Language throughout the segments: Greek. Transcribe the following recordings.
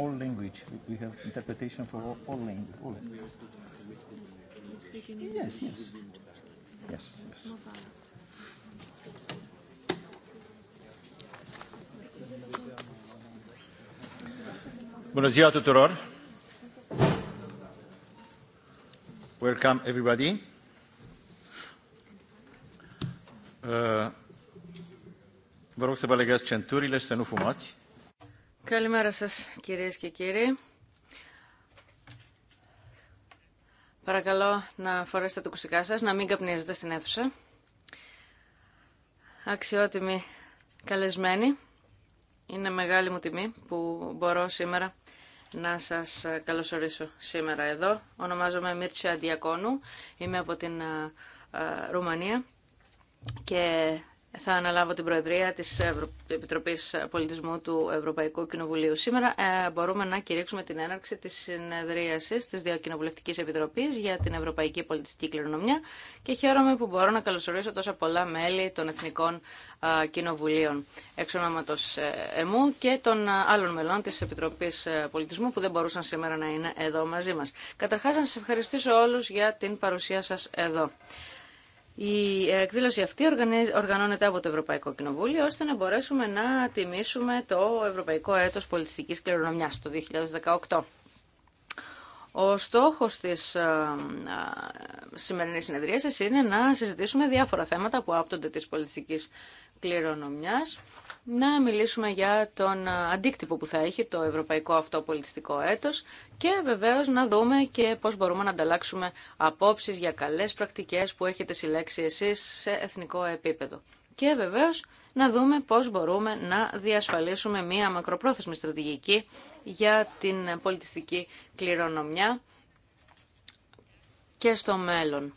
all language. We have interpretation for all, all language. All. Yes, yes. Yes, yes. Bună ziua tuturor! Welcome everybody. Vă rog să vă legați centurile și să nu fumați. Καλημέρα σας κυρίες και κύριοι. Παρακαλώ να φορέσετε τα κουστικά σας, να μην καπνίζετε στην αίθουσα. Αξιότιμοι καλεσμένοι, είναι μεγάλη μου τιμή που μπορώ σήμερα να σας καλωσορίσω σήμερα εδώ. Ονομάζομαι Μίρτσια Διακόνου, είμαι από την ε, ε, Ρουμανία και θα αναλάβω την Προεδρία της Επιτροπής Πολιτισμού του Ευρωπαϊκού Κοινοβουλίου. Σήμερα ε, μπορούμε να κηρύξουμε την έναρξη της συνεδρίασης της Διακοινοβουλευτικής Επιτροπής για την Ευρωπαϊκή Πολιτιστική Κληρονομιά και χαίρομαι που μπορώ να καλωσορίσω τόσα πολλά μέλη των Εθνικών ε, Κοινοβουλίων εξ ονόματος ε, εμού και των άλλων μελών της Επιτροπής Πολιτισμού που δεν μπορούσαν σήμερα να είναι εδώ μαζί μας. Καταρχάς να σας ευχαριστήσω όλους για την παρουσία σας εδώ. Η εκδήλωση αυτή οργανώνεται από το Ευρωπαϊκό Κοινοβούλιο ώστε να μπορέσουμε να τιμήσουμε το Ευρωπαϊκό Έτος Πολιτιστικής Κληρονομιάς το 2018. Ο στόχος της ε, ε, σημερινής συνεδρίασης είναι να συζητήσουμε διάφορα θέματα που άπτονται της πολιτιστικής κληρονομιάς να μιλήσουμε για τον ε, αντίκτυπο που θα έχει το ευρωπαϊκό αυτό πολιτιστικό έτος και βεβαίως να δούμε και πώς μπορούμε να ανταλλάξουμε απόψεις για καλές πρακτικές που έχετε συλλέξει εσείς σε εθνικό επίπεδο. Και βεβαίως να δούμε πώς μπορούμε να διασφαλίσουμε μία μακροπρόθεσμη στρατηγική για την πολιτιστική κληρονομιά και στο μέλλον.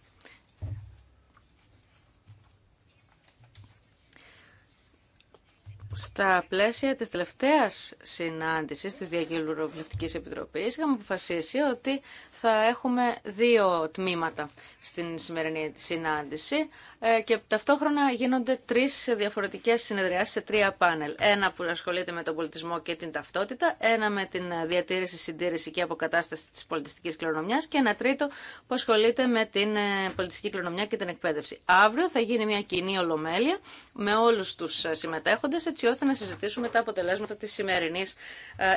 Στα πλαίσια της τελευταίας συνάντησης της Διακυβερνητικής Επιτροπής είχαμε αποφασίσει ότι θα έχουμε δύο τμήματα στην σημερινή συνάντηση ε, και ταυτόχρονα γίνονται τρεις διαφορετικές συνεδριάσεις σε τρία πάνελ. Ένα που ασχολείται με τον πολιτισμό και την ταυτότητα, ένα με την διατήρηση, συντήρηση και αποκατάσταση της πολιτιστικής κληρονομιάς και ένα τρίτο που ασχολείται με την ε, πολιτιστική κληρονομιά και την εκπαίδευση. Αύριο θα γίνει μια κοινή ολομέλεια με όλους τους ε, συμμετέχοντες έτσι ώστε να συζητήσουμε τα αποτελέσματα της σημερινής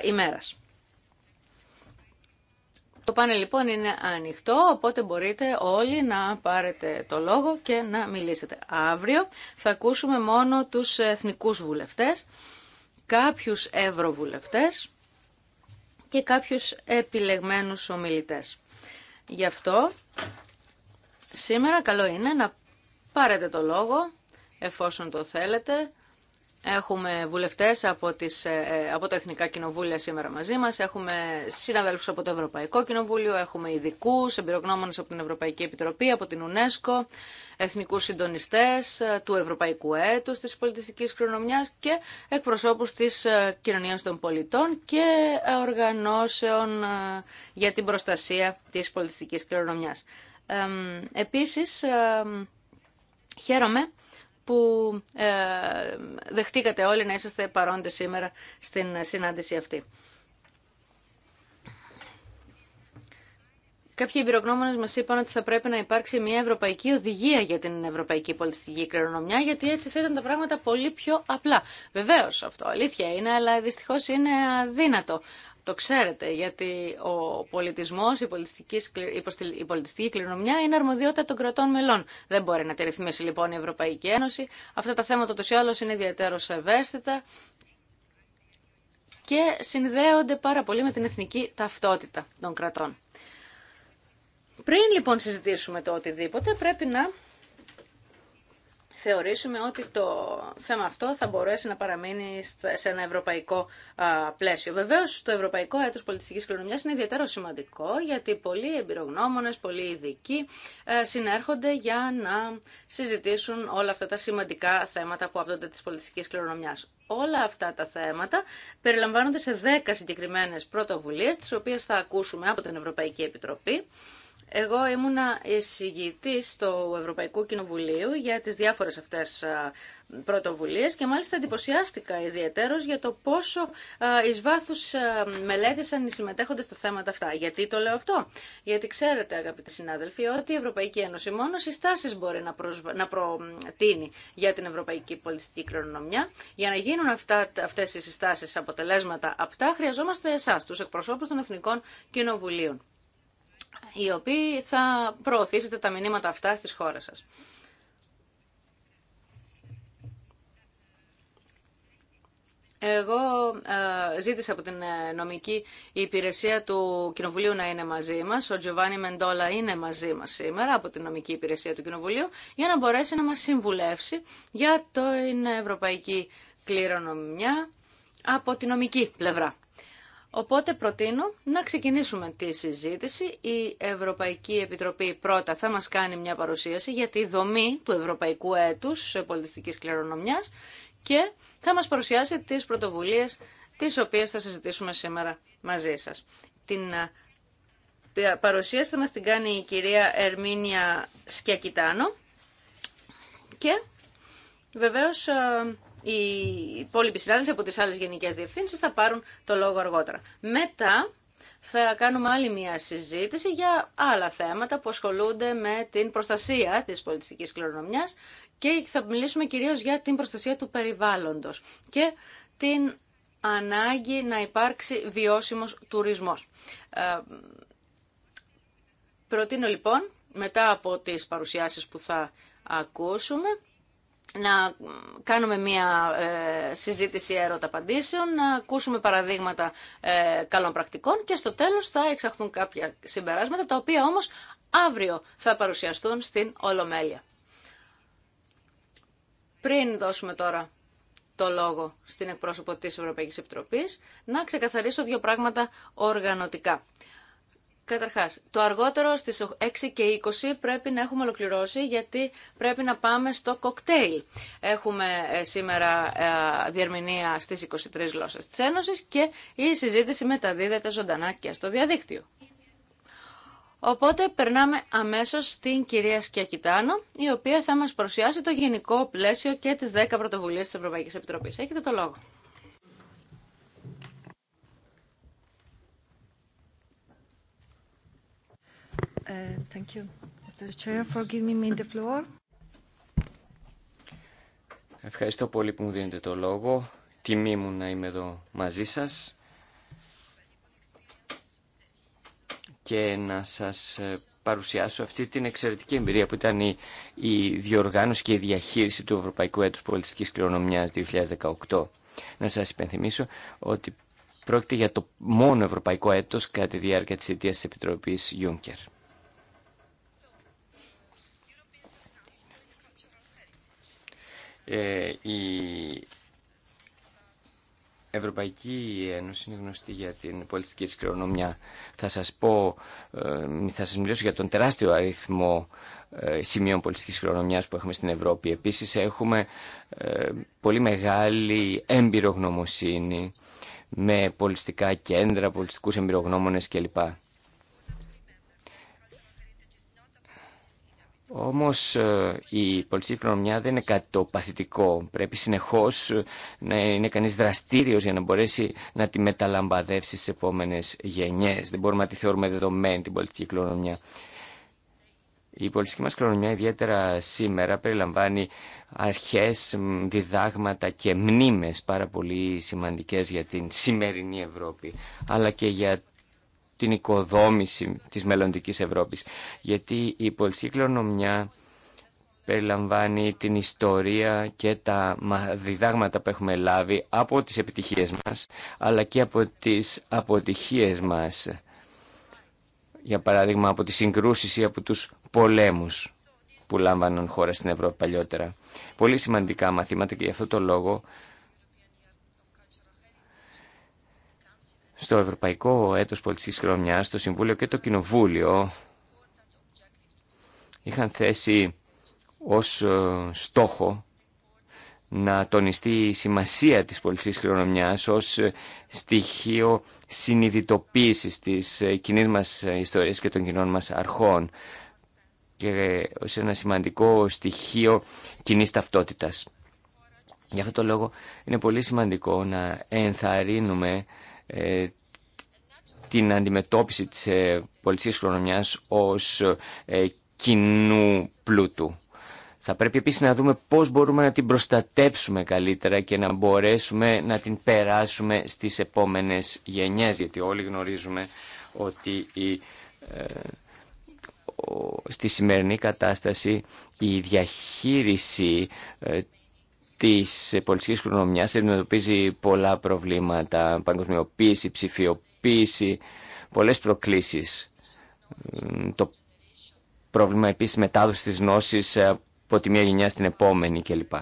ημέρας. Το πάνελ λοιπόν είναι ανοιχτό, οπότε μπορείτε όλοι να πάρετε το λόγο και να μιλήσετε. Αύριο θα ακούσουμε μόνο τους εθνικούς βουλευτές, κάποιους ευρωβουλευτές και κάποιους επιλεγμένους ομιλητές. Γι' αυτό σήμερα καλό είναι να πάρετε το λόγο εφόσον το θέλετε Έχουμε βουλευτές από, τις, ε, ε, από τα Εθνικά Κοινοβούλια σήμερα μαζί μας, έχουμε συναδέλφου από το Ευρωπαϊκό Κοινοβούλιο, έχουμε ειδικού, εμπειρογνώμονε από την Ευρωπαϊκή Επιτροπή, από την UNESCO, εθνικούς συντονιστέ ε, του Ευρωπαϊκού Έτου, τη Πολιτιστική Κληρονομιά και εκπροσώπους της Κοινωνία των πολιτών και οργανώσεων για την προστασία της πολιτιστικής κληρονομιάς. Επίσης, χαίρομαι που ε, δεχτήκατε όλοι να είσαστε παρόντες σήμερα στην συνάντηση αυτή. Κάποιοι εμπειρογνώμονε μα είπαν ότι θα πρέπει να υπάρξει μια ευρωπαϊκή οδηγία για την ευρωπαϊκή πολιτιστική κληρονομιά, γιατί έτσι θα ήταν τα πράγματα πολύ πιο απλά. Βεβαίω αυτό αλήθεια είναι, αλλά δυστυχώ είναι αδύνατο. Το ξέρετε, γιατί ο πολιτισμός, η πολιτιστική, η πολιτιστική κληρονομιά είναι αρμοδιότητα των κρατών μελών. Δεν μπορεί να τη ρυθμίσει λοιπόν η Ευρωπαϊκή Ένωση. Αυτά τα θέματα τους ή άλλως είναι ιδιαίτερο ευαίσθητα και συνδέονται πάρα πολύ με την εθνική ταυτότητα των κρατών. Πριν λοιπόν συζητήσουμε το οτιδήποτε, πρέπει να θεωρήσουμε ότι το θέμα αυτό θα μπορέσει να παραμείνει σε ένα ευρωπαϊκό πλαίσιο. Βεβαίω, το Ευρωπαϊκό Έτο πολιτιστική Κληρονομιάς είναι ιδιαίτερα σημαντικό, γιατί πολλοί εμπειρογνώμονε, πολλοί ειδικοί ε, συνέρχονται για να συζητήσουν όλα αυτά τα σημαντικά θέματα που απτώνται τη πολιτιστική κληρονομιάς. Όλα αυτά τα θέματα περιλαμβάνονται σε 10 συγκεκριμένε πρωτοβουλίε τι οποίε θα ακούσουμε από την Ευρωπαϊκή Επιτροπή. Εγώ ήμουνα εισηγητή του Ευρωπαϊκού Κοινοβουλίου για τι διάφορε αυτέ πρωτοβουλίε και μάλιστα εντυπωσιάστηκα ιδιαίτερω για το πόσο ει βάθους μελέτησαν οι συμμετέχοντε στα θέματα αυτά. Γιατί το λέω αυτό. Γιατί ξέρετε αγαπητοί συνάδελφοι ότι η Ευρωπαϊκή Ένωση μόνο συστάσει μπορεί να, να προτείνει για την Ευρωπαϊκή Πολιτική Κληρονομιά. Για να γίνουν αυτέ αυτές οι συστάσει αποτελέσματα απτά χρειαζόμαστε εσά, του εκπροσώπου των Εθνικών Κοινοβουλίων οι οποίοι θα προωθήσετε τα μηνύματα αυτά στις χώρες σας. Εγώ ε, ζήτησα από την ε, νομική υπηρεσία του Κοινοβουλίου να είναι μαζί μας. Ο Τζοβάνι Μεντόλα είναι μαζί μας σήμερα από την νομική υπηρεσία του Κοινοβουλίου για να μπορέσει να μας συμβουλεύσει για την ευρωπαϊκή κληρονομιά από την νομική πλευρά. Οπότε προτείνω να ξεκινήσουμε τη συζήτηση. Η Ευρωπαϊκή Επιτροπή πρώτα θα μας κάνει μια παρουσίαση για τη δομή του Ευρωπαϊκού Έτους Πολιτιστικής Κληρονομιάς και θα μας παρουσιάσει τις πρωτοβουλίες τις οποίες θα συζητήσουμε σήμερα μαζί σας. Την ε, παρουσίαση θα μας την κάνει η κυρία Ερμήνια Σκιακιτάνο και βεβαίως ε, οι υπόλοιποι συνάδελφοι από τις άλλες γενικές διευθύνσεις θα πάρουν το λόγο αργότερα. Μετά θα κάνουμε άλλη μια συζήτηση για άλλα θέματα που ασχολούνται με την προστασία της πολιτιστικής κληρονομιάς και θα μιλήσουμε κυρίως για την προστασία του περιβάλλοντος και την ανάγκη να υπάρξει βιώσιμος τουρισμός. Ε, προτείνω λοιπόν μετά από τις παρουσιάσεις που θα ακούσουμε να κάνουμε μία ε, συζήτηση έρωτα-απαντήσεων, να ακούσουμε παραδείγματα ε, καλών πρακτικών και στο τέλος θα εξαχθούν κάποια συμπεράσματα, τα οποία όμως αύριο θα παρουσιαστούν στην Ολομέλεια. Πριν δώσουμε τώρα το λόγο στην εκπρόσωπο της Ευρωπαϊκής Επιτροπής, να ξεκαθαρίσω δύο πράγματα οργανωτικά. Καταρχάς, το αργότερο στις 6 και 20 πρέπει να έχουμε ολοκληρώσει γιατί πρέπει να πάμε στο κοκτέιλ. Έχουμε ε, σήμερα ε, διερμηνία στις 23 γλώσσες τη Ένωση και η συζήτηση μεταδίδεται ζωντανά και στο διαδίκτυο. Οπότε περνάμε αμέσως στην κυρία Σκιακιτάνο, η οποία θα μας παρουσιάσει το γενικό πλαίσιο και τις 10 πρωτοβουλίες της Ευρωπαϊκής Επιτροπής. Έχετε το λόγο. Uh, thank you, me the floor. Ευχαριστώ πολύ που μου δίνετε το λόγο. Τιμή μου να είμαι εδώ μαζί σας και να σας ε, παρουσιάσω αυτή την εξαιρετική εμπειρία που ήταν η, διοργάνωση και η διαχείριση του Ευρωπαϊκού Έτους Πολιτιστικής Κληρονομιάς 2018. Να σας υπενθυμίσω ότι πρόκειται για το μόνο ευρωπαϊκό έτος κατά τη διάρκεια της αιτίας της Επιτροπής Juncker. Ε, η Ευρωπαϊκή Ένωση είναι γνωστή για την πολιτική της κληρονομιά. Θα σας πω, ε, θα σας μιλήσω για τον τεράστιο αριθμό ε, σημείων πολιτικής κληρονομιάς που έχουμε στην Ευρώπη. Επίσης έχουμε πολύ μεγάλη εμπειρογνωμοσύνη με πολιτικά κέντρα, πολιτικούς εμπειρογνώμονες κλπ. Όμως ε, η πολιτική κληρονομιά δεν είναι κάτι το παθητικό. Πρέπει συνεχώς ε, να είναι κανείς δραστήριος για να μπορέσει να τη μεταλαμπαδεύσει στις επόμενες γενιές. Δεν μπορούμε να τη θεωρούμε δεδομένη την πολιτική κληρονομιά. Η πολιτική μας κληρονομιά ιδιαίτερα σήμερα περιλαμβάνει αρχές, διδάγματα και μνήμες πάρα πολύ σημαντικές για την σημερινή Ευρώπη αλλά και για την οικοδόμηση της μελλοντικής Ευρώπης. Γιατί η πολιτική κληρονομιά περιλαμβάνει την ιστορία και τα διδάγματα που έχουμε λάβει από τις επιτυχίες μας, αλλά και από τις αποτυχίες μας. Για παράδειγμα, από τις συγκρούσεις ή από τους πολέμους που λάμβαναν χώρα στην Ευρώπη παλιότερα. Πολύ σημαντικά μαθήματα και γι' αυτό το λόγο Στο Ευρωπαϊκό Έτος Πολιτικής Χρονιάς, το Συμβούλιο και το Κοινοβούλιο είχαν θέσει ως ε, στόχο να τονιστεί η σημασία της πολιτικής κληρονομιάς ως ε, στοιχείο συνειδητοποίησης της ε, κοινή μας ιστορίας και των κοινών μας αρχών και ως ένα σημαντικό στοιχείο κοινή ταυτότητας. Γι' αυτό το λόγο είναι πολύ σημαντικό να ενθαρρύνουμε ε, την αντιμετώπιση της ε, πολιτικής χρονομιάς ως ε, κοινού πλούτου. Θα πρέπει επίσης να δούμε πώς μπορούμε να την προστατέψουμε καλύτερα και να μπορέσουμε να την περάσουμε στις επόμενες γενιές, γιατί όλοι γνωρίζουμε ότι στη σημερινή κατάσταση η διαχείριση Τη πολιτική χρονομιά αντιμετωπίζει πολλά προβλήματα, παγκοσμιοποίηση, ψηφιοποίηση, πολλέ προκλήσει. Το πρόβλημα επίση μετάδοση τη γνώση από τη μία γενιά στην επόμενη κλπ.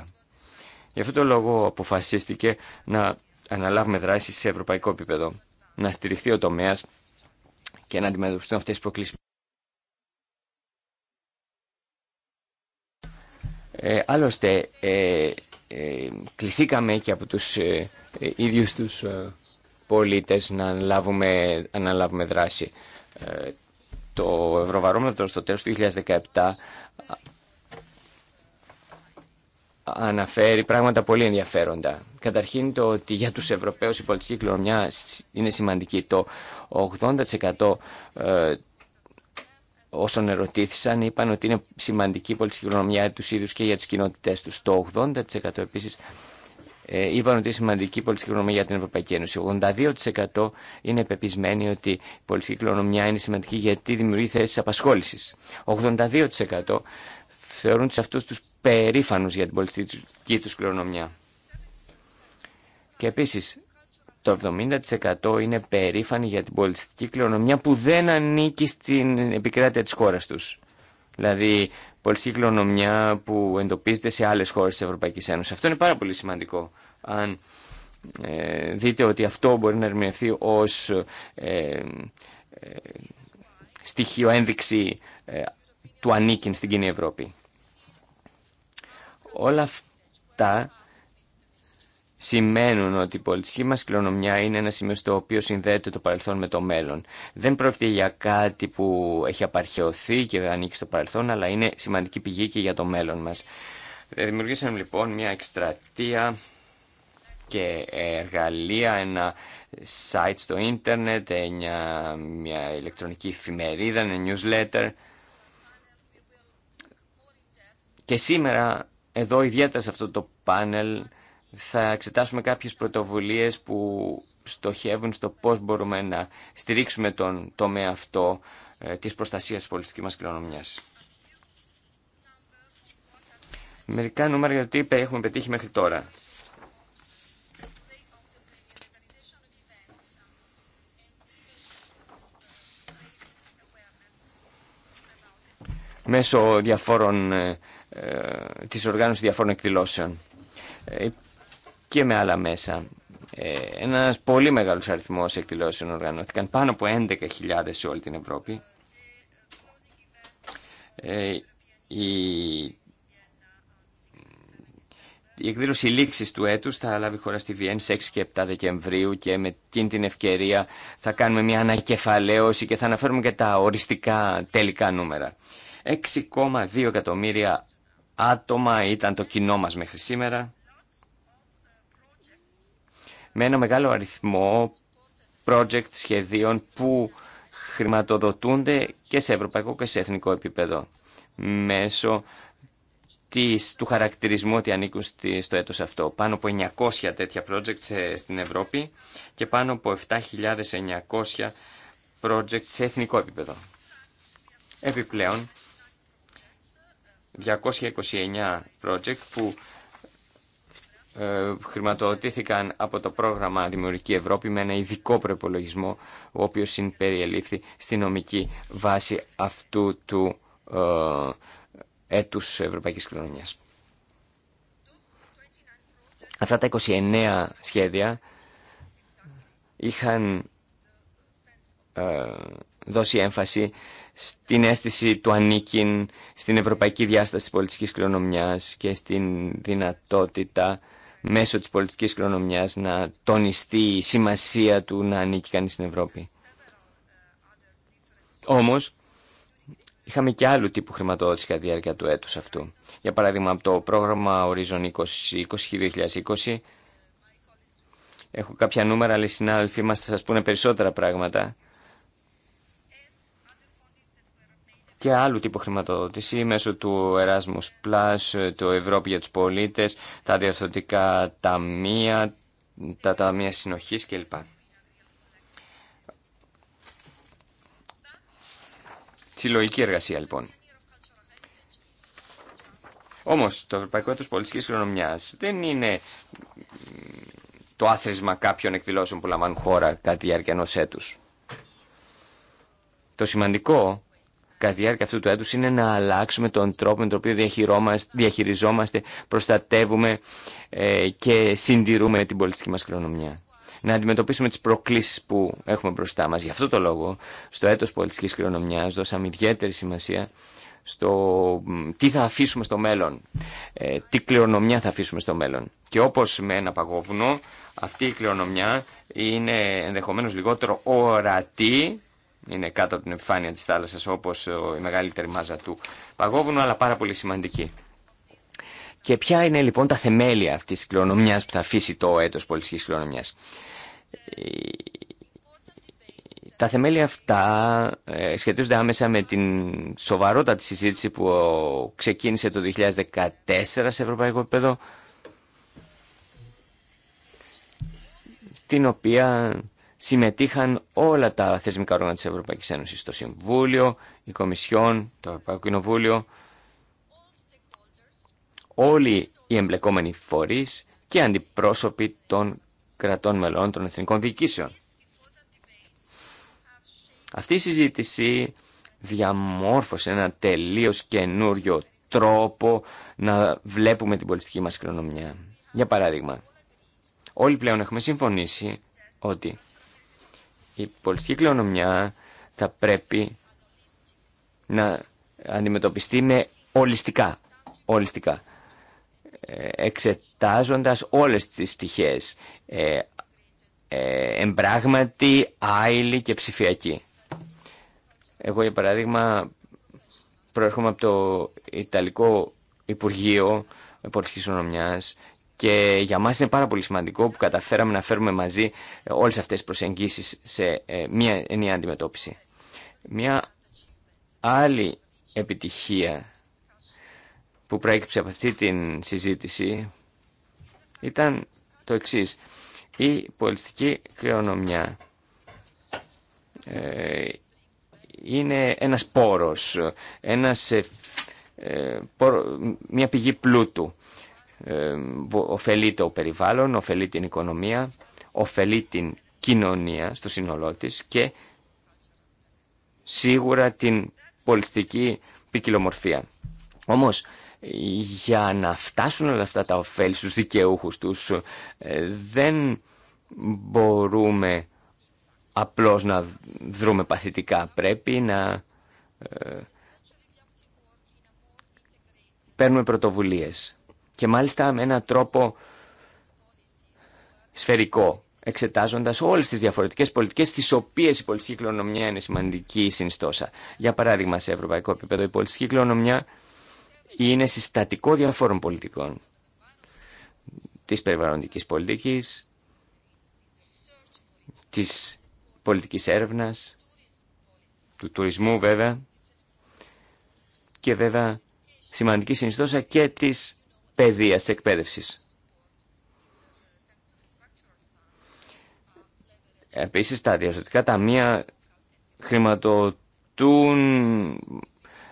Γι' αυτό το λόγο αποφασίστηκε να αναλάβουμε δράσει σε ευρωπαϊκό επίπεδο, να στηριχθεί ο τομέα και να αντιμετωπιστούν αυτέ τι προκλήσει. Ε, άλλωστε, ε, ε, κληθήκαμε και από τους ε, ε, ίδιους τους ε, πολίτες να αναλάβουμε, ε, αναλάβουμε δράση. το Ευρωβαρόμετρο στο τέλος του 2017 αναφέρει πράγματα πολύ ενδιαφέροντα. Καταρχήν το ότι για τους Ευρωπαίους η πολιτική κληρονομιά είναι σημαντική. Το 80% όσων ερωτήθησαν είπαν ότι είναι σημαντική η πολιτική κληρονομιά τους και για τις κοινότητε του. Το 80% επίσης ε, είπαν ότι είναι σημαντική η πολιτική για την Ευρωπαϊκή Ένωση. 82% είναι πεπισμένοι ότι η πολιτική κληρονομιά είναι σημαντική γιατί δημιουργεί θέσεις απασχόλησης. 82% θεωρούν τους αυτούς τους περήφανους για την πολιτική τους Και επίσης το 70% είναι περήφανοι για την πολιτιστική κληρονομιά που δεν ανήκει στην επικράτεια της χώρας τους. Δηλαδή, πολιτιστική κληρονομιά που εντοπίζεται σε άλλες χώρες της Ευρωπαϊκής Ένωσης. Αυτό είναι πάρα πολύ σημαντικό. Αν ε, δείτε ότι αυτό μπορεί να ερμηνευθεί ως ε, ε στοιχείο ένδειξη ε, του ανήκειν στην κοινή Ευρώπη. Όλα αυτά σημαίνουν ότι η πολιτική μας κληρονομιά είναι ένα σημείο στο οποίο συνδέεται το παρελθόν με το μέλλον. Δεν πρόκειται για κάτι που έχει απαρχαιωθεί και ανήκει στο παρελθόν, αλλά είναι σημαντική πηγή και για το μέλλον μας. Ε, δημιουργήσαμε λοιπόν μια εκστρατεία και εργαλεία, ένα site στο ίντερνετ, μια, μια ηλεκτρονική εφημερίδα, ένα newsletter. Και σήμερα εδώ ιδιαίτερα σε αυτό το πάνελ θα εξετάσουμε κάποιες πρωτοβουλίες που στοχεύουν στο πώς μπορούμε να στηρίξουμε τον τομέα αυτό ε, της προστασίας της πολιτικής μας κληρονομιάς. Μερικά νούμερα για το τι έχουμε πετύχει μέχρι τώρα. Μέσω διαφόρων, ε, ε της οργάνωσης διαφόρων εκδηλώσεων. Ε, και με άλλα μέσα. Ε, ένας πολύ μεγάλος αριθμό εκδηλώσεων οργανώθηκαν, πάνω από 11.000 σε όλη την Ευρώπη. Ε, η εκδήλωση λήξης του έτους θα λάβει χώρα στη Βιέννη σε 6 και 7 Δεκεμβρίου και με εκείνη την ευκαιρία θα κάνουμε μια ανακεφαλαίωση και θα αναφέρουμε και τα οριστικά τελικά νούμερα. 6,2 εκατομμύρια άτομα ήταν το κοινό μας μέχρι σήμερα με ένα μεγάλο αριθμό project σχεδίων που χρηματοδοτούνται και σε ευρωπαϊκό και σε εθνικό επίπεδο μέσω της, του χαρακτηρισμού ότι ανήκουν στο έτος αυτό. Πάνω από 900 τέτοια project στην Ευρώπη και πάνω από 7.900 project σε εθνικό επίπεδο. Επιπλέον, 229 project που ε, χρηματοδοτήθηκαν από το πρόγραμμα Δημιουργική Ευρώπη με ένα ειδικό προπολογισμό ο οποίος συμπεριελήφθη στη νομική βάση αυτού του ε, έτους Ευρωπαϊκής Κοινωνίας. Αυτά τα 29 σχέδια είχαν ε, δώσει έμφαση στην αίσθηση του ανήκειν στην ευρωπαϊκή διάσταση πολιτικής κληρονομιάς και στην δυνατότητα μέσω της πολιτικής κληρονομιάς να τονιστεί η σημασία του να ανήκει κανείς στην Ευρώπη. Όμως, είχαμε και άλλου τύπου χρηματοδότηση κατά τη διάρκεια του έτους αυτού. Για παράδειγμα, από το πρόγραμμα Horizon 2020-2020, έχω κάποια νούμερα, αλλά οι συνάδελφοί μας θα σας πούνε περισσότερα πράγματα. και άλλου τύπου χρηματοδότηση μέσω του Erasmus Plus, το Ευρώπη για τους πολίτες, τα διαρθρωτικά ταμεία, τα ταμεία συνοχής κλπ. Συλλογική εργασία λοιπόν. Όμως το Ευρωπαϊκό Έτος Πολιτικής Χρονομιάς δεν είναι το άθροισμα κάποιων εκδηλώσεων που λαμβάνουν χώρα κατά τη διάρκεια Το σημαντικό κατά τη διάρκεια αυτού του έτους είναι να αλλάξουμε τον τρόπο με τον οποίο διαχειριζόμαστε, προστατεύουμε ε, και συντηρούμε την πολιτική μας κληρονομιά. Να αντιμετωπίσουμε τις προκλήσεις που έχουμε μπροστά μας. Γι' αυτό το λόγο, στο έτος πολιτικής κληρονομιάς δώσαμε ιδιαίτερη σημασία στο τι θα αφήσουμε στο μέλλον, ε, τι κληρονομιά θα αφήσουμε στο μέλλον. Και όπως με ένα παγόβουνο, αυτή η κληρονομιά είναι ενδεχομένως λιγότερο ορατή είναι κάτω από την επιφάνεια της θάλασσας όπως η μεγαλύτερη μάζα του παγόβουνου αλλά πάρα πολύ σημαντική. Και ποια είναι λοιπόν τα θεμέλια αυτής της κληρονομιάς που θα αφήσει το έτος πολιτικής κληρονομιάς. Τα θεμέλια αυτά ε, σχετίζονται άμεσα με την σοβαρότατη συζήτηση που ε, ξεκίνησε το 2014 σε ευρωπαϊκό επίπεδο, στην οποία συμμετείχαν όλα τα θεσμικά όργανα της Ευρωπαϊκής Ένωσης, το Συμβούλιο, η Κομισιόν, το Ευρωπαϊκό Κοινοβούλιο, όλοι οι εμπλεκόμενοι φορείς και αντιπρόσωποι των κρατών μελών των εθνικών διοικήσεων. Αυτή η συζήτηση διαμόρφωσε ένα τελείως καινούριο τρόπο να βλέπουμε την πολιτική μας κληρονομιά. Για παράδειγμα, όλοι πλέον έχουμε συμφωνήσει ότι η πολιτική κληρονομιά θα πρέπει να αντιμετωπιστεί με ολιστικά, ολιστικά ε, εξετάζοντας όλες τις πτυχές ε, ε, άειλη και ψηφιακή. Εγώ για παράδειγμα προέρχομαι από το Ιταλικό Υπουργείο Πολιτικής Ονομιάς και για μας είναι πάρα πολύ σημαντικό που καταφέραμε να φέρουμε μαζί ε, όλες αυτές τις προσεγγίσεις σε ε, μία ενιαία αντιμετώπιση. Μία άλλη επιτυχία που προέκυψε από αυτή την συζήτηση ήταν το εξής. Η πολιτιστική κληρονομιά ε, είναι ένας πόρος, ένας, μια πηγή πλούτου οφέλει ωφελεί το περιβάλλον, ωφελεί την οικονομία, ωφελεί την κοινωνία στο σύνολό τη και σίγουρα την πολιστική ποικιλομορφία. Όμως, για να φτάσουν όλα αυτά τα ωφέλη στους δικαιούχους τους, ε, δεν μπορούμε απλώς να δρούμε παθητικά. Πρέπει να ε, παίρνουμε πρωτοβουλίες και μάλιστα με έναν τρόπο σφαιρικό, εξετάζοντας όλες τις διαφορετικές πολιτικές τις οποίες η πολιτική κληρονομιά είναι σημαντική συνιστόσα. Για παράδειγμα, σε ευρωπαϊκό επίπεδο η πολιτική κληρονομιά είναι συστατικό διαφόρων πολιτικών της περιβαλλοντικής πολιτικής, της πολιτικής έρευνας, του τουρισμού βέβαια και βέβαια σημαντική συνιστόσα και της παιδείας, εκπαίδευσης. Επίσης, τα διαστατικά ταμεία χρηματοδοτούν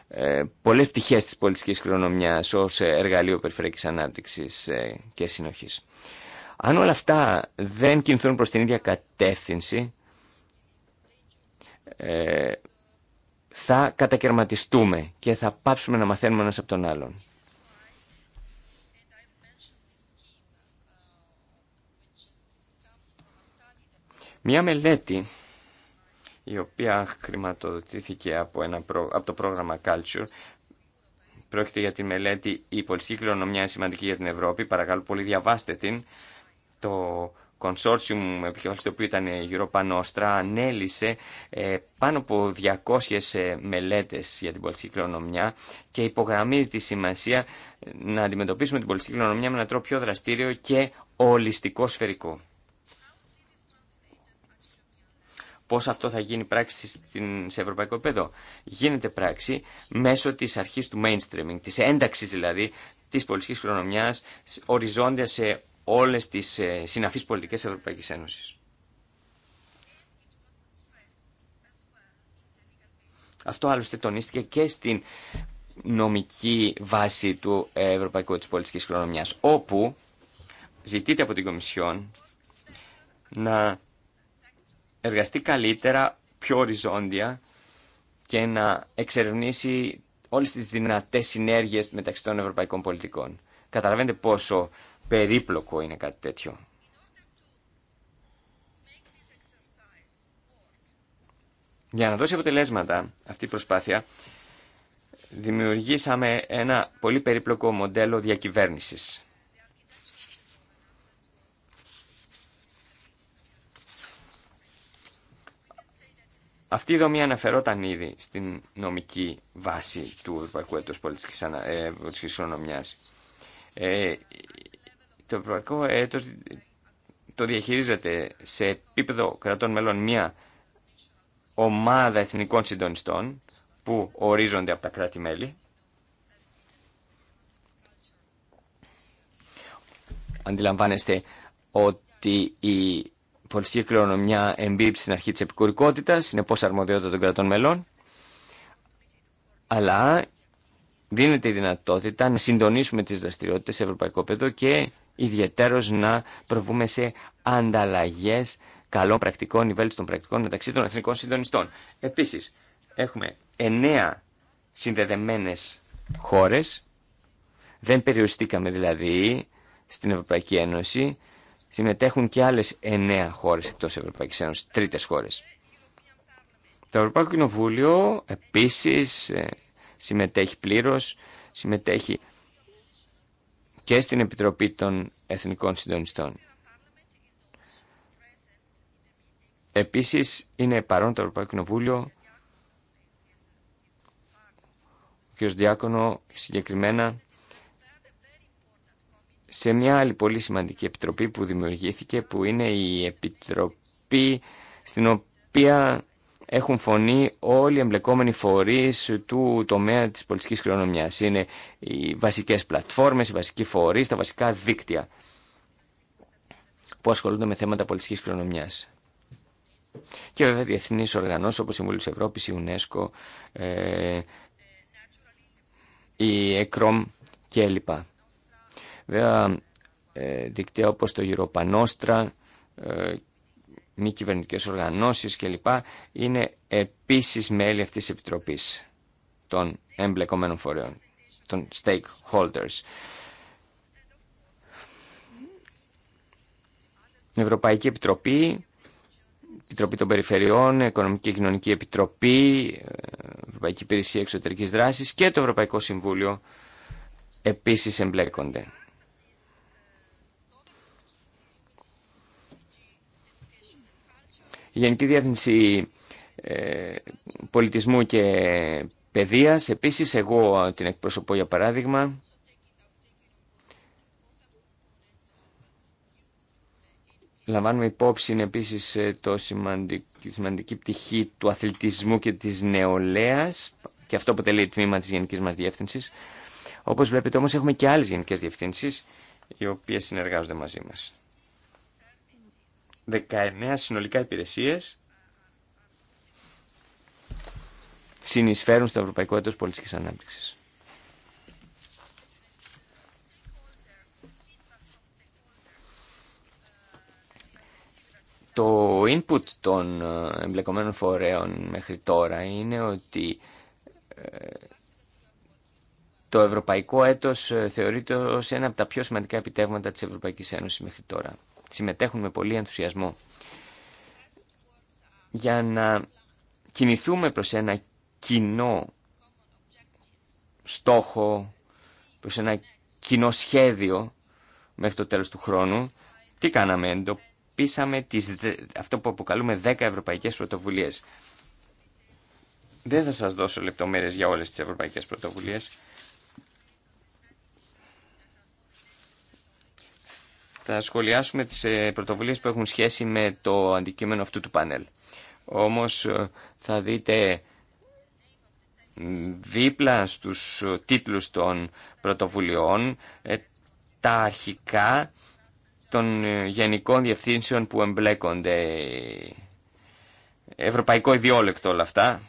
ε, πολλές πτυχές της πολιτικής κληρονομιάς ως ε, εργαλείο περιφερειακής ανάπτυξης ε, και συνοχής. Αν όλα αυτά δεν κινηθούν προς την ίδια κατεύθυνση, ε, θα κατακαιρματιστούμε και θα πάψουμε να μαθαίνουμε ένας από τον άλλον. Μια μελέτη η οποία χρηματοδοτήθηκε από, ένα από το πρόγραμμα Culture πρόκειται για τη μελέτη «Η πολιτική κληρονομιά είναι σημαντική για την Ευρώπη». Παρακαλώ πολύ διαβάστε την. Το consortium μου, το οποίο ήταν η Europa Nostra ανέλησε ε, πάνω από 200 ε, μελέτες για την πολιτική κληρονομιά και υπογραμμίζει τη σημασία ε, να αντιμετωπίσουμε την πολιτική κληρονομιά με έναν τρόπο πιο δραστήριο και ολιστικό σφαιρικό. Πώς αυτό θα γίνει πράξη στην, σε ευρωπαϊκό επίπεδο. Γίνεται πράξη μέσω της αρχής του mainstreaming, της ένταξη δηλαδή της πολιτική χρονομία, οριζόντια σε όλες τις ε, συναφείς πολιτικές Ευρωπαϊκή Ένωση. Αυτό άλλωστε τονίστηκε και στην νομική βάση του Ευρωπαϊκού της Πολιτικής Κληρονομιάς, όπου ζητείται από την Κομισιόν να εργαστεί καλύτερα, πιο οριζόντια και να εξερευνήσει όλες τις δυνατές συνέργειες μεταξύ των ευρωπαϊκών πολιτικών. Καταλαβαίνετε πόσο περίπλοκο είναι κάτι τέτοιο. Για να δώσει αποτελέσματα αυτή η προσπάθεια, δημιουργήσαμε ένα πολύ περίπλοκο μοντέλο διακυβέρνησης. Αυτή η δομή αναφερόταν ήδη στην νομική βάση του Ευρωπαϊκού Έτος Πολιτικής, ανα... Ε, ε, το Ευρωπαϊκό Έτος το διαχειρίζεται σε επίπεδο κρατών μελών μια ομάδα εθνικών συντονιστών που ορίζονται από τα κράτη-μέλη. Αντιλαμβάνεστε ότι η πολιτική κληρονομιά εμπίπτει στην αρχή τη επικουρικότητα, είναι αρμοδιότητα των κρατών μελών, αλλά δίνεται η δυνατότητα να συντονίσουμε τι δραστηριότητε σε ευρωπαϊκό πεδίο και ιδιαίτερω να προβούμε σε ανταλλαγέ καλών πρακτικών, υβέλτιστων πρακτικών μεταξύ των εθνικών συντονιστών. Επίση, έχουμε εννέα συνδεδεμένε χώρε, δεν περιοριστήκαμε δηλαδή στην Ευρωπαϊκή Ένωση, συμμετέχουν και άλλες εννέα χώρες εκτός Ευρωπαϊκής Ένωσης, τρίτες χώρες. Το Ευρωπαϊκό Κοινοβούλιο επίσης ε, συμμετέχει πλήρως, συμμετέχει και στην Επιτροπή των Εθνικών Συντονιστών. Επίσης είναι παρόν το Ευρωπαϊκό Κοινοβούλιο ο κ. Διάκονο συγκεκριμένα σε μια άλλη πολύ σημαντική επιτροπή που δημιουργήθηκε που είναι η επιτροπή στην οποία έχουν φωνή όλοι οι εμπλεκόμενοι φορείς του τομέα της πολιτικής κληρονομιάς. Είναι οι βασικές πλατφόρμες, οι βασικοί φορείς, τα βασικά δίκτυα που ασχολούνται με θέματα πολιτικής κληρονομιάς. Και βέβαια διεθνεί οργανώσει όπω η Βουλή τη Ευρώπη, η UNESCO, ε, η ΕΚΡΟΜ κλπ. Βέβαια, ε, δικτύα όπως το ε, μη κυβερνητικέ οργανώσεις κλπ. είναι επίσης μέλη αυτής της Επιτροπής των εμπλεκομένων φορέων, των stakeholders. Ευρωπαϊκή Επιτροπή, Επιτροπή των Περιφερειών, Οικονομική και Κοινωνική Επιτροπή, ε, Ευρωπαϊκή Υπηρεσία Εξωτερικής Δράσης και το Ευρωπαϊκό Συμβούλιο επίσης εμπλέκονται. Η Γενική Διεύθυνση ε, Πολιτισμού και Παιδείας, επίσης εγώ την εκπροσωπώ για παράδειγμα, Λαμβάνουμε υπόψη επίσης ε, το σημαντική, τη σημαντική πτυχή του αθλητισμού και της νεολαίας και αυτό αποτελεί τμήμα της γενικής μας διεύθυνσης. Όπως βλέπετε όμως έχουμε και άλλες γενικές διευθύνσεις οι οποίες συνεργάζονται μαζί μας. 19 συνολικά υπηρεσίες συνεισφέρουν στο Ευρωπαϊκό Έτος Πολιτικής Ανάπτυξης. Το input των ε, εμπλεκομένων φορέων μέχρι τώρα είναι ότι ε, το ευρωπαϊκό έτος ε, θεωρείται ως ένα από τα πιο σημαντικά επιτεύγματα της Ευρωπαϊκής Ένωσης μέχρι τώρα συμμετέχουν με πολύ ενθουσιασμό. Για να κινηθούμε προς ένα κοινό στόχο, προς ένα κοινό σχέδιο μέχρι το τέλος του χρόνου, τι κάναμε, εντοπίσαμε τις, αυτό που αποκαλούμε 10 ευρωπαϊκές πρωτοβουλίες. Δεν θα σας δώσω λεπτομέρειες για όλες τις ευρωπαϊκές πρωτοβουλίες. θα σχολιάσουμε τις ε, πρωτοβουλίες που έχουν σχέση με το αντικείμενο αυτού του πάνελ. Όμως ε, θα δείτε δίπλα στους ε, τίτλους των πρωτοβουλειών τα αρχικά των γενικών διευθύνσεων που εμπλέκονται. Ευρωπαϊκό ιδιόλεκτο όλα αυτά.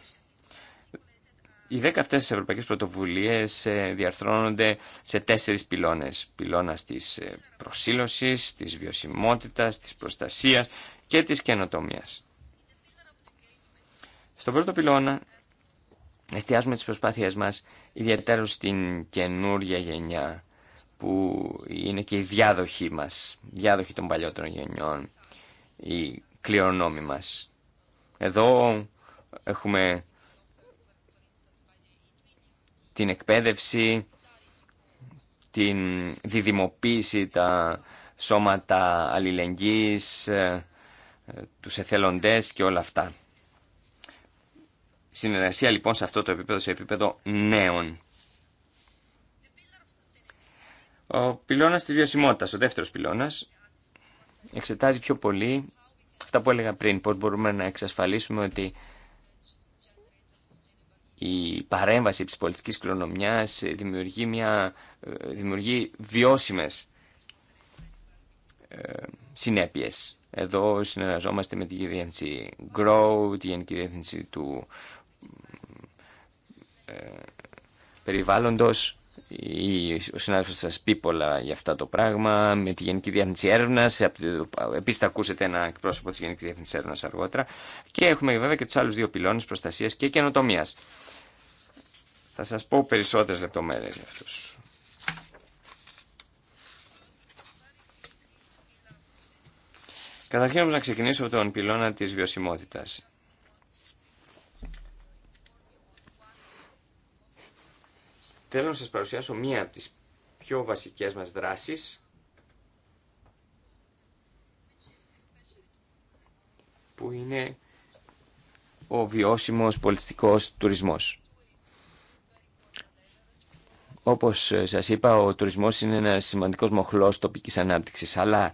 Οι δέκα αυτέ τι ευρωπαϊκέ πρωτοβουλίε ε, διαρθρώνονται σε τέσσερι πυλώνε. Πυλώνα τη ε, προσήλωση, τη βιωσιμότητα, τη προστασία και τη καινοτομία. Στον πρώτο πυλώνα εστιάζουμε τις προσπάθειές μας ιδιαίτερα στην καινούργια γενιά που είναι και η διάδοχή μας, η διάδοχη των παλιότερων γενιών, η κληρονόμη μας. Εδώ έχουμε την εκπαίδευση, την διδημοποίηση, τα σώματα αλληλεγγύης, ε, τους εθελοντές και όλα αυτά. Συνεργασία λοιπόν σε αυτό το επίπεδο, σε επίπεδο νέων. Ο πυλώνας της βιωσιμότητας, ο δεύτερος πυλώνας, εξετάζει πιο πολύ αυτά που έλεγα πριν, πώς μπορούμε να εξασφαλίσουμε ότι η παρέμβαση της πολιτικής κληρονομιάς δημιουργεί, μια, ε, δημιουργεί βιώσιμες ε, συνέπειες. Εδώ συνεργαζόμαστε με τη Διεύθυνση Grow, τη Γενική Διεύθυνση του ε, Περιβάλλοντος. Η, ο συνάδελφος σας πει πολλά για αυτά το πράγμα, με τη Γενική Διεύθυνση Έρευνας, επίσης θα ακούσετε ένα εκπρόσωπο της Γενικής Διεύθυνσης Έρευνας αργότερα και έχουμε βέβαια και τους άλλους δύο πυλώνες προστασίας και καινοτομίας. Θα σας πω περισσότερες λεπτομέρειες για αυτούς. Καταρχήν όμως να ξεκινήσω από τον πυλώνα της βιωσιμότητας. Θέλω να σας παρουσιάσω μία από τις πιο βασικές μας δράσεις που είναι ο βιώσιμος πολιτιστικός τουρισμός. Όπως ε, σας είπα, ο τουρισμός είναι ένα σημαντικός μοχλός τοπικής ανάπτυξης, αλλά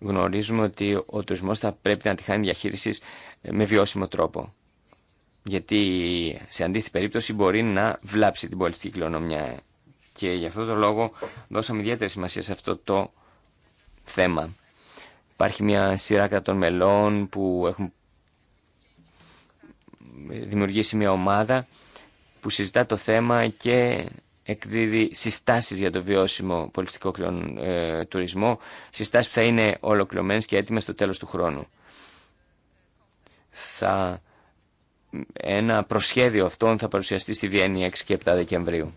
γνωρίζουμε ότι ο τουρισμός θα πρέπει να τη χάνει διαχείριση ε, με βιώσιμο τρόπο. Γιατί σε αντίθετη περίπτωση μπορεί να βλάψει την πολιτική κληρονομιά. Και γι' αυτό το λόγο δώσαμε ιδιαίτερη σημασία σε αυτό το θέμα. Υπάρχει μια σειρά κρατών μελών που έχουν δημιουργήσει μια ομάδα που συζητά το θέμα και εκδίδει συστάσεις για το βιώσιμο πολιτιστικό ε, τουρισμό, συστάσεις που θα είναι ολοκληρωμένες και έτοιμες στο τέλος του χρόνου. Θα, ένα προσχέδιο αυτών θα παρουσιαστεί στη Βιέννη 6 και 7 Δεκεμβρίου.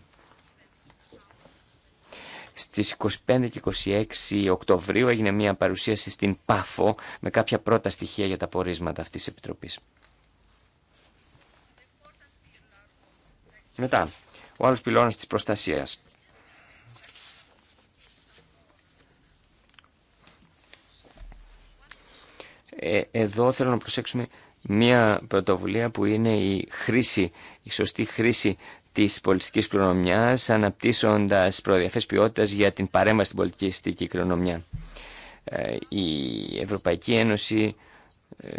Στις 25 και 26 Οκτωβρίου έγινε μια παρουσίαση στην ΠΑΦΟ με κάποια πρώτα στοιχεία για τα πορίσματα αυτής της Επιτροπής. Μετά, ο άλλος πυλώνας της προστασίας. Ε, εδώ θέλω να προσέξουμε μία πρωτοβουλία που είναι η χρήση, η σωστή χρήση της πολιτικής κληρονομιάς αναπτύσσοντας προδιαφές ποιότητας για την παρέμβαση στην πολιτική κληρονομιά. Ε, η Ευρωπαϊκή Ένωση ε,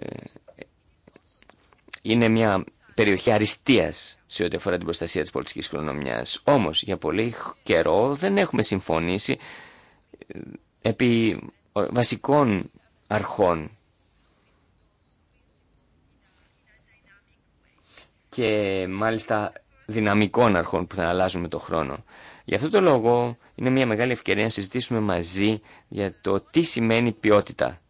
είναι μια περιοχή αριστείας σε ό,τι αφορά την προστασία της πολιτικής κληρονομιά. Όμως για πολύ καιρό δεν έχουμε συμφωνήσει ε, επί βασικών αρχών και μάλιστα δυναμικών αρχών που θα αλλάζουν με το χρόνο. Γι' αυτό το λόγο είναι μια μεγάλη ευκαιρία να συζητήσουμε μαζί για το τι σημαίνει ποιότητα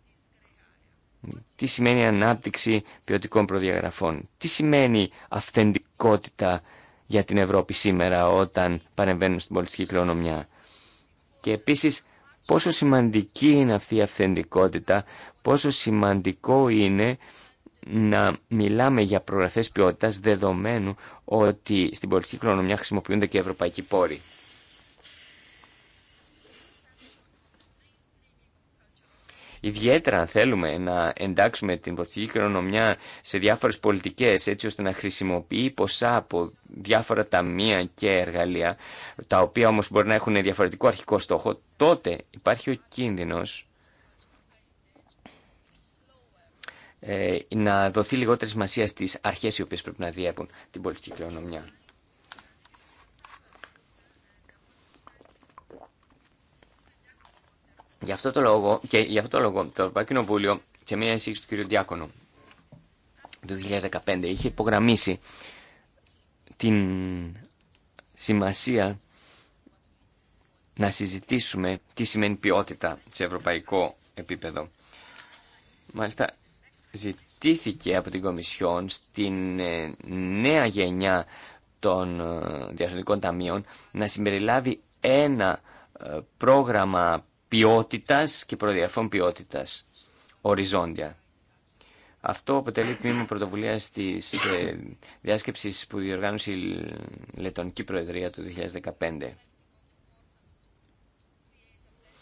τι σημαίνει ανάπτυξη ποιοτικών προδιαγραφών, τι σημαίνει αυθεντικότητα για την Ευρώπη σήμερα όταν παρεμβαίνουν στην πολιτική κληρονομιά. Και επίσης πόσο σημαντική είναι αυτή η αυθεντικότητα, πόσο σημαντικό είναι να μιλάμε για προγραφές ποιότητας δεδομένου ότι στην πολιτική κληρονομιά χρησιμοποιούνται και ευρωπαϊκοί πόροι. Ιδιαίτερα αν θέλουμε να εντάξουμε την πολιτική κληρονομιά σε διάφορες πολιτικές έτσι ώστε να χρησιμοποιεί ποσά από διάφορα ταμεία και εργαλεία τα οποία όμως μπορεί να έχουν διαφορετικό αρχικό στόχο τότε υπάρχει ο κίνδυνος ε, να δοθεί λιγότερη σημασία στις αρχές οι οποίες πρέπει να διέπουν την πολιτική κληρονομιά. Γι' αυτό το λόγο, και γι' αυτό το λόγο το Ευρωπαϊκό Κοινοβούλιο σε μια εισήγηση του κ. Διάκονου το 2015 είχε υπογραμμίσει την σημασία να συζητήσουμε τι σημαίνει ποιότητα σε ευρωπαϊκό επίπεδο. Μάλιστα, ζητήθηκε από την Κομισιόν στην ε, νέα γενιά των ε, διαστατικών ταμείων να συμπεριλάβει ένα ε, πρόγραμμα ποιότητας και προδιαφών ποιότητας οριζόντια. Αυτό αποτελεί τμήμα πρωτοβουλία τη ε, διάσκεψη που διοργάνωσε η Λετωνική Προεδρία του 2015.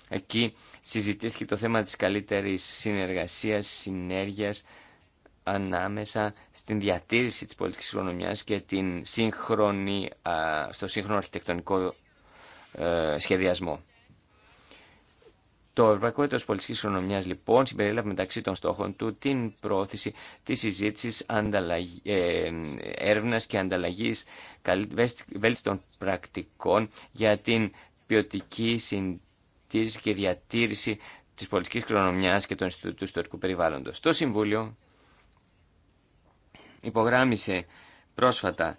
Εκεί συζητήθηκε το θέμα της καλύτερης συνεργασίας, συνέργειας ανάμεσα στην διατήρηση της πολιτικής οικονομιάς και την σύγχρονη, στο σύγχρονο αρχιτεκτονικό ε, σχεδιασμό. Το Ευρωπαϊκό Έτο Πολιτική Χρονομιά, λοιπόν συμπεριέλαβε μεταξύ των στόχων του την πρόθεση της συζήτηση, ανταλλαγή, ε, και ανταλλαγής βέλτιστων πρακτικών για την ποιοτική συντήρηση και διατήρηση της πολιτική χρονομιά και του ιστορικού περιβάλλοντος. Το Συμβούλιο υπογράμμισε πρόσφατα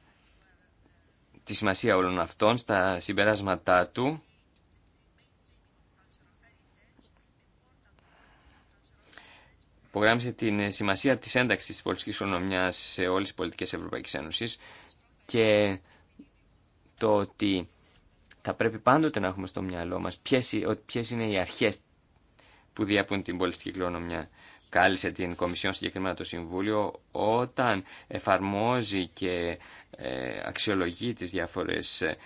τη σημασία όλων αυτών στα συμπεράσματά του υπογράμμισε την ε, σημασία της ένταξης της πολιτικής ονομιάς σε όλες τις πολιτικές Ευρωπαϊκής Ένωσης και το ότι θα πρέπει πάντοτε να έχουμε στο μυαλό μας ποιες, ποιες είναι οι αρχές που διαπούν την πολιτική κληρονομιά. Κάλεσε την Κομισιόν συγκεκριμένα το Συμβούλιο όταν εφαρμόζει και ε, αξιολογεί τις διάφορες ε,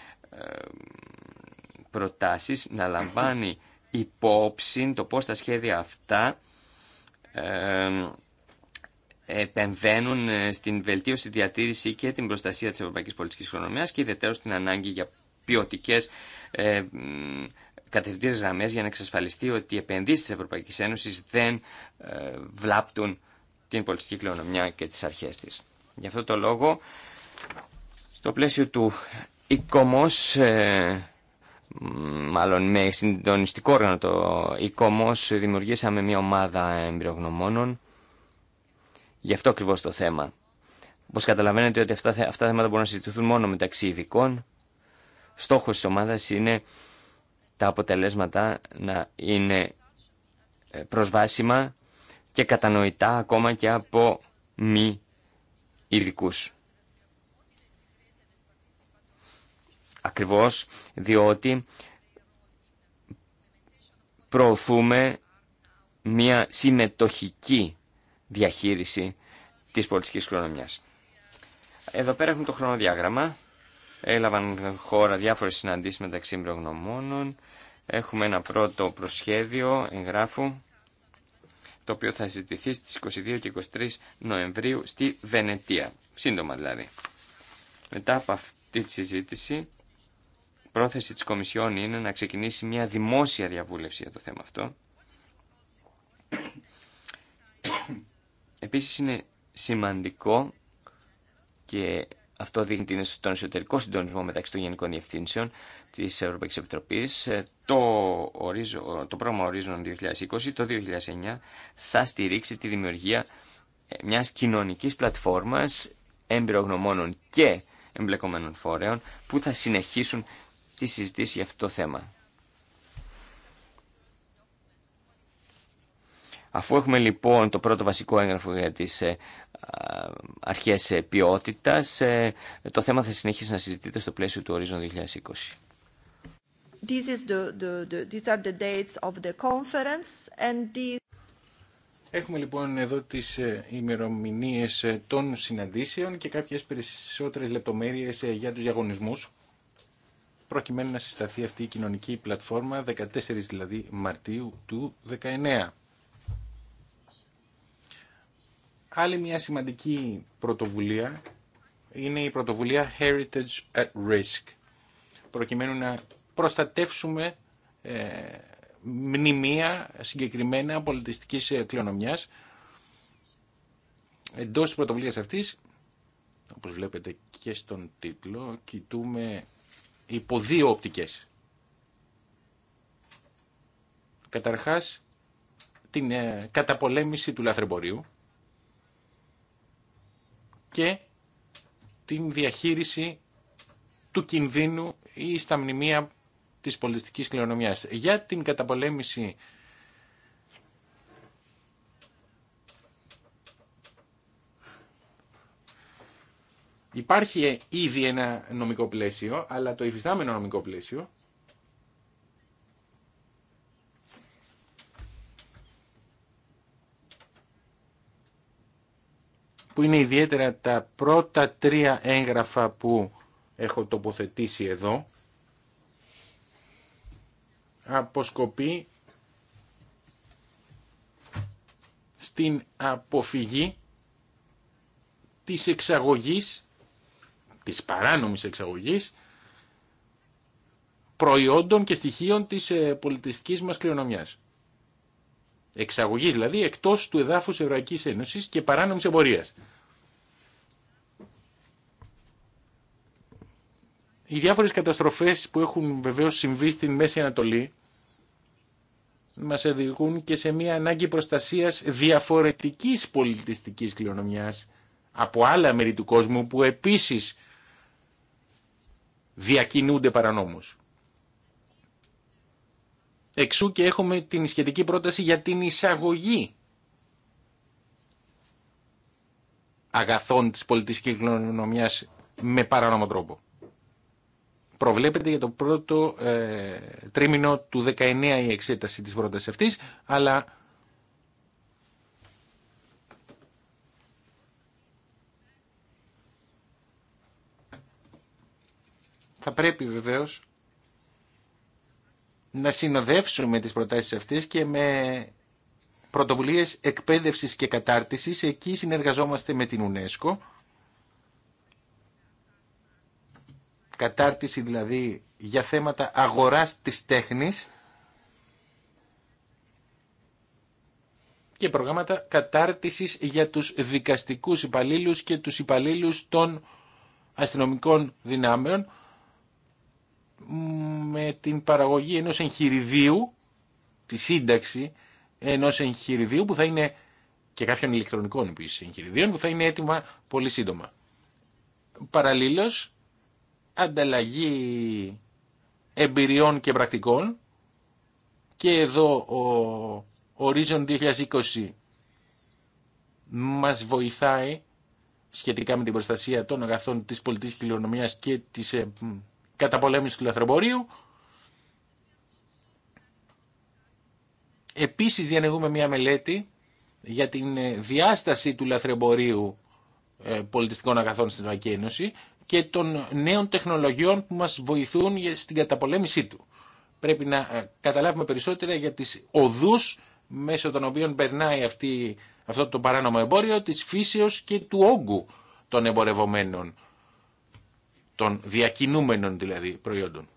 προτάσεις να λαμβάνει υπόψη το πώς τα σχέδια αυτά επεμβαίνουν ε, στην βελτίωση, διατήρηση και την προστασία της ευρωπαϊκής πολιτικής οικονομίας και ιδιαίτερα στην ανάγκη για ποιοτικέ ε, κατευθυντήρες γραμμές για να εξασφαλιστεί ότι οι επενδύσεις της Ευρωπαϊκής Ένωσης δεν ε, βλάπτουν την πολιτική κληρονομιά και τις αρχές της. Γι' αυτό το λόγο, στο πλαίσιο του ΙΚΟΜΟΣ, ε, μάλλον με συντονιστικό όργανο το ΙΚΟΜΟΣ δημιουργήσαμε μια ομάδα εμπειρογνωμόνων γι' αυτό ακριβώς το θέμα. Όπω καταλαβαίνετε ότι αυτά, αυτά τα θέματα μπορούν να συζητηθούν μόνο μεταξύ ειδικών. Στόχος της ομάδας είναι τα αποτελέσματα να είναι ε, προσβάσιμα και κατανοητά ακόμα και από μη ειδικούς. Ακριβώς διότι προωθούμε μια συμμετοχική διαχείριση της πολιτικής κληρονομιάς. Εδώ πέρα έχουμε το χρονοδιάγραμμα. Έλαβαν χώρα διάφορες συναντήσεις μεταξύ εμπειρογνωμόνων. Έχουμε ένα πρώτο προσχέδιο εγγράφου, το οποίο θα συζητηθεί στις 22 και 23 Νοεμβρίου στη Βενετία. Σύντομα δηλαδή. Μετά από αυτή τη συζήτηση πρόθεση της Κομισιόν είναι να ξεκινήσει μια δημόσια διαβούλευση για το θέμα αυτό. Επίσης είναι σημαντικό και αυτό δείχνει την, τον εσωτερικό συντονισμό μεταξύ των Γενικών Διευθύνσεων της Ευρωπαϊκής Επιτροπής ε, Το, ορίζο, το πρόγραμμα Horizon 2020 το 2009 θα στηρίξει τη δημιουργία ε, μιας κοινωνικής πλατφόρμας εμπειρογνωμόνων και εμπλεκομένων φορέων που θα συνεχίσουν τι συζητήσει για αυτό το θέμα. Αφού έχουμε λοιπόν το πρώτο βασικό έγγραφο για τις ε, αρχές ε, ποιότητας, ε, το θέμα θα συνεχίσει να συζητείται στο πλαίσιο του Ορίζον 2020. This is the, these are the dates of the conference and Έχουμε λοιπόν εδώ τις ημερομηνίες των συναντήσεων και κάποιες περισσότερες λεπτομέρειες για τους διαγωνισμούς προκειμένου να συσταθεί αυτή η κοινωνική πλατφόρμα 14 δηλαδή Μαρτίου του 19. Άλλη μια σημαντική πρωτοβουλία είναι η πρωτοβουλία Heritage at Risk προκειμένου να προστατεύσουμε ε, μνημεία συγκεκριμένα πολιτιστικής ε, κληρονομιάς εντός της πρωτοβουλίας αυτής όπως βλέπετε και στον τίτλο κοιτούμε υπό δύο οπτικές. Καταρχάς, την ε, καταπολέμηση του λαθρεμπορίου και την διαχείριση του κινδύνου ή στα μνημεία της πολιτιστικής κληρονομιάς. Για την καταπολέμηση Υπάρχει ήδη ένα νομικό πλαίσιο, αλλά το υφιστάμενο νομικό πλαίσιο που είναι ιδιαίτερα τα πρώτα τρία έγγραφα που έχω τοποθετήσει εδώ αποσκοπεί στην αποφυγή της εξαγωγής της παράνομης εξαγωγής προϊόντων και στοιχείων της ε, πολιτιστικής μας κληρονομιάς. Εξαγωγής δηλαδή εκτός του εδάφους Ευρωπαϊκής Ένωσης και παράνομης εμπορίας. Οι διάφορες καταστροφές που έχουν βεβαίως συμβεί στην Μέση Ανατολή μας οδηγούν και σε μια ανάγκη προστασίας διαφορετικής πολιτιστικής κληρονομιάς από άλλα μέρη του κόσμου που επίσης διακινούνται παρανόμως. Εξού και έχουμε την σχετική πρόταση για την εισαγωγή αγαθών της πολιτικής κληρονομιάς με παράνομο τρόπο. Προβλέπεται για το πρώτο ε, τρίμηνο του 19 η εξέταση της πρότασης αυτής, αλλά Θα πρέπει βεβαίως να συνοδεύσουμε τις προτάσεις αυτές και με πρωτοβουλίες εκπαίδευσης και κατάρτισης. Εκεί συνεργαζόμαστε με την UNESCO. Κατάρτιση δηλαδή για θέματα αγοράς της τέχνης και προγράμματα κατάρτισης για τους δικαστικούς υπαλλήλους και τους υπαλλήλους των αστυνομικών δυνάμεων με την παραγωγή ενός εγχειριδίου, τη σύνταξη ενός εγχειριδίου που θα είναι και κάποιων ηλεκτρονικών επίσης εγχειριδίων που θα είναι έτοιμα πολύ σύντομα. Παραλλήλως, ανταλλαγή εμπειριών και πρακτικών και εδώ ο Horizon 2020 μας βοηθάει σχετικά με την προστασία των αγαθών της πολιτικής κληρονομιάς και της ε, καταπολέμηση του λαθρεμπορίου. Επίσης διανεγούμε μια μελέτη για την ε, διάσταση του λαθρεμπορίου ε, πολιτιστικών αγαθών στην Ευρωπαϊκή και των νέων τεχνολογιών που μας βοηθούν στην καταπολέμησή του. Πρέπει να ε, καταλάβουμε περισσότερα για τις οδούς μέσω των οποίων περνάει αυτή, αυτό το παράνομο εμπόριο, της φύσεως και του όγκου των εμπορευομένων των διακινούμενων δηλαδή προϊόντων.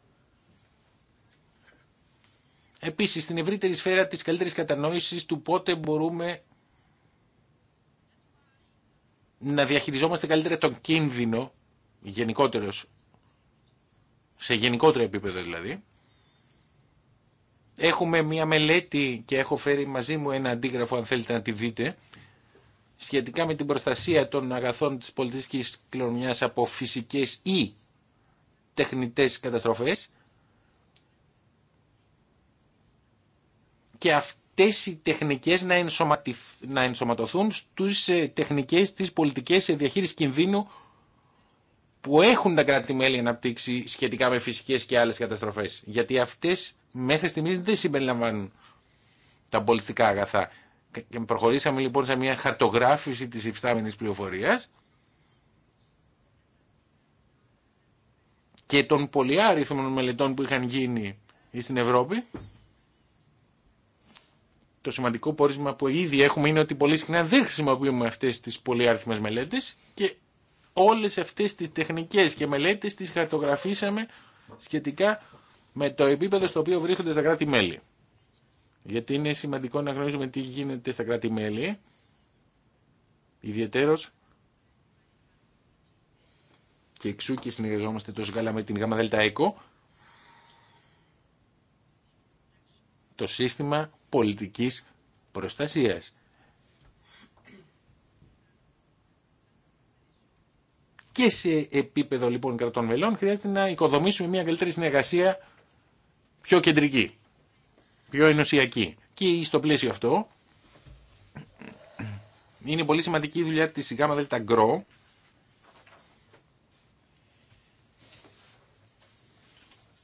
Επίσης, στην ευρύτερη σφαίρα της καλύτερης κατανόησης του πότε μπορούμε να διαχειριζόμαστε καλύτερα τον κίνδυνο γενικότερος, σε γενικότερο επίπεδο δηλαδή. Έχουμε μια μελέτη και έχω φέρει μαζί μου ένα αντίγραφο αν θέλετε να τη δείτε σχετικά με την προστασία των αγαθών της πολιτικής κληρονομιάς από φυσικές ή τεχνητές καταστροφές και αυτές οι τεχνικές να, να ενσωματωθούν στους ε, τεχνικές της πολιτικής διαχείρισης κινδύνου που έχουν τα κράτη-μέλη αναπτύξει σχετικά με φυσικές και άλλες καταστροφές. Γιατί αυτές μέχρι στιγμής δεν συμπεριλαμβάνουν τα πολιτικά αγαθά. Και προχωρήσαμε λοιπόν σε μια χαρτογράφηση της υφτάμενης πληροφορίας και των πολυάριθμων μελετών που είχαν γίνει στην Ευρώπη. Το σημαντικό πόρισμα που ήδη έχουμε είναι ότι πολύ συχνά δεν χρησιμοποιούμε αυτές τις πολυάριθμες μελέτες και όλες αυτές τις τεχνικές και μελέτες τις χαρτογραφήσαμε σχετικά με το επίπεδο στο οποίο βρίσκονται στα κράτη-μέλη γιατί είναι σημαντικό να γνωρίζουμε τι γίνεται στα κράτη-μέλη, ιδιαίτερος και εξού και συνεργαζόμαστε τόσο καλά με την ΓΔΕΛΤΑ ΕΚΟ, το σύστημα πολιτικής προστασίας. Και σε επίπεδο λοιπόν κρατών μελών χρειάζεται να οικοδομήσουμε μια καλύτερη συνεργασία πιο κεντρική πιο ενωσιακή. Και στο πλαίσιο αυτό είναι πολύ σημαντική η δουλειά της ΓΑΜΑ ΔΕΛΤΑ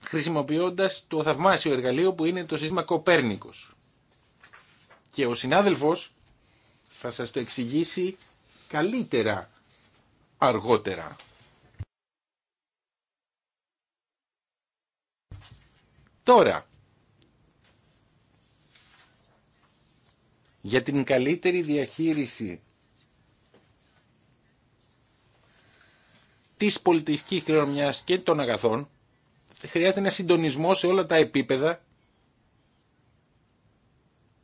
χρησιμοποιώντας το θαυμάσιο εργαλείο που είναι το σύστημα Κοπέρνικος. Και ο συνάδελφος θα σας το εξηγήσει καλύτερα αργότερα. Τώρα, για την καλύτερη διαχείριση της πολιτιστικής κληρονομιάς και των αγαθών χρειάζεται ένα συντονισμό σε όλα τα επίπεδα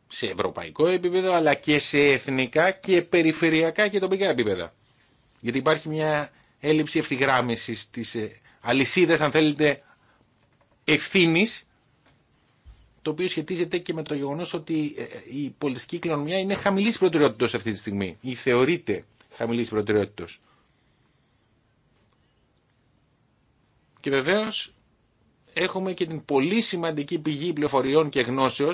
σε ευρωπαϊκό επίπεδο αλλά και σε εθνικά και περιφερειακά και τοπικά επίπεδα. Γιατί υπάρχει μια έλλειψη ευθυγράμμισης της ε, αλυσίδας αν θέλετε ευθύνης το οποίο σχετίζεται και με το γεγονό ότι ε, ε, η πολιτική κληρονομιά είναι χαμηλής προτεραιότητας αυτή τη στιγμή ή θεωρείται χαμηλής προτεραιότητα. Και βεβαίω έχουμε και την πολύ σημαντική πηγή πληροφοριών και γνώσεω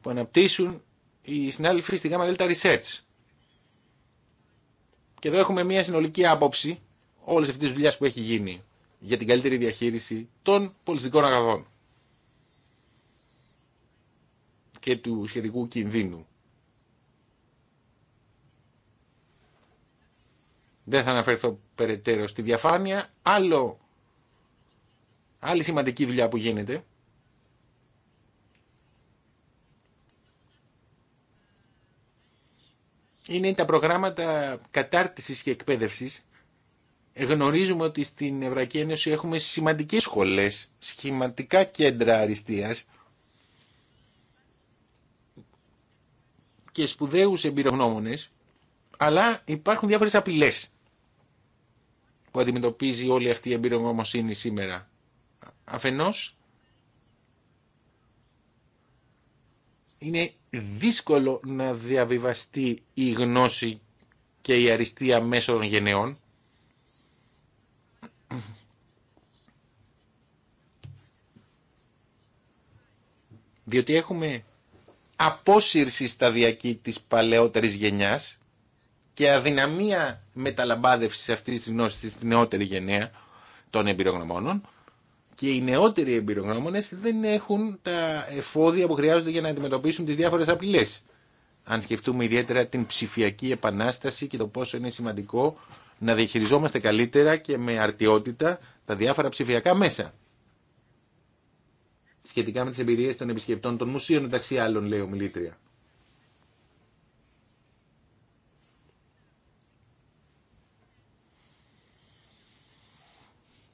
που αναπτύσσουν οι συνάδελφοι στη ΓΑΜΑ ΔΕΛΤΑ Research. Και εδώ έχουμε μια συνολική άποψη όλη αυτή τη δουλειά που έχει γίνει για την καλύτερη διαχείριση των πολιτικών αγαθών. και του σχετικού κινδύνου. Δεν θα αναφερθώ περαιτέρω στη διαφάνεια. Άλλο, άλλη σημαντική δουλειά που γίνεται. Είναι τα προγράμματα κατάρτισης και εκπαίδευσης. Γνωρίζουμε ότι στην Ευρωπαϊκή Ένωση έχουμε σημαντικές σχολές, σχηματικά κέντρα αριστείας, και σπουδαίους εμπειρογνώμονε. αλλά υπάρχουν διάφορε απειλέ. που αντιμετωπίζει όλη αυτή η εμπειρογνωμοσύνη σήμερα. Αφενός, είναι δύσκολο να διαβιβαστεί η γνώση και η αριστεία μέσω των γενεών. Διότι έχουμε απόσυρση σταδιακή της παλαιότερης γενιάς και αδυναμία μεταλαμπάδευσης αυτής της γνώσης της νεότερη γενία των εμπειρογνωμόνων και οι νεότεροι εμπειρογνώμονες δεν έχουν τα εφόδια που χρειάζονται για να αντιμετωπίσουν τις διάφορες απειλές. Αν σκεφτούμε ιδιαίτερα την ψηφιακή επανάσταση και το πόσο είναι σημαντικό να διαχειριζόμαστε καλύτερα και με αρτιότητα τα διάφορα ψηφιακά μέσα σχετικά με τις εμπειρίες των επισκεπτών των μουσείων, μεταξύ άλλων, λέει ο Μιλήτρια.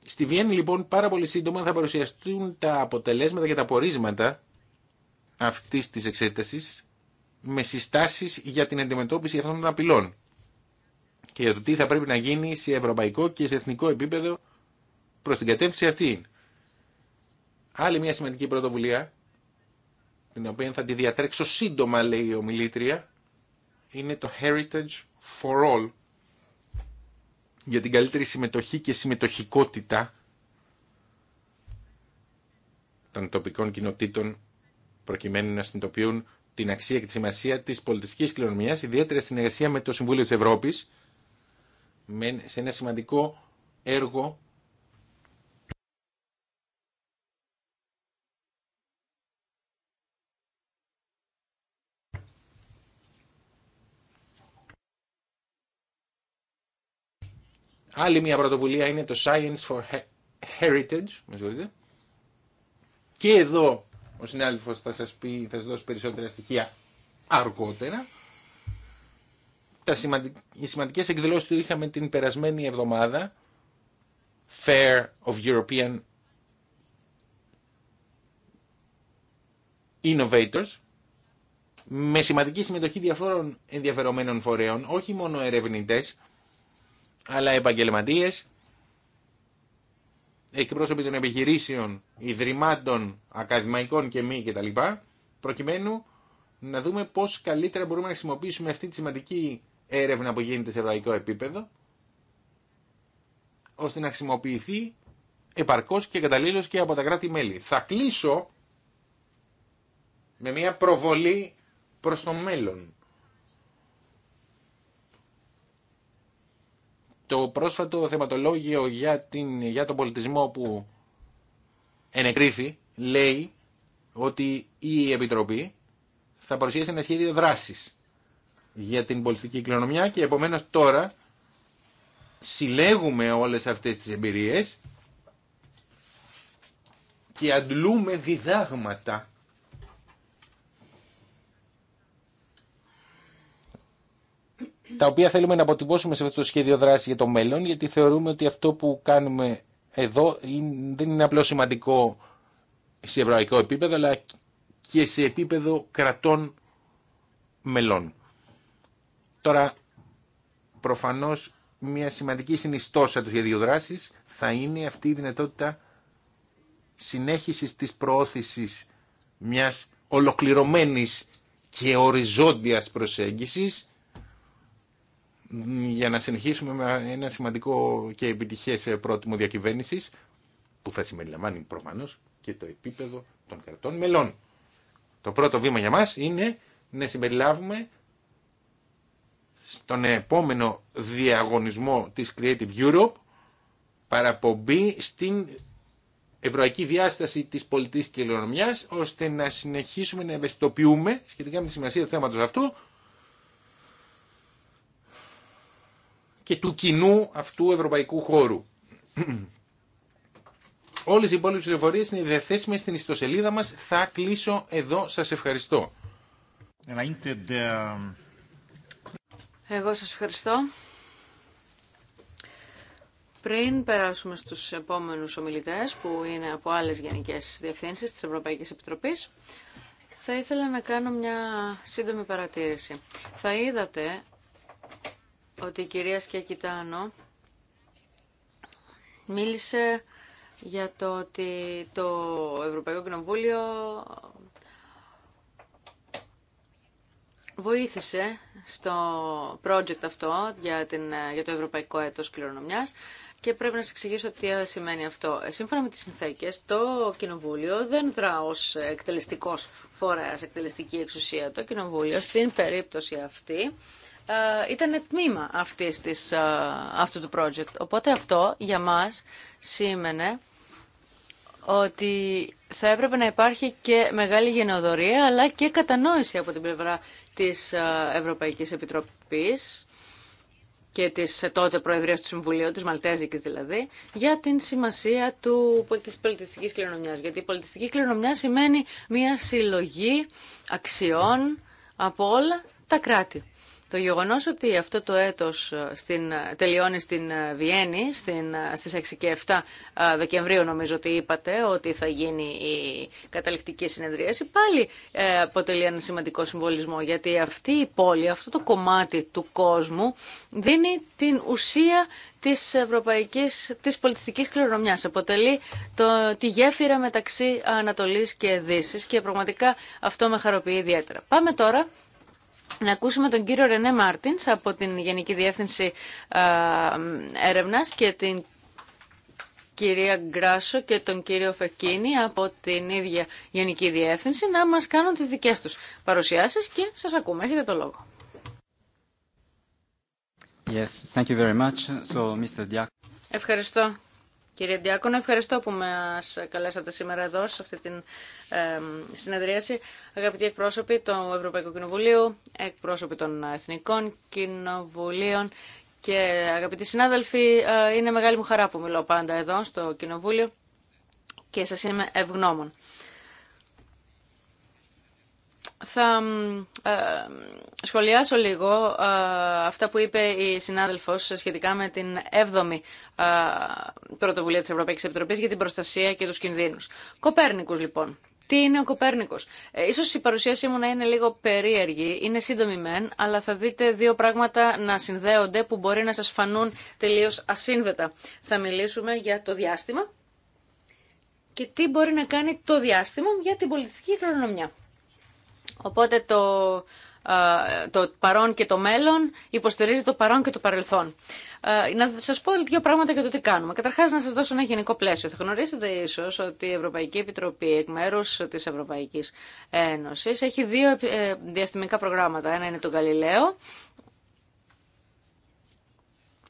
Στη Βιέννη λοιπόν πάρα πολύ σύντομα θα παρουσιαστούν τα αποτελέσματα και τα πορίσματα αυτής της εξέτασης με συστάσεις για την αντιμετώπιση αυτών των απειλών και για το τι θα πρέπει να γίνει σε ευρωπαϊκό και σε εθνικό επίπεδο προς την κατεύθυνση αυτή. Άλλη μια σημαντική πρωτοβουλία, την οποία θα τη διατρέξω σύντομα, λέει η ομιλήτρια, είναι το Heritage for All, για την καλύτερη συμμετοχή και συμμετοχικότητα των τοπικών κοινοτήτων προκειμένου να συνειδητοποιούν την αξία και τη σημασία της πολιτιστικής κληρονομιάς, ιδιαίτερα συνεργασία με το Συμβούλιο της Ευρώπης, σε ένα σημαντικό έργο Άλλη μια πρωτοβουλία είναι το Science for Heritage, με συγχωρείτε. Και εδώ ο συνάδελφος θα σας πει, θα σας δώσει περισσότερα στοιχεία αργότερα. Τα Οι σημαντικές εκδηλώσεις του είχαμε την περασμένη εβδομάδα. Fair of European Innovators με σημαντική συμμετοχή διαφόρων ενδιαφερομένων φορέων, όχι μόνο ερευνητές, αλλά επαγγελματίες, εκπρόσωποι των επιχειρήσεων, ιδρυμάτων, ακαδημαϊκών και μη κτλ. προκειμένου να δούμε πώς καλύτερα μπορούμε να χρησιμοποιήσουμε αυτή τη σημαντική έρευνα που γίνεται σε ευρωπαϊκό επίπεδο, ώστε να χρησιμοποιηθεί επαρκώς και καταλήλω και από τα κράτη-μέλη. Θα κλείσω με μια προβολή προς το μέλλον. το πρόσφατο θεματολόγιο για, την, για τον πολιτισμό που ενεκρίθη λέει ότι η Επιτροπή θα παρουσιάσει ένα σχέδιο δράσης για την πολιτική κληρονομιά και επομένως τώρα συλλέγουμε όλες αυτές τις εμπειρίες και αντλούμε διδάγματα τα οποία θέλουμε να αποτυπώσουμε σε αυτό το σχέδιο δράση για το μέλλον, γιατί θεωρούμε ότι αυτό που κάνουμε εδώ δεν είναι απλώς σημαντικό σε ευρωπαϊκό επίπεδο, αλλά και σε επίπεδο κρατών μελών. Τώρα, προφανώς, μια σημαντική συνιστόσα του σχεδίου δράσης θα είναι αυτή η δυνατότητα συνέχισης της προώθησης μιας ολοκληρωμένης και οριζόντιας προσέγγισης για να συνεχίσουμε με ένα σημαντικό και επιτυχέ ε, πρότιμο διακυβέρνηση που θα συμπεριλαμβάνει προφανώ και το επίπεδο των κρατών μελών. Το πρώτο βήμα για μα είναι να συμπεριλάβουμε στον επόμενο διαγωνισμό της Creative Europe παραπομπή στην ευρωπαϊκή διάσταση της πολιτικής κληρονομιάς ώστε να συνεχίσουμε να ευαισθητοποιούμε σχετικά με τη σημασία του θέματος αυτού και του κοινού αυτού ευρωπαϊκού χώρου. Όλες οι υπόλοιπες πληροφορίες είναι διαθέσιμες στην ιστοσελίδα μας. Θα κλείσω εδώ. Σας ευχαριστώ. Ε, Εγώ σας ευχαριστώ. Πριν περάσουμε στους επόμενους ομιλητές που είναι από άλλες γενικές διευθύνσεις της Ευρωπαϊκής Επιτροπής, θα ήθελα να κάνω μια σύντομη παρατήρηση. Θα είδατε ότι η κυρία Σκιακητάνο μίλησε για το ότι το Ευρωπαϊκό Κοινοβούλιο βοήθησε στο project αυτό για, την, για το Ευρωπαϊκό Έτος Κληρονομιάς και πρέπει να σας εξηγήσω τι σημαίνει αυτό. Ε, σύμφωνα με τις συνθήκε, το Κοινοβούλιο δεν δρά ως εκτελεστικός φορέας, εκτελεστική εξουσία. Το Κοινοβούλιο στην περίπτωση αυτή ε, ήταν τμήμα αυτής της, ε, αυτού του project. Οπότε αυτό για μας σήμαινε ότι θα έπρεπε να υπάρχει και μεγάλη γενοδορία αλλά και κατανόηση από την πλευρά της ε, Ευρωπαϊκής Επιτροπής και της τότε Προεδρίας του Συμβουλίου, της Μαλτέζικης δηλαδή, για την σημασία του, της πολιτιστικής κληρονομιάς. Γιατί η πολιτιστική κληρονομιά σημαίνει μια συλλογή αξιών από όλα τα κράτη. Το γεγονός ότι αυτό το έτος ε, στην, ε, τελειώνει στην ε, Βιέννη, στι στις 6 και 7 Δεκεμβρίου νομίζω ότι είπατε ότι θα γίνει η καταληκτική συνεδρίαση, πάλι αποτελεί ένα σημαντικό συμβολισμό, γιατί αυτή η πόλη, αυτό το κομμάτι του κόσμου δίνει την ουσία της, ευρωπαϊκής, της πολιτιστικής κληρονομιάς. Αποτελεί το, τη γέφυρα μεταξύ Ανατολής και Δύσης και πραγματικά αυτό με χαροποιεί ιδιαίτερα. Πάμε τώρα να ακούσουμε τον κύριο Ρενέ Μάρτινς από την Γενική Διεύθυνση Έρευνας και την κυρία Γκράσο και τον κύριο Φερκίνη από την ίδια Γενική Διεύθυνση να μας κάνουν τις δικές τους παρουσιάσεις και σας ακούμε. Έχετε το λόγο. Yes, thank you very much. So, Mr. Ευχαριστώ Κύριε Διάκονο, ευχαριστώ που μας καλέσατε σήμερα εδώ σε αυτή την συνεδρίαση. Αγαπητοί εκπρόσωποι του Ευρωπαϊκού Κοινοβουλίου, εκπρόσωποι των Εθνικών Κοινοβουλίων και αγαπητοί συνάδελφοι, ε, είναι μεγάλη μου χαρά που μιλώ πάντα εδώ στο Κοινοβούλιο και σας είμαι ευγνώμων. Θα ε, σχολιάσω λίγο ε, αυτά που είπε η συνάδελφος σχετικά με την 7η ε, πρωτοβουλία της Ευρωπαϊκής Επιτροπής για την προστασία και τους κινδύνους. Κοπέρνικους λοιπόν. Τι είναι ο Κοπέρνικος. Ε, ίσως η παρουσίασή μου να είναι λίγο περίεργη, είναι σύντομη μεν, αλλά θα δείτε δύο πράγματα να συνδέονται που μπορεί να σας φανούν τελείως ασύνδετα. Θα μιλήσουμε για το διάστημα και τι μπορεί να κάνει το διάστημα για την πολιτιστική κληρονομιά. Οπότε το, το παρόν και το μέλλον υποστηρίζει το παρόν και το παρελθόν. Να σα πω δύο πράγματα για το τι κάνουμε. Καταρχά, να σα δώσω ένα γενικό πλαίσιο. Θα γνωρίζετε ίσω ότι η Ευρωπαϊκή Επιτροπή εκ μέρου τη Ευρωπαϊκή Ένωση έχει δύο ε, διαστημικά προγράμματα. Ένα είναι το Γαλιλαίο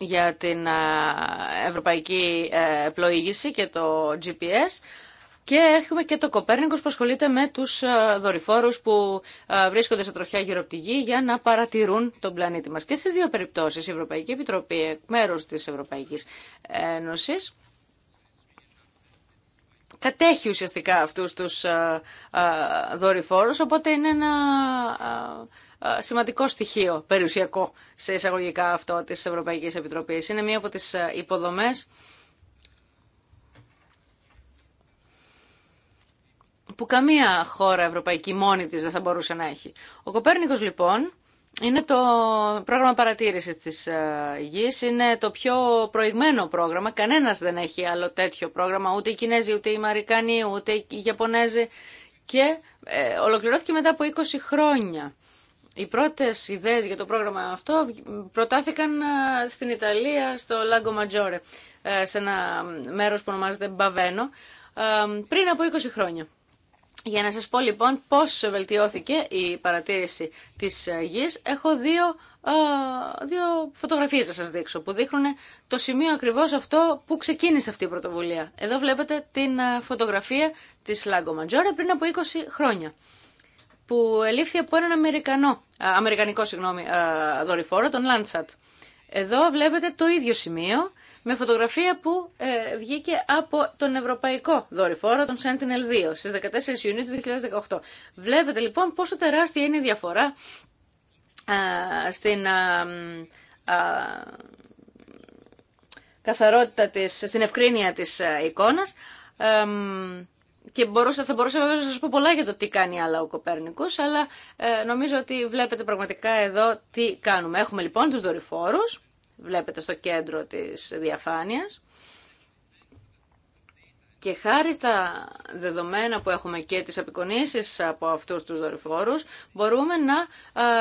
για την ευρωπαϊκή ε, πλοήγηση και το GPS και έχουμε και το Κοπέρνικο που ασχολείται με του ε, δορυφόρου που ε, βρίσκονται σε τροχιά γύρω από τη γη για να παρατηρούν τον πλανήτη μα. Και στι δύο περιπτώσει η Ευρωπαϊκή Επιτροπή, μέρο τη Ευρωπαϊκή Ένωση, κατέχει ουσιαστικά αυτούς τους ε, δορυφόρους, οπότε είναι ένα σημαντικό στοιχείο περιουσιακό σε εισαγωγικά αυτό της Ευρωπαϊκής Επιτροπής. Είναι μία από τις υποδομές που καμία χώρα ευρωπαϊκή μόνη της δεν θα μπορούσε να έχει. Ο Κοπέρνικος λοιπόν είναι το πρόγραμμα παρατήρησης της ε, γης, είναι το πιο προηγμένο πρόγραμμα, κανένας δεν έχει άλλο τέτοιο πρόγραμμα, ούτε οι Κινέζοι, ούτε οι Μαρικανοί, ούτε οι Ιαπωνέζοι και ε, ολοκληρώθηκε μετά από 20 χρόνια. Οι πρώτες ιδέες για το πρόγραμμα αυτό προτάθηκαν ε, στην Ιταλία, στο Λάγκο Ματζόρε, σε ένα μέρος που ονομάζεται Μπαβένο, πριν από 20 χρόνια. Για να σας πω λοιπόν πώς βελτιώθηκε η παρατήρηση της γης, έχω δύο, δύο φωτογραφίες να σας δείξω που δείχνουν το σημείο ακριβώς αυτό που ξεκίνησε αυτή η πρωτοβουλία. Εδώ βλέπετε την φωτογραφία της Λάγκο Ματζόρε πριν από 20 χρόνια που ελήφθη από έναν Αμερικανό, αμερικανικό δορυφόρο, τον Landsat. Εδώ βλέπετε το ίδιο σημείο με φωτογραφία που ε, βγήκε από τον Ευρωπαϊκό Δορυφόρο, τον Sentinel-2, στις 14 Ιουνίου του 2018. Βλέπετε λοιπόν πόσο τεράστια είναι η διαφορά α, στην... Α, καθαρότητα της, στην ευκρίνεια της ε, εικόνας και μπορούσα, θα μπορούσα βέβαια να σας πω πολλά για το τι κάνει άλλα ο Κοπέρνικος αλλά ε, νομίζω ότι βλέπετε πραγματικά εδώ τι κάνουμε. Έχουμε λοιπόν τους δορυφόρους βλέπετε στο κέντρο της διαφάνειας. Και χάρη στα δεδομένα που έχουμε και τις απεικονίσεις από αυτούς τους δορυφόρους, μπορούμε να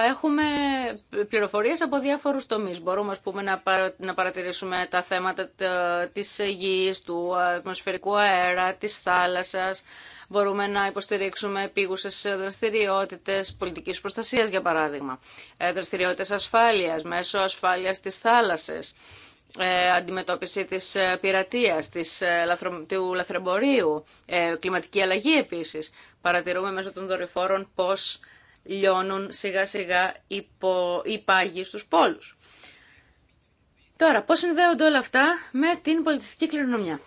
έχουμε πληροφορίες από διάφορους τομείς. Μπορούμε ας πούμε, να παρατηρήσουμε τα θέματα της γης, του ατμοσφαιρικού αέρα, της θάλασσας, Μπορούμε να υποστηρίξουμε επίγουσες δραστηριότητες πολιτικής προστασίας, για παράδειγμα, ε, δραστηριότητες ασφάλεια, μέσω ασφάλειας της θάλασσας, ε, αντιμετώπιση της ε, πειρατεία, του λαθρεμπορίου, κλιματική αλλαγή επίσης. Παρατηρούμε μέσω των δορυφόρων πώ λιώνουν σιγά σιγά οι πάγοι στους πόλους. Τώρα, πώς συνδέονται όλα αυτά με την πολιτιστική κληρονομιά.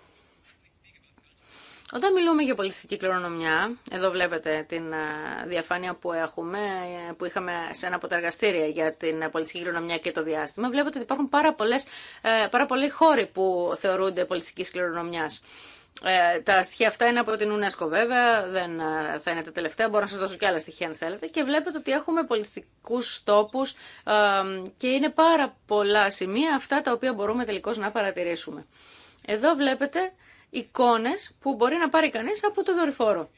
Όταν μιλούμε για πολιτιστική κληρονομιά, εδώ βλέπετε την ε, διαφάνεια που, έχουμε, ε, που είχαμε σε ένα από τα εργαστήρια για την ε, πολιτιστική κληρονομιά και το διάστημα, βλέπετε ότι υπάρχουν πάρα, πολλές, πάρα πολλοί χώροι που θεωρούνται πολιτιστική κληρονομιά. Ε, τα στοιχεία αυτά είναι από την UNESCO βέβαια, δεν θα είναι τα τελευταία, μπορώ να σας δώσω και άλλα στοιχεία αν θέλετε και βλέπετε ότι έχουμε πολιτιστικούς στόπους ε, και είναι πάρα πολλά σημεία αυτά τα οποία μπορούμε τελικώς να παρατηρήσουμε. Εδώ βλέπετε εικόνες που μπορεί να πάρει κανείς από το δορυφόρο.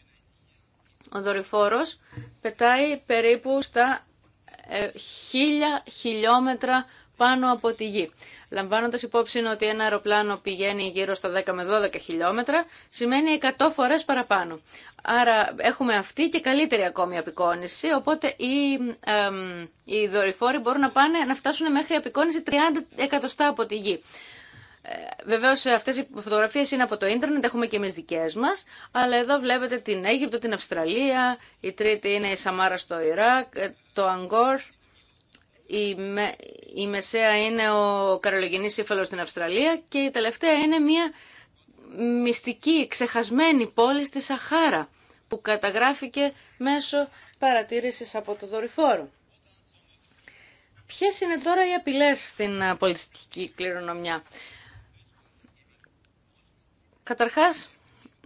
Ο δορυφόρος πετάει περίπου στα ε, χίλια χιλιόμετρα πάνω από τη γη. Λαμβάνοντα υπόψη ότι ένα αεροπλάνο πηγαίνει γύρω στα 10 με 12 χιλιόμετρα, σημαίνει 100 φορέ παραπάνω. Άρα έχουμε αυτή και καλύτερη ακόμη απεικόνηση, οπότε οι, δορυφόροι μπορούν να, πάνε, να φτάσουν μέχρι απεικόνηση 30 εκατοστά από τη γη. Ε, Βεβαίω ε, αυτές οι φωτογραφίες είναι από το ίντερνετ, έχουμε και εμεί δικές μας, αλλά εδώ βλέπετε την Αίγυπτο, την Αυστραλία, η τρίτη είναι η Σαμάρα στο Ιράκ, ε, το Αγκόρ, η, η μεσαία είναι ο καρολογινή ύφαλο στην Αυστραλία και η τελευταία είναι μια μυστική, ξεχασμένη πόλη στη Σαχάρα που καταγράφηκε μέσω παρατήρησης από το δορυφόρο. Ποιες είναι τώρα οι απειλές στην πολιτιστική κληρονομιά. Καταρχάς,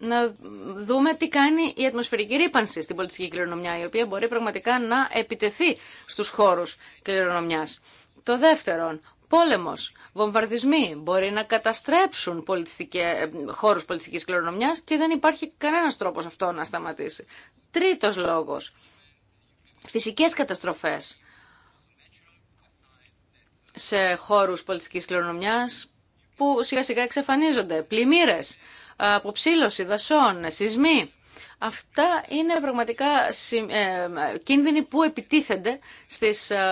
να δούμε τι κάνει η ατμοσφαιρική ρήπανση στην πολιτική κληρονομιά, η οποία μπορεί πραγματικά να επιτεθεί στους χώρους κληρονομιάς. Το δεύτερον, πόλεμος, βομβαρδισμοί μπορεί να καταστρέψουν χώρου ε, χώρους πολιτιστικής κληρονομιάς και δεν υπάρχει κανένας τρόπος αυτό να σταματήσει. Τρίτος λόγος, φυσικές καταστροφές σε χώρους πολιτιστικής κληρονομιάς, που σιγά σιγά εξαφανίζονται, Πλημμύρε, αποψήλωση δασών, σεισμοί. Αυτά είναι πραγματικά ε, ε, κίνδυνοι που επιτίθενται στις, ε,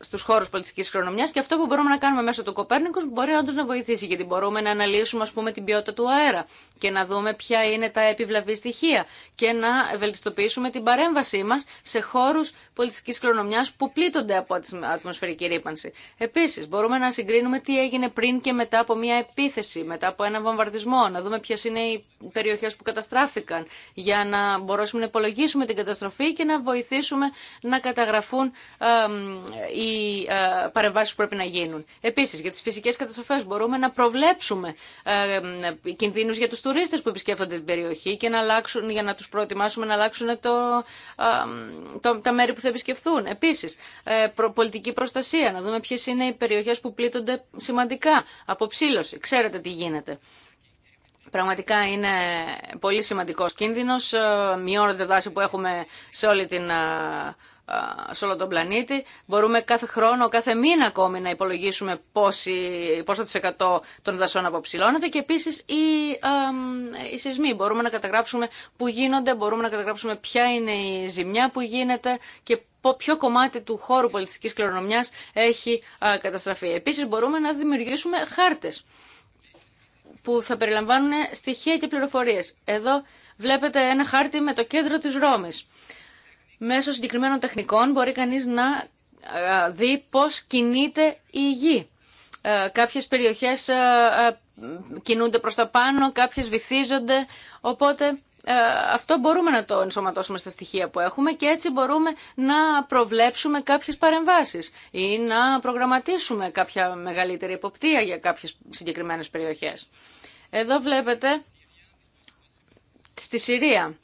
στους χώρους πολιτικής χρονομιάς και αυτό που μπορούμε να κάνουμε μέσω του Κοπέρνικους μπορεί όντως να βοηθήσει γιατί μπορούμε να αναλύσουμε ας πούμε την ποιότητα του αέρα και να δούμε ποια είναι τα επιβλαβή στοιχεία και να βελτιστοποιήσουμε την παρέμβασή μας σε χώρους πολιτικής χρονομιάς που πλήττονται από την ατμοσφαιρική ρήπανση. Επίσης μπορούμε να συγκρίνουμε τι έγινε πριν και μετά από μια επίθεση, μετά από ένα βομβαρδισμό, να δούμε ποιε είναι οι περιοχέ που καταστράφηκαν για να μπορέσουμε να υπολογίσουμε την καταστροφή και να βοηθήσουμε να καταγραφούν οι ε, παρεμβάσεις που πρέπει να γίνουν. Επίσης, για τις φυσικές καταστροφές μπορούμε να προβλέψουμε ε, ε, κινδύνους για τους τουρίστες που επισκέφτονται την περιοχή και να αλλάξουν, για να τους προετοιμάσουμε να αλλάξουν το, το, τα μέρη που θα επισκεφθούν. Επίσης, πολιτική προστασία, να δούμε ποιες είναι οι περιοχές που πλήττονται σημαντικά από ψήλωση. Ξέρετε τι γίνεται. Πραγματικά είναι πολύ σημαντικός κίνδυνος, μειώνονται δάση που έχουμε σε όλη την ε, σε όλο τον πλανήτη. Μπορούμε κάθε χρόνο, κάθε μήνα ακόμη να υπολογίσουμε πόση, πόσο της εκατό των δασών αποψηλώνεται και επίσης οι, α, σεισμοί. Μπορούμε να καταγράψουμε που γίνονται, μπορούμε να καταγράψουμε ποια είναι η ζημιά που γίνεται και ποιο κομμάτι του χώρου πολιτιστικής κληρονομιάς έχει α, καταστραφεί. Επίσης μπορούμε να δημιουργήσουμε χάρτες που θα περιλαμβάνουν στοιχεία και πληροφορίες. Εδώ βλέπετε ένα χάρτη με το κέντρο της Ρώμης. Μέσω συγκεκριμένων τεχνικών μπορεί κανείς να ε, δει πώς κινείται η γη. Ε, κάποιες περιοχές ε, κινούνται προς τα πάνω, κάποιες βυθίζονται, οπότε αυτό μπορούμε να το ενσωματώσουμε στα στοιχεία που έχουμε και έτσι μπορούμε να προβλέψουμε κάποιες παρεμβάσεις ή να προγραμματίσουμε κάποια μεγαλύτερη υποπτία για κάποιες συγκεκριμένες περιοχές. Εδώ βλέπετε στη Συρία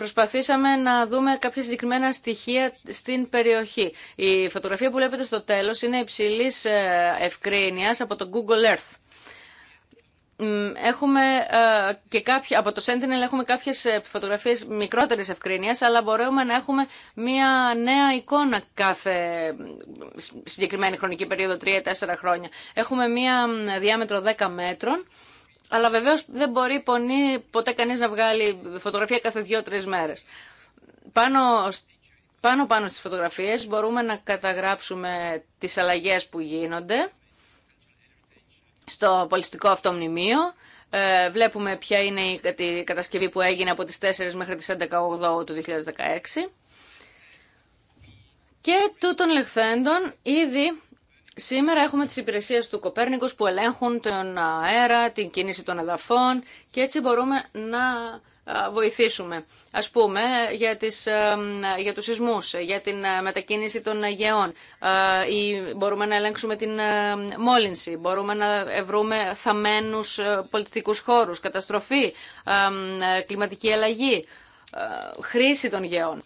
προσπαθήσαμε να δούμε κάποια συγκεκριμένα στοιχεία στην περιοχή. Η φωτογραφία που βλέπετε στο τέλος είναι υψηλή ε, ευκρίνειας από το Google Earth. Έχουμε ε, και κάποια, από το Sentinel έχουμε κάποιες ε, φωτογραφίες μικρότερης ευκρίνειας, αλλά μπορούμε να έχουμε μια νέα εικόνα κάθε συγκεκριμένη χρονική περίοδο, 3-4 χρόνια. Έχουμε μια διάμετρο 10 μέτρων αλλά βεβαίω δεν μπορεί πονή, ποτέ κανεί να βγάλει φωτογραφία κάθε δύο-τρει μέρε. Πάνω, πάνω πάνω στις φωτογραφίες μπορούμε να καταγράψουμε τις αλλαγές που γίνονται στο πολιστικό αυτό μνημείο. Ε, βλέπουμε ποια είναι η κατασκευή που έγινε από τις 4 μέχρι τις 18 του 2016. Και τούτων λεχθέντων ήδη Σήμερα έχουμε τις υπηρεσίες του Κοπέρνικος που ελέγχουν τον αέρα, την κίνηση των εδαφών και έτσι μπορούμε να βοηθήσουμε. Ας πούμε για, τις, για τους σεισμούς, για την μετακίνηση των γεών. Ή μπορούμε να ελέγξουμε την μόλυνση, μπορούμε να βρούμε θαμένους πολιτικούς χώρους, καταστροφή, κλιματική αλλαγή, χρήση των γεών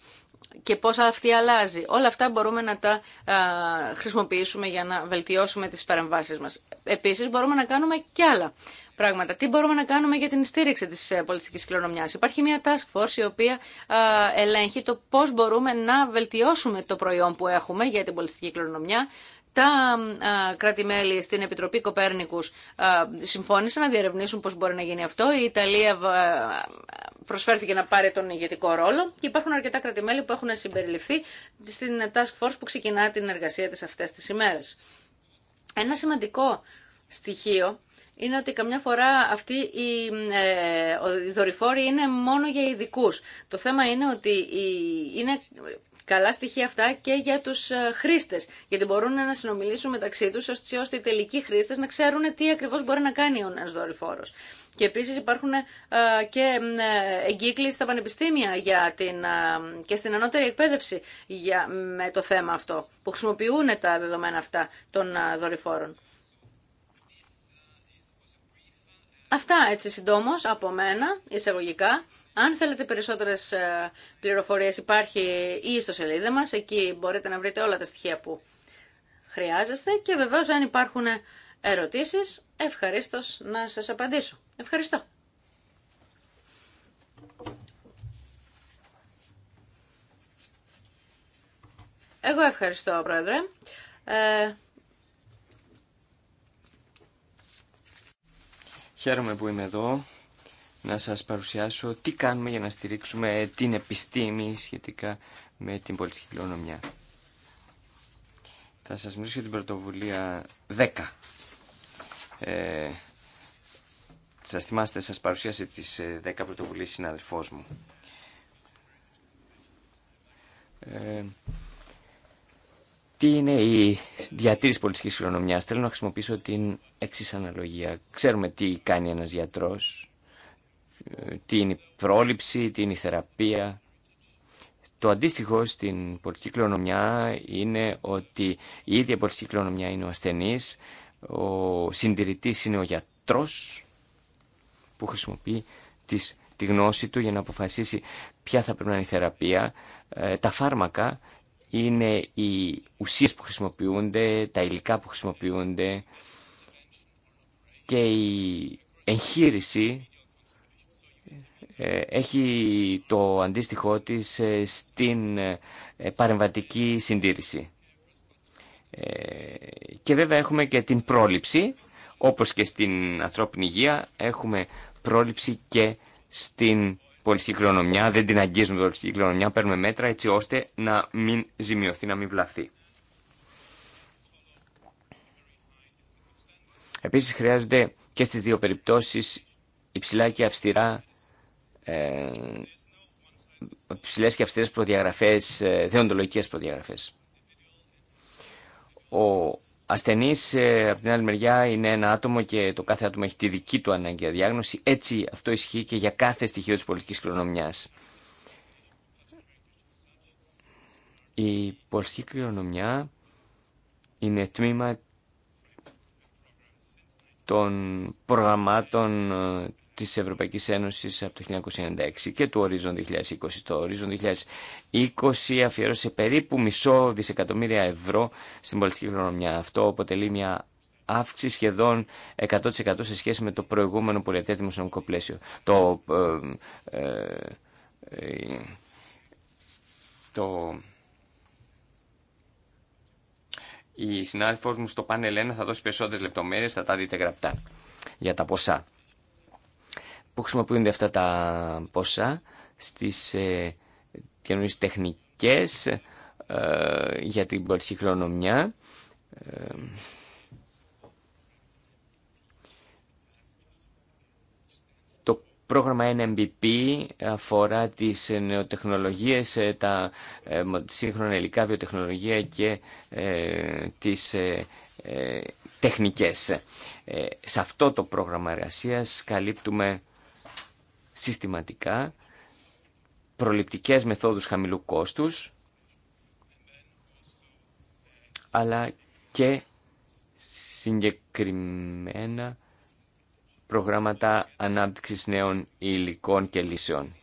και πώς αυτή αλλάζει. Όλα αυτά μπορούμε να τα χρησιμοποιήσουμε για να βελτιώσουμε τις παρεμβάσεις μας. Επίσης μπορούμε να κάνουμε και άλλα πράγματα. Τι μπορούμε να κάνουμε για την στήριξη της ε, πολιτικής κληρονομιάς. Υπάρχει μια task force η οποία ελέγχει το πώς μπορούμε να βελτιώσουμε το προϊόν που έχουμε για την πολιτική κληρονομιά, τα κράτη-μέλη στην Επιτροπή Κοπέρνικου συμφώνησαν να διερευνήσουν πώς μπορεί να γίνει αυτό. Η Ιταλία προσφέρθηκε να πάρει τον ηγετικό ρόλο και υπάρχουν αρκετά που έχουν συμπεριληφθεί στην Task Force που ξεκινά την εργασία τη αυτές τις ημέρε. Ένα σημαντικό στοιχείο είναι ότι καμιά φορά αυτοί ε, οι, δορυφόροι είναι μόνο για ειδικού. Το θέμα είναι ότι είναι καλά στοιχεία αυτά και για τους ε, χρήστες, γιατί μπορούν να συνομιλήσουν μεταξύ τους ώστε οι τελικοί χρήστες να ξέρουν τι ακριβώς μπορεί να κάνει ο ένας δορυφόρος. Και επίσης υπάρχουν ε, και ε, εγκύκλοι στα πανεπιστήμια για την, και στην ανώτερη εκπαίδευση για, με το θέμα αυτό, που χρησιμοποιούν τα δεδομένα αυτά των δορυφόρων. Αυτά έτσι συντόμως από μένα, εισαγωγικά. Αν θέλετε περισσότερες ε, πληροφορίες υπάρχει η σελίδα μας, εκεί μπορείτε να βρείτε όλα τα στοιχεία που χρειάζεστε και βεβαίως αν υπάρχουν ερωτήσεις ευχαριστώ να σας απαντήσω. Ευχαριστώ. Εγώ ευχαριστώ, Πρόεδρε. Ε... Χαίρομαι που είμαι εδώ να σας παρουσιάσω τι κάνουμε για να στηρίξουμε την επιστήμη σχετικά με την πολιτική κληρονομιά. Θα σας μιλήσω για την πρωτοβουλία 10. Ε, σας θυμάστε, σας παρουσίασε τις 10 ε, πρωτοβουλίες συναδελφός μου. Ε, τι είναι η διατήρηση πολιτικής κληρονομιάς. Θέλω να χρησιμοποιήσω την εξή αναλογία. Ξέρουμε τι κάνει ένας γιατρός, τι είναι η πρόληψη, τι είναι η θεραπεία. Το αντίστοιχο στην πολιτική κληρονομιά είναι ότι η ίδια πολιτική κληρονομιά είναι ο ασθενής, ο συντηρητής είναι ο γιατρός που χρησιμοποιεί τις, τη γνώση του για να αποφασίσει ποια θα πρέπει να είναι η θεραπεία. Ε, τα φάρμακα είναι οι ουσίες που χρησιμοποιούνται, τα υλικά που χρησιμοποιούνται και η εγχείρηση ε, έχει το αντίστοιχό της ε, στην ε, παρεμβατική συντήρηση. Και βέβαια έχουμε και την πρόληψη, όπως και στην ανθρώπινη υγεία, έχουμε πρόληψη και στην πολιτική δεν την αγγίζουμε την πολιτική κληρονομιά, παίρνουμε μέτρα έτσι ώστε να μην ζημιωθεί, να μην βλαφθεί. Επίσης χρειάζονται και στις δύο περιπτώσεις υψηλά και αυστηρά ε, ψηλές και αυστηρές προδιαγραφές, ε, δεοντολογικές προδιαγραφές. Ο ασθενής, ε, από την άλλη μεριά, είναι ένα άτομο και το κάθε άτομο έχει τη δική του ανάγκη διάγνωση. Έτσι αυτό ισχύει και για κάθε στοιχείο της πολιτικής κληρονομιάς. Η πολιτική κληρονομιά είναι τμήμα των προγραμμάτων ε, της Ευρωπαϊκής Ένωσης από το 1996 και του Horizon 2020. Το Horizon 2020 αφιέρωσε περίπου μισό δισεκατομμύρια ευρώ στην πολιτική χρονομιά. Αυτό αποτελεί μια αύξηση σχεδόν 100% σε σχέση με το προηγούμενο πολιτές δημοσιονομικό πλαίσιο. Το, ε, ε, ε, το, η συνάδελφός μου στο πάνελ 1 θα δώσει περισσότερες λεπτομέρειες, θα τα δείτε γραπτά για τα ποσά που χρησιμοποιούνται αυτά τα ποσά στις ε, τεχνικές ε, για την πολιτική χρονομιά. Ε, το πρόγραμμα NMBP αφορά τις νεοτεχνολογίες, ε, τα σύγχρονα υλικά, βιοτεχνολογία και τις τεχνικές. Σε αυτό το πρόγραμμα εργασίας καλύπτουμε συστηματικά προληπτικές μεθόδους χαμηλού κόστους αλλά και συγκεκριμένα προγράμματα ανάπτυξης νέων υλικών και λύσεων.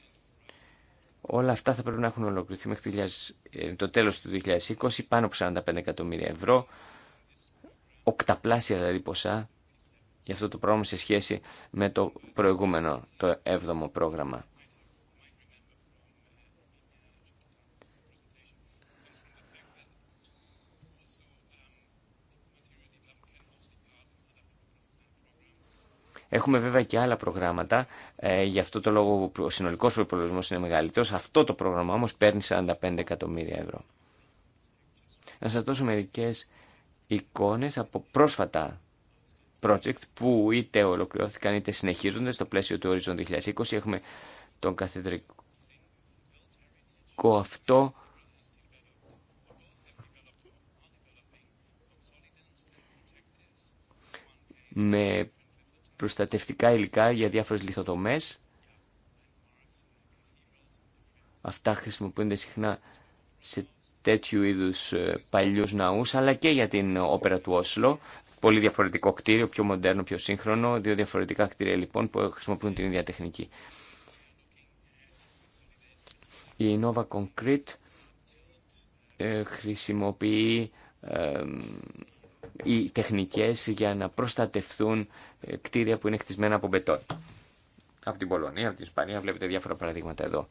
Όλα αυτά θα πρέπει να έχουν ολοκληρωθεί μέχρι το ε, τέλος του 2020, πάνω από 45 εκατομμύρια ευρώ, οκταπλάσια δηλαδή ποσά για αυτό το πρόγραμμα σε σχέση με το προηγούμενο, το έβδομο πρόγραμμα. Έχουμε βέβαια και άλλα προγράμματα. Ε, γι' αυτό το λόγο ο συνολικό προπολογισμό είναι μεγαλύτερος. Αυτό το πρόγραμμα όμως παίρνει 45 εκατομμύρια ευρώ. Να σας δώσω μερικές εικόνες από πρόσφατα project που είτε ολοκληρώθηκαν είτε συνεχίζονται στο πλαίσιο του Horizon 2020. Έχουμε τον καθεδρικό αυτό με προστατευτικά υλικά για διάφορες λιθοδομές. Αυτά χρησιμοποιούνται συχνά σε τέτοιου είδους ε, παλιούς ναούς, αλλά και για την όπερα του Όσλο πολύ διαφορετικό κτίριο, πιο μοντέρνο, πιο σύγχρονο. Δύο διαφορετικά κτίρια λοιπόν που χρησιμοποιούν την ίδια τεχνική. Η Innova Concrete ε, χρησιμοποιεί οι τεχνικές για να προστατευθούν ε, κτίρια που είναι χτισμένα από μπετόν. Από την Πολωνία, από την Ισπανία, βλέπετε διάφορα παραδείγματα εδώ.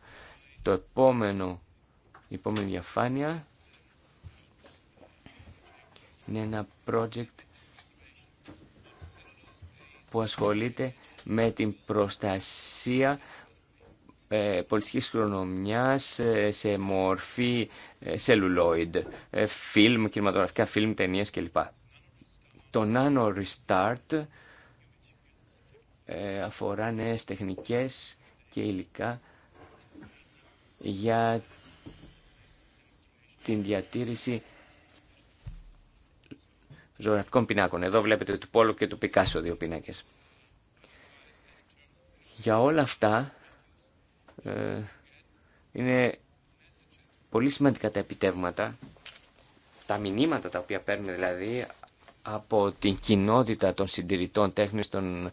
Το επόμενο, η επόμενη διαφάνεια είναι ένα project που ασχολείται με την προστασία ε, πολιτικής ε, σε μορφή σελουλόιντ, ε, φιλμ, κινηματογραφικά φιλμ, ταινίες κλπ. Το Nano Restart ε, αφορά νέες τεχνικές και υλικά για την διατήρηση ζωγραφικών πινάκων. Εδώ βλέπετε του Πόλου και του Πικάσο δύο πίνακες. Για όλα αυτά ε, είναι πολύ σημαντικά τα επιτεύγματα, τα μηνύματα τα οποία παίρνουμε δηλαδή από την κοινότητα των συντηρητών τέχνης, των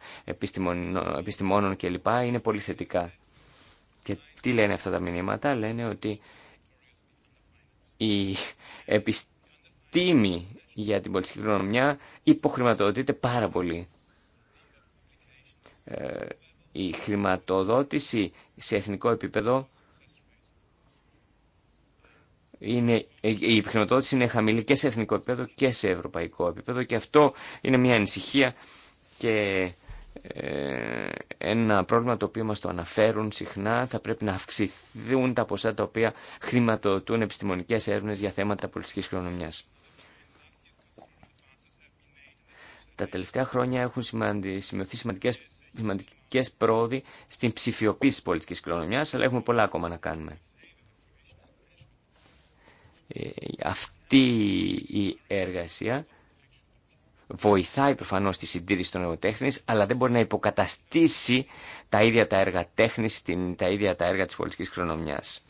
επιστημόνων κλπ. είναι πολύ θετικά. Και τι λένε αυτά τα μηνύματα, λένε ότι η επιστήμη για την πολιτική κληρονομιά υποχρηματοδοτείται πάρα πολύ. Ε, η χρηματοδότηση σε εθνικό επίπεδο είναι, η χρηματοδότηση είναι χαμηλή και σε εθνικό επίπεδο και σε ευρωπαϊκό επίπεδο και αυτό είναι μια ανησυχία και ε, ένα πρόβλημα το οποίο μας το αναφέρουν συχνά θα πρέπει να αυξηθούν τα ποσά τα οποία χρηματοδοτούν επιστημονικές έρευνες για θέματα πολιτικής κληρονομιάς. Τα τελευταία χρόνια έχουν σημειωθεί σημαντικές, σημαντικές πρόοδοι στην ψηφιοποίηση της πολιτικής κληρονομιάς, αλλά έχουμε πολλά ακόμα να κάνουμε. Ε, αυτή η εργασία βοηθάει προφανώς τη συντήρηση των εργοτέχνης, αλλά δεν μπορεί να υποκαταστήσει τα ίδια τα έργα τέχνης, τα ίδια τα έργα της πολιτικής κληρονομιάς.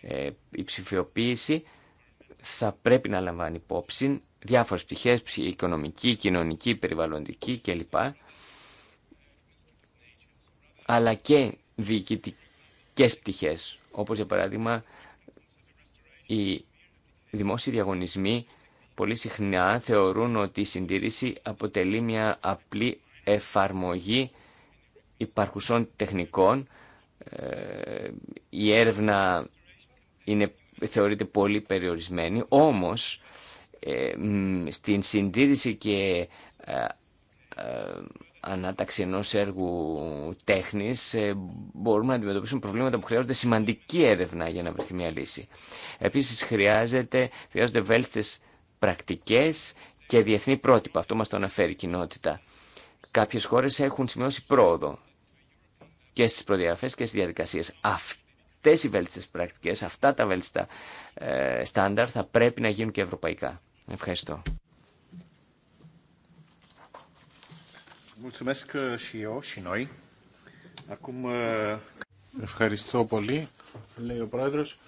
Ε, η ψηφιοποίηση θα πρέπει να λαμβάνει υπόψη διάφορες πτυχές, οικονομική, κοινωνική, περιβαλλοντική κλπ. Αλλά και διοικητικές πτυχές, όπως για παράδειγμα οι δημόσιοι διαγωνισμοί πολύ συχνά θεωρούν ότι η συντήρηση αποτελεί μια απλή εφαρμογή υπαρχουσών τεχνικών. Ε, η έρευνα είναι, θεωρείται πολύ περιορισμένη, όμως ε, στην συντήρηση και ε, ε, ανάταξη ενό έργου τέχνη, μπορούμε να αντιμετωπίσουμε προβλήματα που χρειάζονται σημαντική έρευνα για να βρεθεί μια λύση. Επίση, χρειάζονται βέλτιστες πρακτικέ και διεθνή πρότυπα. Αυτό μα το αναφέρει η κοινότητα. Κάποιε χώρε έχουν σημειώσει πρόοδο και στι προδιαγραφέ και στι διαδικασίε. Αυτέ οι βέλτιστες πρακτικέ, αυτά τα βέλτιστα στάνταρ θα πρέπει να γίνουν και ευρωπαϊκά. Ευχαριστώ. Uh, uh, Ευχαριστώ πολύ, λέει ο Πρόεδρος.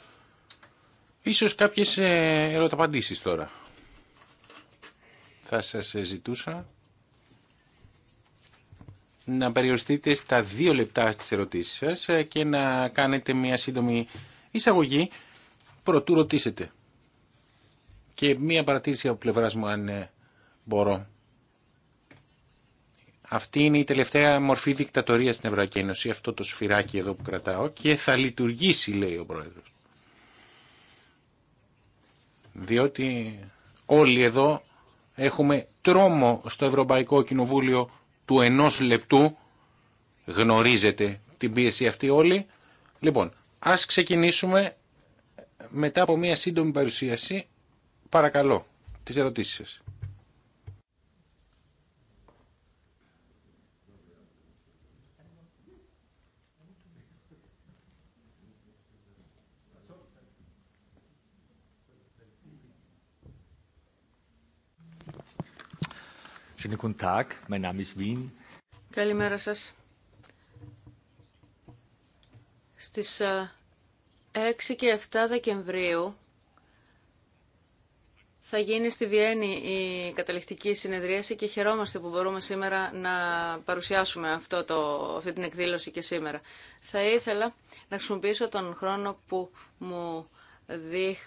Ίσως κάποιες ε, ερωταπαντήσεις τώρα. Θα σας ε, ζητούσα να περιοριστείτε στα δύο λεπτά στις ερωτήσεις σας ε, και να κάνετε μια σύντομη εισαγωγή προτού ρωτήσετε. Και μία παρατήρηση από πλευρά μου, αν ε, μπορώ. Αυτή είναι η τελευταία μορφή δικτατορία στην Ευρωπαϊκή Ένωση, αυτό το σφυράκι εδώ που κρατάω, και θα λειτουργήσει, λέει ο Πρόεδρος. Διότι όλοι εδώ έχουμε τρόμο στο Ευρωπαϊκό Κοινοβούλιο του ενός λεπτού, γνωρίζετε την πίεση αυτή όλοι. Λοιπόν, ας ξεκινήσουμε μετά από μια σύντομη παρουσίαση Παρακαλώ, τις ερωτήσεις σας. Καλημέρα σας. Στις 6 ε, και 7 Δεκεμβρίου θα γίνει στη Βιέννη η καταληκτική συνεδρίαση και χαιρόμαστε που μπορούμε σήμερα να παρουσιάσουμε αυτό το, αυτή την εκδήλωση και σήμερα. Θα ήθελα να χρησιμοποιήσω τον χρόνο που μου,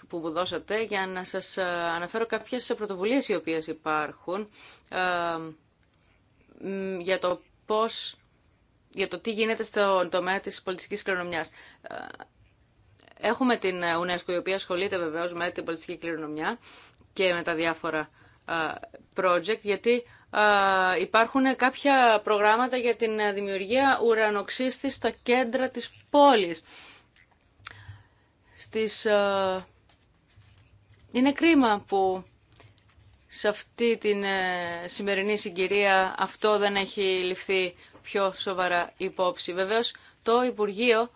που μου δώσατε για να σας ε, αναφέρω κάποιες πρωτοβουλίες οι οποίες υπάρχουν ε, για το πώς, για το τι γίνεται στον τομέα της πολιτικής κληρονομιάς. Ε, έχουμε την UNESCO η οποία ασχολείται βεβαίω με την πολιτιστική κληρονομιά και με τα διάφορα project, γιατί υπάρχουν κάποια προγράμματα για την δημιουργία ουρανοξύστης στα κέντρα της πόλης. Στις, είναι κρίμα που σε αυτή την ε, σημερινή συγκυρία αυτό δεν έχει ληφθεί πιο σοβαρά υπόψη. Βεβαίως αυτό υπουργείο,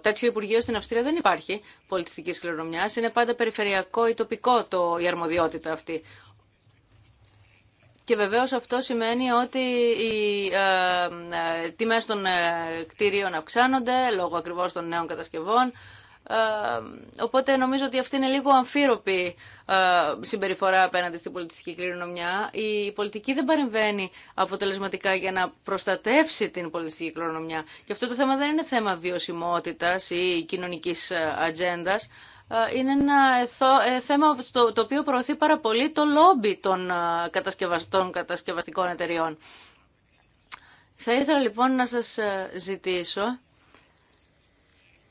τέτοιο υπουργείο στην Αυστρία δεν υπάρχει πολιτιστική κληρονομιά. Είναι πάντα περιφερειακό ή τοπικό το, η αρμοδιότητα αυτή. Και βεβαίω αυτό σημαίνει ότι οι ε, ε, τιμές των ε, κτίριων αυξάνονται λόγω ακριβώς των νέων κατασκευών. Ε, οπότε νομίζω ότι αυτή είναι λίγο αμφίροπη ε, συμπεριφορά απέναντι στην πολιτιστική κληρονομιά. Η πολιτική δεν παρεμβαίνει αποτελεσματικά για να προστατεύσει την πολιτιστική κληρονομιά. Και αυτό το θέμα δεν είναι θέμα βιωσιμότητας ή κοινωνικής ε, ατζέντα. Είναι ένα θέμα στο το οποίο προωθεί πάρα πολύ το λόμπι των κατασκευαστών, κατασκευαστικών εταιριών. Θα ήθελα λοιπόν να σας ζητήσω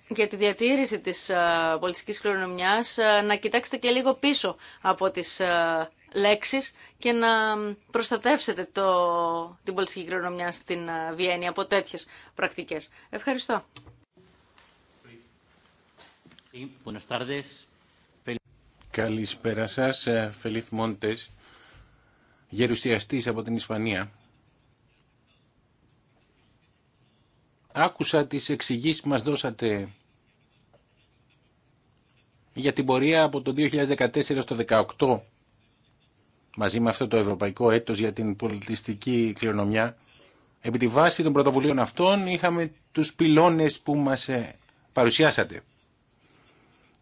για τη διατήρηση της ε, πολιτικής κληρονομιάς ε, να κοιτάξετε και λίγο πίσω από τις ε, λέξεις και να προστατεύσετε το, την πολιτική κληρονομιά στην Βιέννη από τέτοιες πρακτικές. Ευχαριστώ. Καλησπέρα σας, Φελίθ Μόντες, γερουσιαστής από την Ισπανία. άκουσα τις εξηγήσεις που μας δώσατε για την πορεία από το 2014 στο 2018 μαζί με αυτό το ευρωπαϊκό έτος για την πολιτιστική κληρονομιά. Επί τη βάση των πρωτοβουλίων αυτών είχαμε τους πυλώνες που μας ε, παρουσιάσατε.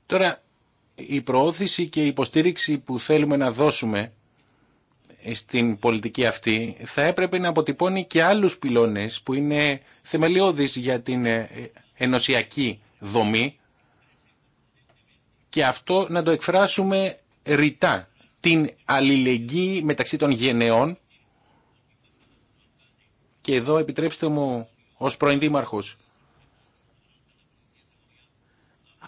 Τώρα η προώθηση και η υποστήριξη που θέλουμε να δώσουμε στην πολιτική αυτή θα έπρεπε να αποτυπώνει και άλλους πυλώνες που είναι θεμελιώδεις για την ε, ενωσιακή δομή και αυτό να το εκφράσουμε ρητά την αλληλεγγύη μεταξύ των γενεών και εδώ επιτρέψτε μου ως πρώην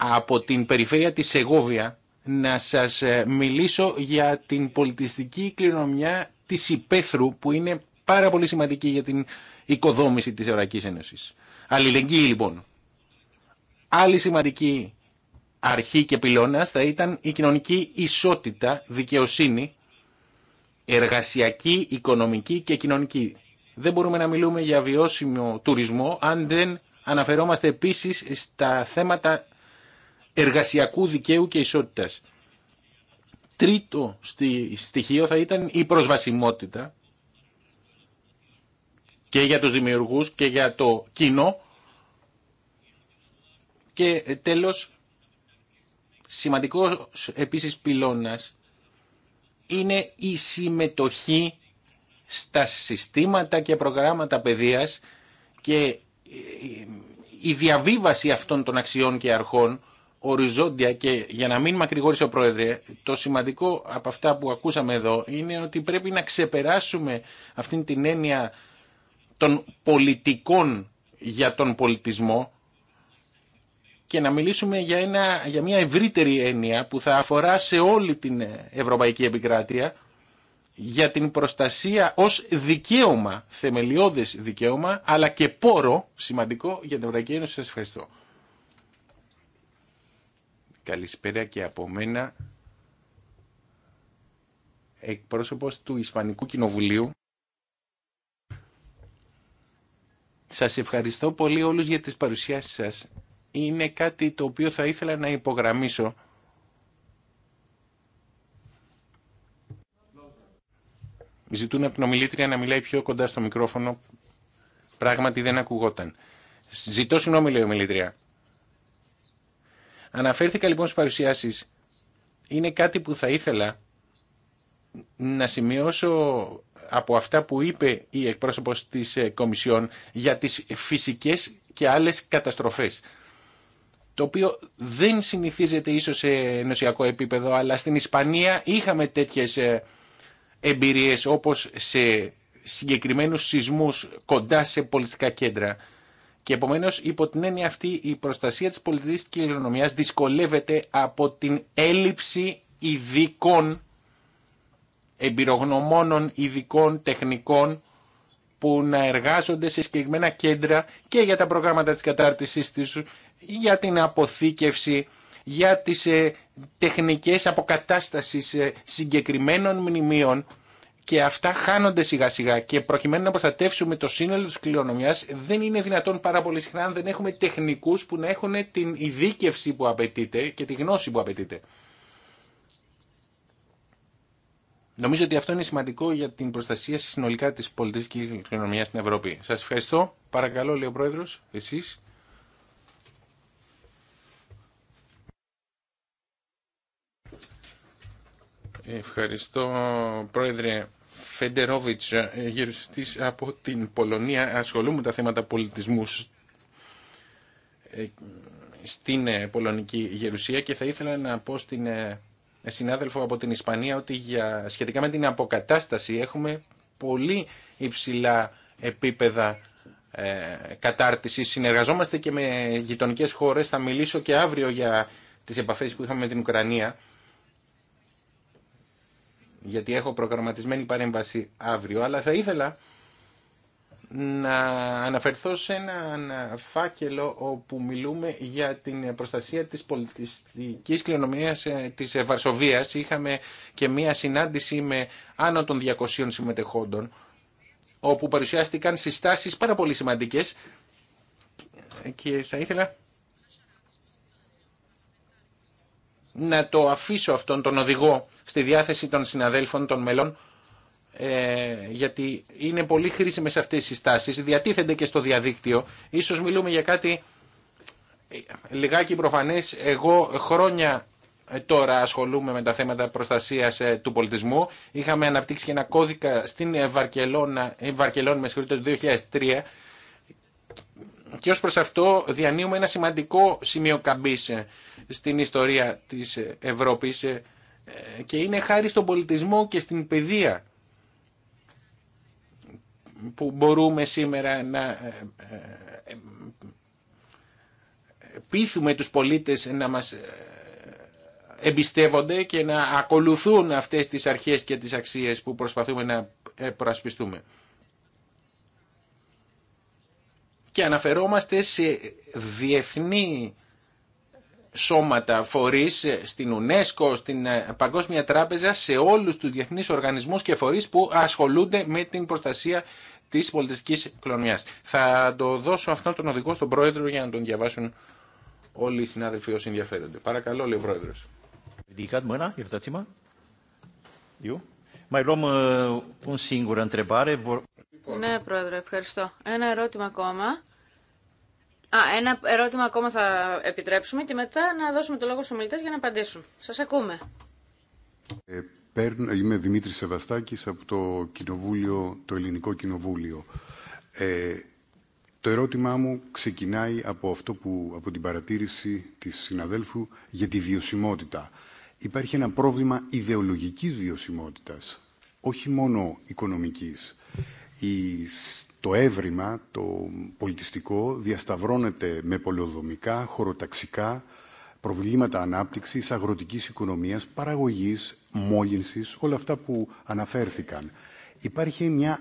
από την περιφέρεια της Σεγόβια να σας ε, μιλήσω για την πολιτιστική κληρονομιά της υπαίθρου που είναι πάρα πολύ σημαντική για την οικοδόμηση της Ευρωπαϊκής Ένωσης. Αλληλεγγύη λοιπόν. Άλλη σημαντική αρχή και πυλώνας θα ήταν η κοινωνική ισότητα, δικαιοσύνη, εργασιακή, οικονομική και κοινωνική. Δεν μπορούμε να μιλούμε για βιώσιμο τουρισμό αν δεν αναφερόμαστε επίσης στα θέματα εργασιακού δικαίου και ισότητας. Τρίτο στοιχείο θα ήταν η προσβασιμότητα και για τους δημιουργούς και για το κοινό. Και ε, τέλος, σημαντικός επίσης πυλώνας είναι η συμμετοχή στα συστήματα και προγράμματα παιδείας και ε, ε, η διαβίβαση αυτών των αξιών και αρχών οριζόντια και για να μην μακρηγόρησε ο Πρόεδρε, το σημαντικό από αυτά που ακούσαμε εδώ είναι ότι πρέπει να ξεπεράσουμε αυτήν την έννοια των πολιτικών για τον πολιτισμό και να μιλήσουμε για, ένα, για μια ευρύτερη έννοια που θα αφορά σε όλη την Ευρωπαϊκή Επικράτεια για την προστασία ως δικαίωμα, θεμελιώδες δικαίωμα, αλλά και πόρο σημαντικό για την Ευρωπαϊκή Ένωση. Σας ευχαριστώ. Καλησπέρα και από μένα εκπρόσωπος του Ισπανικού Κοινοβουλίου. Σας ευχαριστώ πολύ όλους για τις παρουσιάσεις σας. Είναι κάτι το οποίο θα ήθελα να υπογραμμίσω. Ζητούν από την ομιλήτρια να μιλάει πιο κοντά στο μικρόφωνο. Πράγματι δεν ακουγόταν. Ζητώ συγγνώμη λέει ομιλήτρια. Αναφέρθηκα λοιπόν στις παρουσιάσεις. Είναι κάτι που θα ήθελα να σημειώσω από αυτά που είπε η εκπρόσωπος της ε, Κομισιόν για τις φυσικές και άλλες καταστροφές το οποίο δεν συνηθίζεται ίσως σε νοσιακό επίπεδο, αλλά στην Ισπανία είχαμε τέτοιες ε, εμπειρίες όπως σε συγκεκριμένους σεισμούς κοντά σε πολιτικά κέντρα. Και επομένω, υπό την έννοια αυτή η προστασία της πολιτικής οικονομίας δυσκολεύεται από την έλλειψη ειδικών εμπειρογνωμόνων, ειδικών, τεχνικών που να εργάζονται σε συγκεκριμένα κέντρα και για τα προγράμματα της κατάρτισής της για την αποθήκευση, για τις ε, τεχνικές αποκατάστασης ε, συγκεκριμένων μνημείων και αυτά χάνονται σιγά σιγά και προκειμένου να προστατεύσουμε το σύνολο της κληρονομιάς δεν είναι δυνατόν πάρα πολύ συχνά αν δεν έχουμε τεχνικούς που να έχουν την ειδίκευση που απαιτείται και τη γνώση που απαιτείται. Νομίζω ότι αυτό είναι σημαντικό για την προστασία συνολικά της πολιτικής κληρονομιάς στην Ευρώπη. Σας ευχαριστώ. Παρακαλώ, λέει ο Πρόεδρος, εσείς. Ευχαριστώ, Πρόεδρε. Φεντερόβιτς ε, γυριστή από την Πολωνία ασχολούμαι τα θέματα πολιτισμού ε, στην ε, Πολωνική Γερουσία και θα ήθελα να πω στην συνάδελφο από την Ισπανία ότι για, σχετικά με την αποκατάσταση έχουμε πολύ υψηλά επίπεδα ε, κατάρτισης. Συνεργαζόμαστε και με γειτονικές χώρες. Θα μιλήσω και αύριο για τις επαφές που είχαμε με την Ουκρανία γιατί έχω προγραμματισμένη παρέμβαση αύριο, αλλά θα ήθελα να αναφερθώ σε ένα φάκελο όπου μιλούμε για την προστασία της πολιτιστικής κληρονομίας ε, της Βαρσοβίας. Είχαμε και μία συνάντηση με άνω των 200 συμμετεχόντων, όπου παρουσιάστηκαν συστάσεις πάρα πολύ σημαντικές και θα ήθελα να το αφήσω αυτόν τον οδηγό στη διάθεση των συναδέλφων, των μελών, ε, γιατί είναι πολύ χρήσιμες αυτές οι συστάσεις, διατίθενται και στο διαδίκτυο. Ίσως μιλούμε για κάτι ε, λιγάκι προφανές. Εγώ χρόνια ε, τώρα ασχολούμαι με τα θέματα προστασίας ε, του πολιτισμού. Είχαμε αναπτύξει και ένα κώδικα στην Βαρκελόνη, με το 2003, και ως προς αυτό διανύουμε ένα σημαντικό σημείο καμπής στην ιστορία της Ευρώπης ε, και είναι χάρη στον πολιτισμό και στην παιδεία που μπορούμε σήμερα να ε, ε, πείθουμε τους πολίτες να μας εμπιστεύονται και να ακολουθούν αυτές τις αρχές και τις αξίες που προσπαθούμε να προασπιστούμε. Και αναφερόμαστε σε διεθνή σώματα, φορείς στην UNESCO, στην ε, Παγκόσμια Τράπεζα, σε όλους τους διεθνείς οργανισμούς και φορείς που ασχολούνται με την προστασία της πολιτιστικής κλονιάς. Θα το δώσω αυτόν τον οδηγό στον πρόεδρο για να τον διαβάσουν όλοι οι συνάδελφοι όσοι ενδιαφέρονται. Παρακαλώ, λέει ο πρόεδρος. Ε, ναι, πρόεδρε, ευχαριστώ. Ένα ερώτημα ακόμα Α, ένα ερώτημα ακόμα θα επιτρέψουμε και μετά να δώσουμε το λόγο στους ομιλητές για να απαντήσουν. Σας ακούμε. Ε, είμαι Δημήτρης Σεβαστάκης από το, κοινοβούλιο, το Ελληνικό Κοινοβούλιο. Ε, το ερώτημά μου ξεκινάει από, αυτό που, από την παρατήρηση της συναδέλφου για τη βιωσιμότητα. Υπάρχει ένα πρόβλημα ιδεολογικής βιωσιμότητας, όχι μόνο οικονομικής. Η το έβριμα, το πολιτιστικό, διασταυρώνεται με πολεοδομικά, χωροταξικά, προβλήματα ανάπτυξης, αγροτικής οικονομίας, παραγωγής, μόλυνσης, όλα αυτά που αναφέρθηκαν. Υπάρχει μια,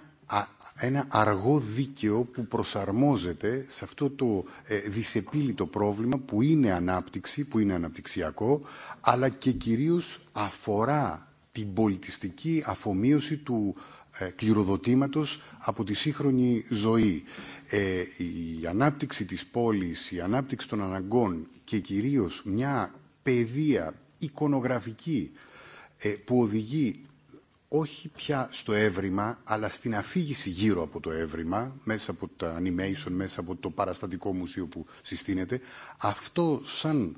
ένα αργό δίκαιο που προσαρμόζεται σε αυτό το ε, δυσεπίλητο πρόβλημα που είναι ανάπτυξη, που είναι αναπτυξιακό, αλλά και κυρίως αφορά την πολιτιστική αφομοίωση του ε, κληροδοτήματος από τη σύγχρονη ζωή. Ε, η ανάπτυξη της πόλης, η ανάπτυξη των αναγκών και κυρίως μια παιδεία εικονογραφική ε, που οδηγεί όχι πια στο έβριμα, αλλά στην αφήγηση γύρω από το έβριμα, μέσα από τα animation, μέσα από το παραστατικό μουσείο που συστήνεται, αυτό σαν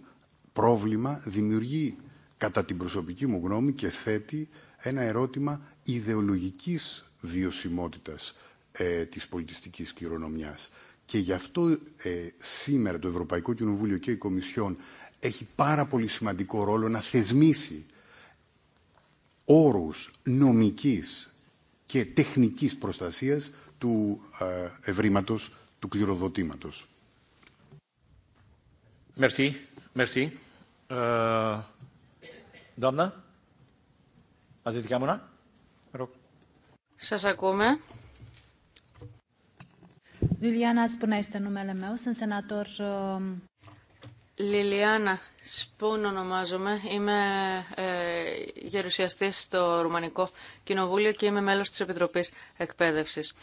πρόβλημα δημιουργεί, κατά την προσωπική μου γνώμη, και θέτει ένα ερώτημα ιδεολογικής βιωσιμότητας ε, της πολιτιστικής κληρονομιάς. Και γι' αυτό ε, σήμερα το Ευρωπαϊκό Κοινοβούλιο και η Κομισιόν έχει πάρα πολύ σημαντικό ρόλο να θεσμίσει όρους νομικής και τεχνικής προστασίας του ε, ευρήματος, του κληροδοτήματος. Merci. Merci. Ε, σας ακούμε. Λιλιάνα Σπούνα, είστε νούμερο με σενατόρ. Λιλιάνα Σπούν ονομάζομαι. Είμαι ε, γερουσιαστής στο Ρουμανικό Κοινοβούλιο και είμαι μέλος της Επιτροπής Εκπαίδευσης.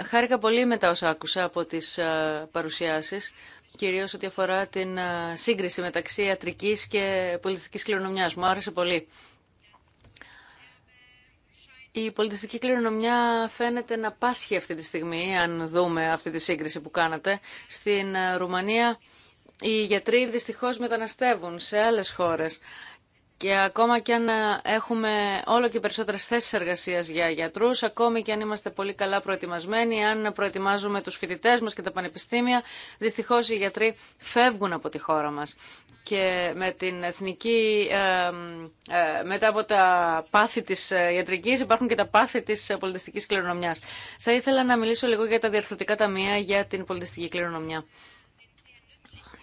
Ε, χάρηκα πολύ μετά όσα άκουσα από τις ε, παρουσιάσεις, κυρίως ό,τι αφορά την ε, σύγκριση μεταξύ ιατρικής και πολιτιστικής κληρονομιάς. Μου άρεσε πολύ. Η πολιτιστική κληρονομιά φαίνεται να πάσχει αυτή τη στιγμή, αν δούμε αυτή τη σύγκριση που κάνατε. Στην ε, Ρουμανία οι γιατροί δυστυχώς μεταναστεύουν σε άλλες χώρες. Και ακόμα και αν ε, έχουμε όλο και περισσότερε θέσει εργασία για γιατρού, ακόμη και αν είμαστε πολύ καλά προετοιμασμένοι, αν προετοιμάζουμε του φοιτητέ μα και τα πανεπιστήμια, δυστυχώ οι γιατροί φεύγουν από τη χώρα μα και με την εθνική, ε, μετά από τα πάθη της ε, ιατρικής υπάρχουν και τα πάθη της ε, πολιτιστικής κληρονομιάς. Θα ήθελα να μιλήσω λίγο για τα διαρθρωτικά ταμεία για την πολιτιστική κληρονομιά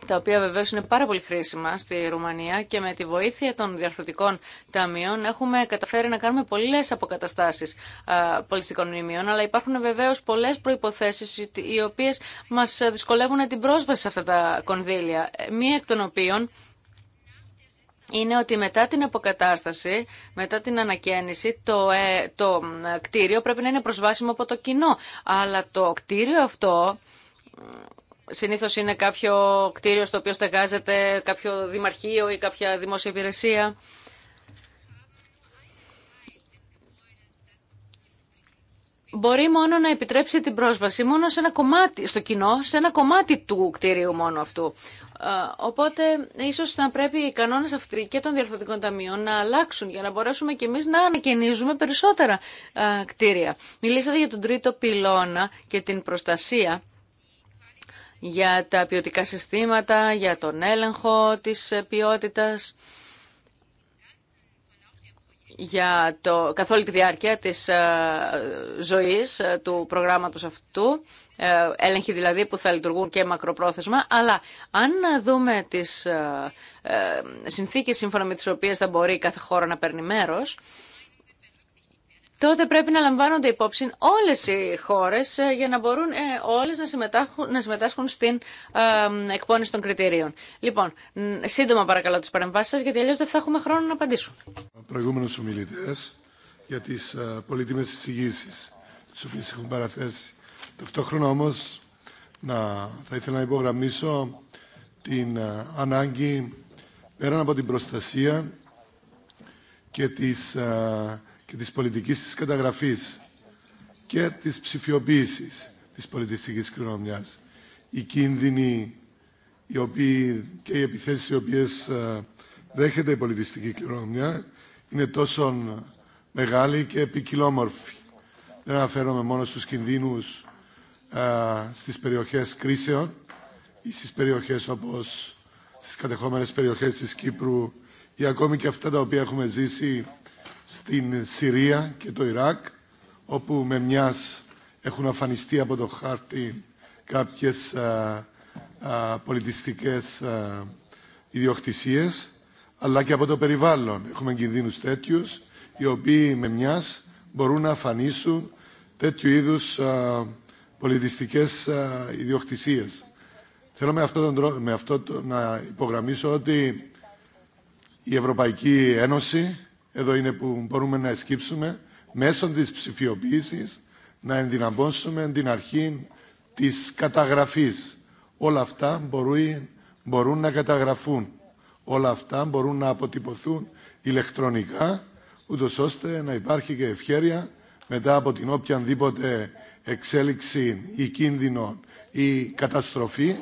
τα οποία βεβαίω είναι πάρα πολύ χρήσιμα στη Ρουμανία και με τη βοήθεια των διαρθρωτικών ταμείων έχουμε καταφέρει να κάνουμε πολλέ αποκαταστάσει πολιτιστικών μνημείων, αλλά υπάρχουν βεβαίω πολλέ προποθέσει οι οποίε μα δυσκολεύουν την πρόσβαση σε αυτά τα κονδύλια. Μία εκ των οποίων είναι ότι μετά την αποκατάσταση, μετά την ανακαίνιση, το, ε, το κτίριο πρέπει να είναι προσβάσιμο από το κοινό. Αλλά το κτίριο αυτό Συνήθω είναι κάποιο κτίριο στο οποίο στεγάζεται κάποιο δημαρχείο ή κάποια δημόσια υπηρεσία. Μπορεί μόνο να επιτρέψει την πρόσβαση μόνο σε ένα κομμάτι, στο κοινό, σε ένα κομμάτι του κτίριου μόνο αυτού. Οπότε, ίσως θα πρέπει οι κανόνες αυτοί και των διαρθρωτικών ταμείων να αλλάξουν για να μπορέσουμε κι εμεί να ανακαινίζουμε περισσότερα κτίρια. Μιλήσατε για τον τρίτο πυλώνα και την προστασία για τα ποιοτικά συστήματα, για τον έλεγχο της ε, ποιότητας, για το, καθ' όλη τη διάρκεια της ε, ζωής ε, του προγράμματος αυτού, έλεγχοι δηλαδή που θα λειτουργούν και μακροπρόθεσμα, αλλά αν δούμε τις συνθήκες σύμφωνα με τις οποίες θα μπορεί κάθε χώρα να παίρνει μέρος, τότε πρέπει να λαμβάνονται υπόψη όλες οι χώρες ε, για να μπορούν ε, όλες να συμμετάσχουν, να συμμετάσχουν στην ε, εκπόνηση των κριτηρίων. Λοιπόν, σύντομα παρακαλώ τις παρεμβάσεις σας, γιατί αλλιώς δεν θα έχουμε χρόνο να απαντήσουν. Προηγούμενους ομιλητές για τις πολύτιμες εισηγήσεις, τις οποίες έχουν παραθέσει. Ταυτόχρονα όμως να, θα ήθελα να υπογραμμίσω την ανάγκη πέραν από την προστασία και τις και της πολιτικής της καταγραφής και της ψηφιοποίησης της πολιτιστικής κληρονομιάς. Οι κίνδυνοι οι οποίοι, και οι επιθέσεις οι οποίες ε, δέχεται η πολιτιστική κληρονομιά είναι τόσο μεγάλη και επικοιλόμορφοι. Δεν αναφέρομαι μόνο στους κινδύνους α, ε, στις περιοχές κρίσεων ή στις περιοχές όπως στις κατεχόμενες περιοχές της Κύπρου ή ακόμη και αυτά τα οποία έχουμε ζήσει στην Συρία και το Ιράκ, όπου με μιας έχουν αφανιστεί από το χάρτη κάποιες α, ε, α, ε, πολιτιστικές ε, ιδιοκτησίες, αλλά και από το περιβάλλον. Έχουμε κινδύνους τέτοιους, οι οποίοι με μιας μπορούν να αφανίσουν τέτοιου είδους πολιτιστικές ιδιοκτησίες. Θέλω με αυτό, με αυτό το, να υπογραμμίσω ότι η Ευρωπαϊκή Ένωση εδώ είναι που μπορούμε να εσκύψουμε, μέσω της ψηφιοποίησης να ενδυναμώσουμε την αρχή της καταγραφής. Όλα αυτά μπορούν, να καταγραφούν. Όλα αυτά μπορούν να αποτυπωθούν ηλεκτρονικά, ούτω ώστε να υπάρχει και ευχέρεια μετά από την οποιανδήποτε εξέλιξη ή κίνδυνο ή καταστροφή,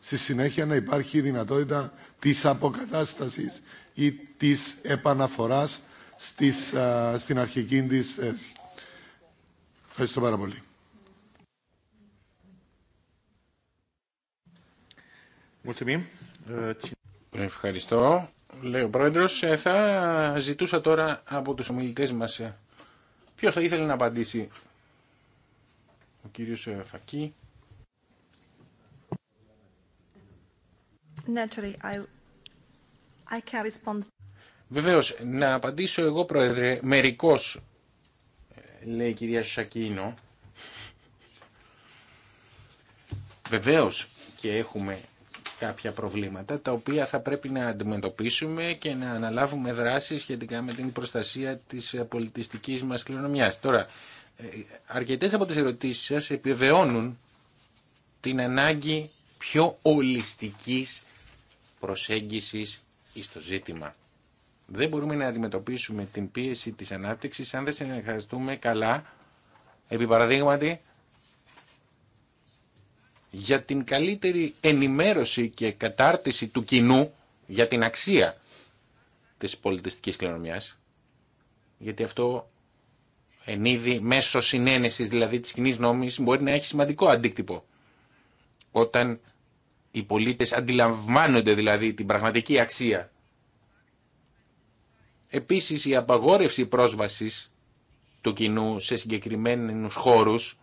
στη συνέχεια να υπάρχει η δυνατότητα της αποκατάστασης ή της επαναφοράς στις, στην αρχική τη θέση. Ευχαριστώ πάρα πολύ. Ευχαριστώ. Λέει ο πρόεδρο, ε, θα ζητούσα τώρα από του ομιλητέ μα. Ε, Ποιο θα ήθελε να απαντήσει. Ο κύριο ε, Φακή. Βεβαίως, να απαντήσω εγώ, Πρόεδρε, μερικώς, λέει η κυρία Σακίνο. Βεβαίως και έχουμε κάποια προβλήματα τα οποία θα πρέπει να αντιμετωπίσουμε και να αναλάβουμε δράσεις σχετικά με την προστασία της πολιτιστικής μας κληρονομιάς. Τώρα, ε, αρκετές από τις ερωτήσεις σας επιβεβαιώνουν την ανάγκη πιο ολιστικής προσέγγισης στο ζήτημα. Δεν μπορούμε να αντιμετωπίσουμε την πίεση της ανάπτυξης αν δεν συνεργαστούμε καλά, επί παραδείγματι, για την καλύτερη ενημέρωση και κατάρτιση του κοινού για την αξία της πολιτιστικής κληρονομιάς. Γιατί αυτό εν είδη μέσω συνένεσης δηλαδή της κοινή νόμης μπορεί να έχει σημαντικό αντίκτυπο. Όταν οι πολίτες αντιλαμβάνονται δηλαδή την πραγματική αξία Επίσης η απαγόρευση πρόσβασης του κοινού σε συγκεκριμένους χώρους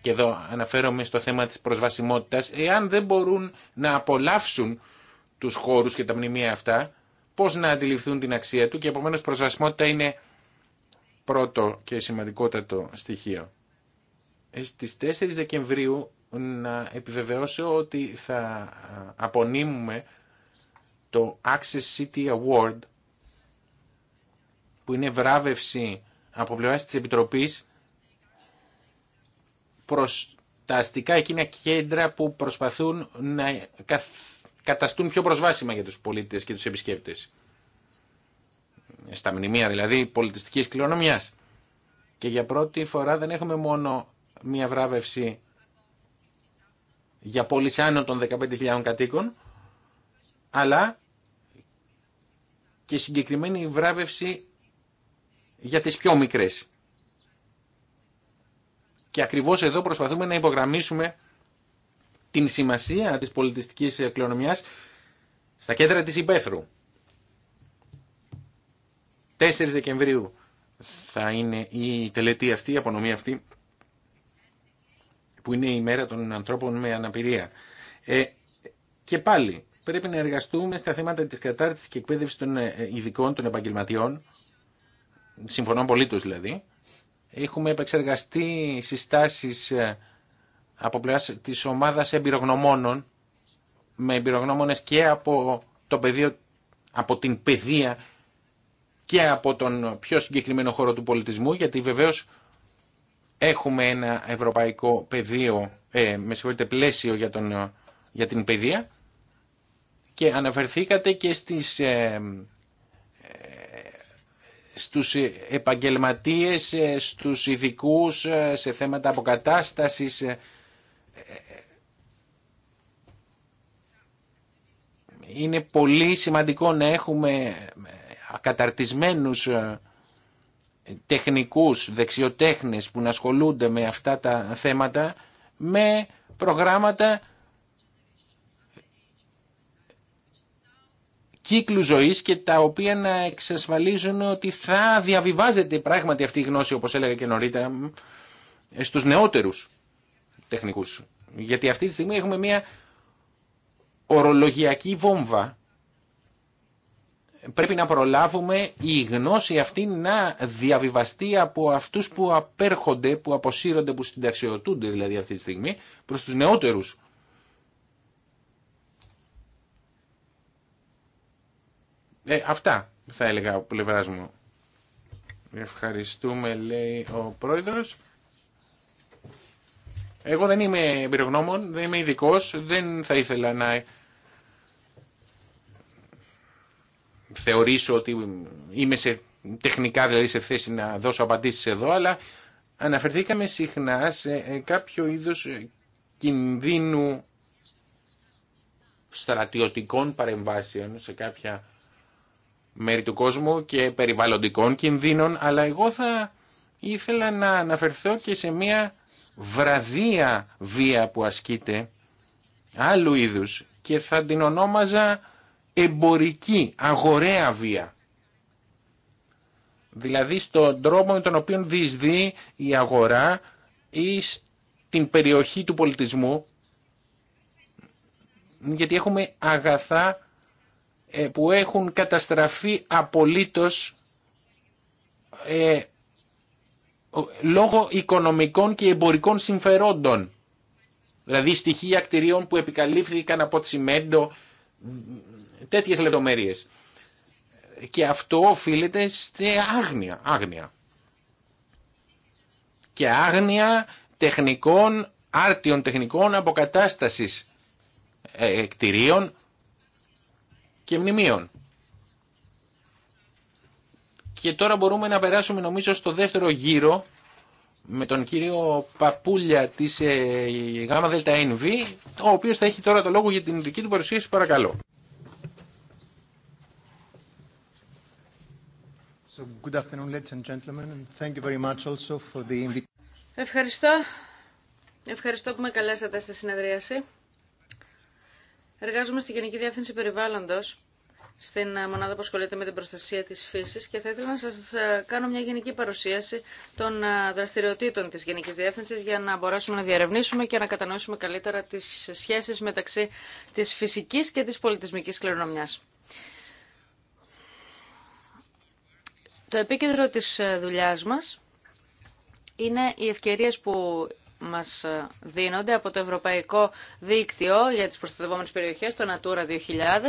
και εδώ αναφέρομαι στο θέμα της προσβασιμότητας, εάν δεν μπορούν να απολαύσουν τους χώρους και τα μνημεία αυτά, πώς να αντιληφθούν την αξία του και επομένως προσβασιμότητα είναι πρώτο και σημαντικότατο στοιχείο. Ε, στις 4 Δεκεμβρίου να επιβεβαιώσω ότι θα απονείμουμε το Access City Award που είναι βράβευση από πλευρά τη Επιτροπής προ τα αστικά εκείνα κέντρα που προσπαθούν να καταστούν πιο προσβάσιμα για τους πολίτες και τους επισκέπτες. Στα μνημεία δηλαδή πολιτιστικής κληρονομιάς. Και για πρώτη φορά δεν έχουμε μόνο μία βράβευση για πόλεις άνω των 15.000 κατοίκων, αλλά και συγκεκριμένη βράβευση για τις πιο μικρές. Και ακριβώς εδώ προσπαθούμε να υπογραμμίσουμε την σημασία της πολιτιστικής κληρονομιάς στα κέντρα της Υπέθρου 4 Δεκεμβρίου θα είναι η τελετή αυτή, η απονομή αυτή, που είναι η μέρα των ανθρώπων με αναπηρία. Ε, και πάλι, πρέπει να εργαστούμε στα θέματα της κατάρτισης και εκπαίδευσης των ε, ειδικών, των επαγγελματιών, συμφωνώ πολύ τους δηλαδή, έχουμε επεξεργαστεί συστάσεις ε, από πλευρά της ομάδας εμπειρογνωμόνων, με εμπειρογνώμονες και από το πεδίο, από την παιδεία και από τον πιο συγκεκριμένο χώρο του πολιτισμού, γιατί βεβαίως έχουμε ένα ευρωπαϊκό πεδίο, ε, με συγχωρείτε, πλαίσιο για, τον, ε, για την παιδεία και αναφερθήκατε και στις στους ε, επαγγελματίες, ε, στους ειδικού ε, σε θέματα αποκατάστασης. Είναι πολύ σημαντικό να έχουμε ακαταρτισμένους τεχνικούς, δεξιοτέχνες που να ασχολούνται με αυτά τα θέματα με προγράμματα κύκλου ζωής και τα οποία να εξασφαλίζουν ότι θα διαβιβάζεται πράγματι αυτή η γνώση, όπως έλεγα και νωρίτερα, στους νεότερους τεχνικούς. Γιατί αυτή τη στιγμή έχουμε μια ορολογιακή βόμβα. Πρέπει να προλάβουμε η γνώση αυτή να διαβιβαστεί από αυτούς που απέρχονται, που αποσύρονται, που συνταξιοτούνται δηλαδή αυτή τη στιγμή, προς τους νεότερους Ε, αυτά θα έλεγα από πλευρά μου. Ευχαριστούμε, λέει ο πρόεδρο. Εγώ δεν είμαι εμπειρογνώμων, δεν είμαι ειδικό, δεν θα ήθελα να θεωρήσω ότι είμαι σε τεχνικά δηλαδή σε θέση να δώσω απαντήσεις εδώ, αλλά αναφερθήκαμε συχνά σε ε, κάποιο είδος ε, κινδύνου στρατιωτικών παρεμβάσεων σε κάποια μέρη του κόσμου και περιβαλλοντικών κινδύνων, αλλά εγώ θα ήθελα να αναφερθώ και σε μια βραδία βία που ασκείται άλλου είδους και θα την ονόμαζα εμπορική, αγορέα βία. Δηλαδή στον τρόπο με τον οποίο διεισδύει η αγορά ή στην περιοχή του πολιτισμού, γιατί έχουμε αγαθά ε, που έχουν καταστραφεί απολύτως ε, λόγω οικονομικών και εμπορικών συμφερόντων. Δηλαδή στοιχεία κτηρίων που επικαλύφθηκαν από τσιμέντο, τέτοιες λεπτομέρειες. Και αυτό οφείλεται σε άγνοια, άγνοια. Και άγνοια τεχνικών, άρτιων τεχνικών αποκατάστασης ε, κτηρίων και μνημείων. Και τώρα μπορούμε να περάσουμε νομίζω στο δεύτερο γύρο με τον κύριο Παπούλια της ε, ΓΔΕΝΒ, ο οποίος θα έχει τώρα το λόγο για την δική του παρουσίαση, παρακαλώ. Ευχαριστώ. Ευχαριστώ που με καλέσατε στη συνεδρίαση. Εργάζομαι στη Γενική Διεύθυνση Περιβάλλοντος στην ε, μονάδα που ασχολείται με την προστασία της φύσης και θα ήθελα να σα ε, κάνω μια γενική παρουσίαση των ε, δραστηριοτήτων της Γενική Διεύθυνση για να μπορέσουμε να διαρευνήσουμε και να κατανοήσουμε καλύτερα τις σχέσεις μεταξύ της φυσικής και της πολιτισμικής κληρονομία. Το επίκεντρο της δουλειάς μας είναι οι ευκαιρίες που μας ε, δίνονται από το Ευρωπαϊκό Δίκτυο για τις προστατευόμενες περιοχές, το Natura 2000,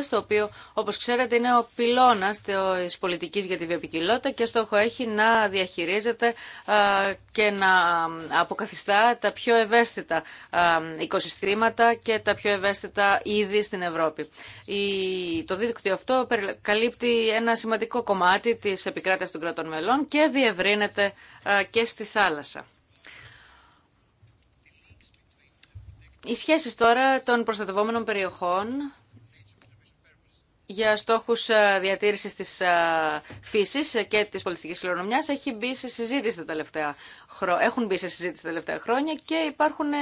το οποίο, όπως ξέρετε, είναι ο πυλώνας της πολιτικής για τη βιοπικιλότητα και στόχο έχει να διαχειρίζεται ε, και να ε, αποκαθιστά τα πιο ευαίσθητα οικοσυστήματα και τα πιο ευαίσθητα είδη στην Ευρώπη. Το δίκτυο αυτό καλύπτει ένα σημαντικό κομμάτι της επικράτειας των κρατών μελών και διευρύνεται και στη θάλασσα. Οι σχέσεις τώρα των προστατευόμενων περιοχών για στόχους ε, διατήρησης της ε, φύσης και της πολιτιστικής κληρονομιάς έχει μπει σε τα τελευταία χρο... Έχουν μπει σε συζήτηση τα τελευταία χρόνια και υπάρχουν ε,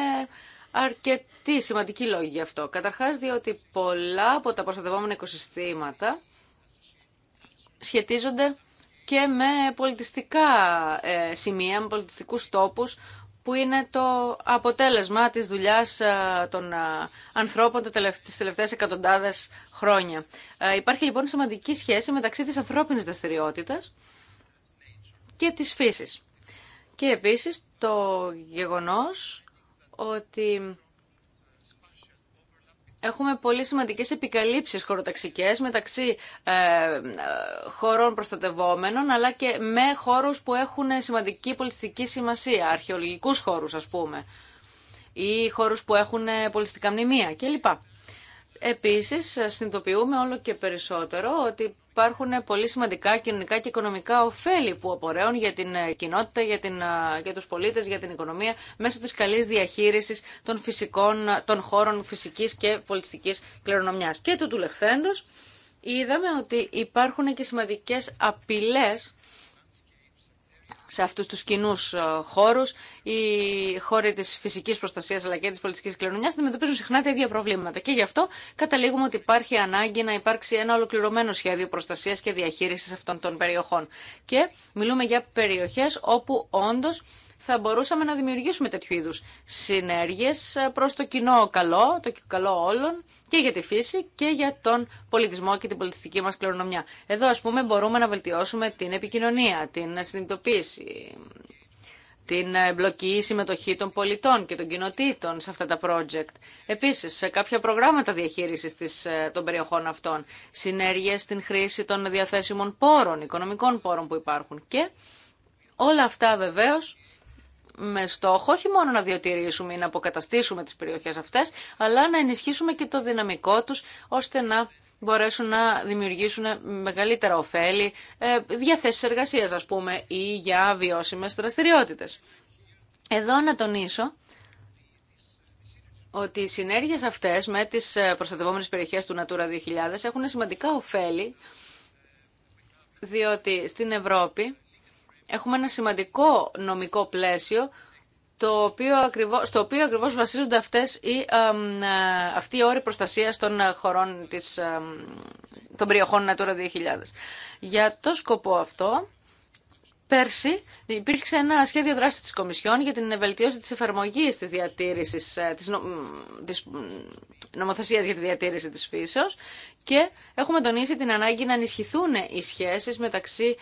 αρκετοί σημαντικοί λόγοι γι' αυτό. Καταρχάς διότι πολλά από τα προστατευόμενα οικοσυστήματα σχετίζονται και με πολιτιστικά σημεία, με πολιτιστικούς τόπους που είναι το αποτέλεσμα της δουλειάς ε, των ε, ανθρώπων τις τελευταίες εκατοντάδες χρόνια. Ε, υπάρχει λοιπόν σημαντική σχέση μεταξύ της ανθρώπινης δραστηριότητα και της φύσης. Και επίσης το γεγονός ότι έχουμε πολύ σημαντικές επικαλύψεις χωροταξικές μεταξύ ε, ε, χωρών προστατευόμενων αλλά και με χώρους που έχουν σημαντική πολιτιστική σημασία, αρχαιολογικούς χώρους ας πούμε ή χώρους που έχουν ε, πολιτιστικά μνημεία κλπ. Επίσης, συνειδητοποιούμε όλο και περισσότερο ότι υπάρχουν πολύ σημαντικά κοινωνικά και οικονομικά ωφέλη που απορρέουν για την ε, κοινότητα, για, την, ε, για τους πολίτες, για την οικονομία, μέσω της καλής διαχείρισης των, φυσικών, ε, των χώρων φυσικής και πολιτιστικής κληρονομιάς. Και του τουλεχθέντος είδαμε ότι υπάρχουν και σημαντικές απειλές σε αυτούς τους κοινού ε, χώρους, οι χώροι της φυσικής προστασίας αλλά και της πολιτικής κληρονομιάς αντιμετωπίζουν συχνά τα ίδια προβλήματα. Και γι' αυτό καταλήγουμε ότι υπάρχει ανάγκη να υπάρξει ένα ολοκληρωμένο σχέδιο προστασίας και διαχείρισης αυτών των περιοχών. Και μιλούμε για περιοχές όπου όντως θα μπορούσαμε να δημιουργήσουμε τέτοιου είδου συνέργειε προ το κοινό καλό, το καλό όλων και για τη φύση και για τον πολιτισμό και την πολιτιστική μα κληρονομιά. Εδώ α πούμε μπορούμε να βελτιώσουμε την επικοινωνία, την συνειδητοποίηση, την εμπλοκή συμμετοχή των πολιτών και των κοινοτήτων σε αυτά τα project. Επίση, σε κάποια προγράμματα διαχείριση ε, των περιοχών αυτών, συνέργειε στην χρήση των διαθέσιμων πόρων, οικονομικών πόρων που υπάρχουν και όλα αυτά βεβαίω με στόχο όχι μόνο να διατηρήσουμε ή να αποκαταστήσουμε τις περιοχές αυτές, αλλά να ενισχύσουμε και το δυναμικό τους ώστε να μπορέσουν να δημιουργήσουν μεγαλύτερα ωφέλη, ε, διαθέσεις εργασίας ας πούμε ή για βιώσιμες δραστηριότητες. Εδώ να τονίσω ότι οι συνέργειες αυτές με τις ε, προστατευόμενες περιοχές του Natura 2000 έχουν σημαντικά ωφέλη, διότι στην Ευρώπη έχουμε ένα σημαντικό νομικό πλαίσιο το οποίο ακριβώς, στο οποίο ακριβώς βασίζονται αυτές οι, ε, αυτοί οι όροι προστασίας των ε, χωρών της, των περιοχών Natura 2000. Για το σκοπό αυτό, πέρσι υπήρξε ένα σχέδιο δράσης της Κομισιόν για την βελτίωση της εφαρμογής της, διατήρησης, ε, της, της νομοθεσίας για τη διατήρηση της φύσεως και έχουμε τονίσει την ανάγκη να ενισχυθούν οι σχέσεις μεταξύ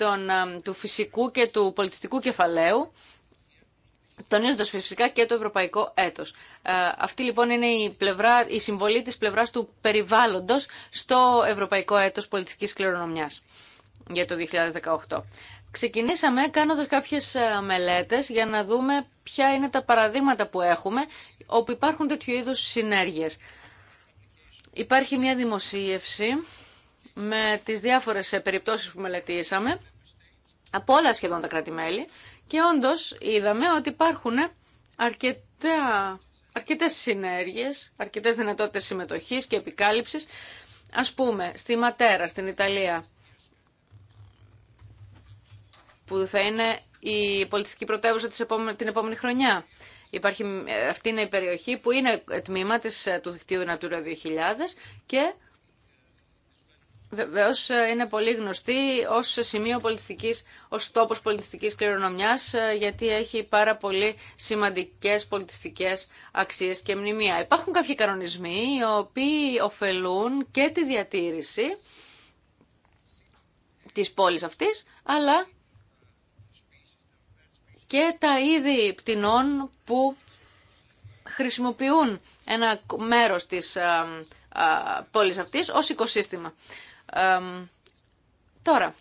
των, ε, του φυσικού και του πολιτιστικού κεφαλαίου, τονίζοντα φυσικά και το ευρωπαϊκό έτο. Ε, αυτή λοιπόν είναι η, συμβολή τη πλευρά του περιβάλλοντο στο ευρωπαϊκό έτο πολιτιστική κληρονομιά για το 2018. Ξεκινήσαμε κάνοντας κάποιες ε, μελέτες για να δούμε ποια είναι τα παραδείγματα που έχουμε όπου υπάρχουν τέτοιου είδους συνέργειες. Υπάρχει μια δημοσίευση με τις διάφορες ε, περιπτώσεις που μελετήσαμε από όλα σχεδόν τα κράτη-μέλη και όντως είδαμε ότι υπάρχουν αρκετά, αρκετές συνέργειες, αρκετές δυνατότητες συμμετοχής και επικάλυψης. Ας πούμε, στη Ματέρα, στην Ιταλία, που θα είναι η πολιτιστική πρωτεύουσα της επόμενη, την επόμενη χρονιά. Υπάρχει, ε, αυτή είναι η περιοχή που είναι τμήμα της, ε, του δικτύου Natura 2000 και Βεβαίω ε, είναι πολύ γνωστή ω σημείο πολιτιστική, ω τόπο πολιτιστική κληρονομιά, ε, γιατί έχει πάρα πολύ σημαντικέ πολιτιστικέ αξίε και μνημεία. Υπάρχουν κάποιοι κανονισμοί οι οποίοι ωφελούν και τη διατήρηση της πόλης αυτής, αλλά και τα είδη πτηνών που χρησιμοποιούν ένα μέρος της ε, πόλης αυτής ως οικοσύστημα τώρα,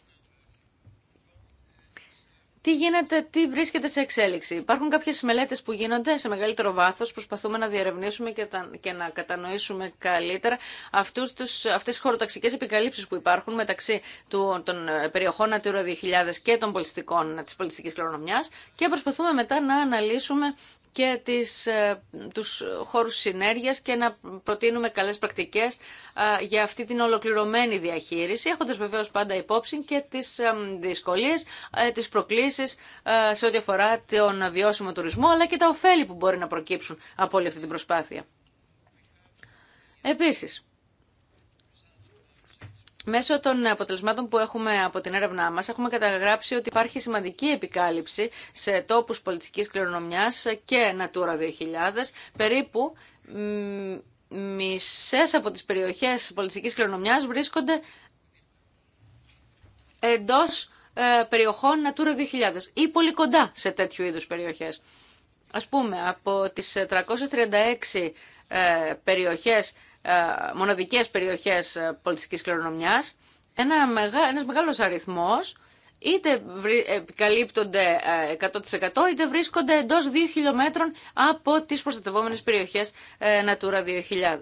τι γίνεται, τι βρίσκεται σε εξέλιξη. Υπάρχουν κάποιες μελέτε που γίνονται σε μεγαλύτερο βάθος. Προσπαθούμε να διαρευνήσουμε και, τα, και να κατανοήσουμε καλύτερα αυτέ τι χωροταξικές επικαλύψεις που υπάρχουν μεταξύ του, των ε, περιοχών Natura 2000 και των πολιτιστικών, της πολιτιστική κληρονομιάς Και προσπαθούμε μετά να αναλύσουμε και τις, ε, τους χώρους συνέργειας και να προτείνουμε καλές πρακτικές ε, για αυτή την ολοκληρωμένη διαχείριση, έχοντας βεβαίως πάντα υπόψη και τις ε, δυσκολίες, τις προκλήσεις σε ό,τι αφορά τον βιώσιμο τουρισμό, αλλά και τα ωφέλη που μπορεί να προκύψουν από όλη αυτή την προσπάθεια. Επίσης, Μέσω των αποτελεσμάτων που έχουμε από την έρευνά μας έχουμε καταγράψει ότι υπάρχει σημαντική επικάλυψη σε τόπους πολιτικής κληρονομιάς και Natura 2000 περίπου μισές από τις περιοχές πολιτικής κληρονομιάς βρίσκονται εντός ε, περιοχών Natura 2000 ή πολύ κοντά σε τέτοιου είδους περιοχές. Ας πούμε, από τις 336 ε, περιοχές ε, μοναδικές περιοχές ε, πολιτιστικής κληρονομιάς, ένα μεγά, ένας μεγάλος αριθμός είτε επικαλύπτονται 100% ε, είτε βρίσκονται εντός 2 χιλιόμετρων από τις προστατευόμενες περιοχές Natura 2000.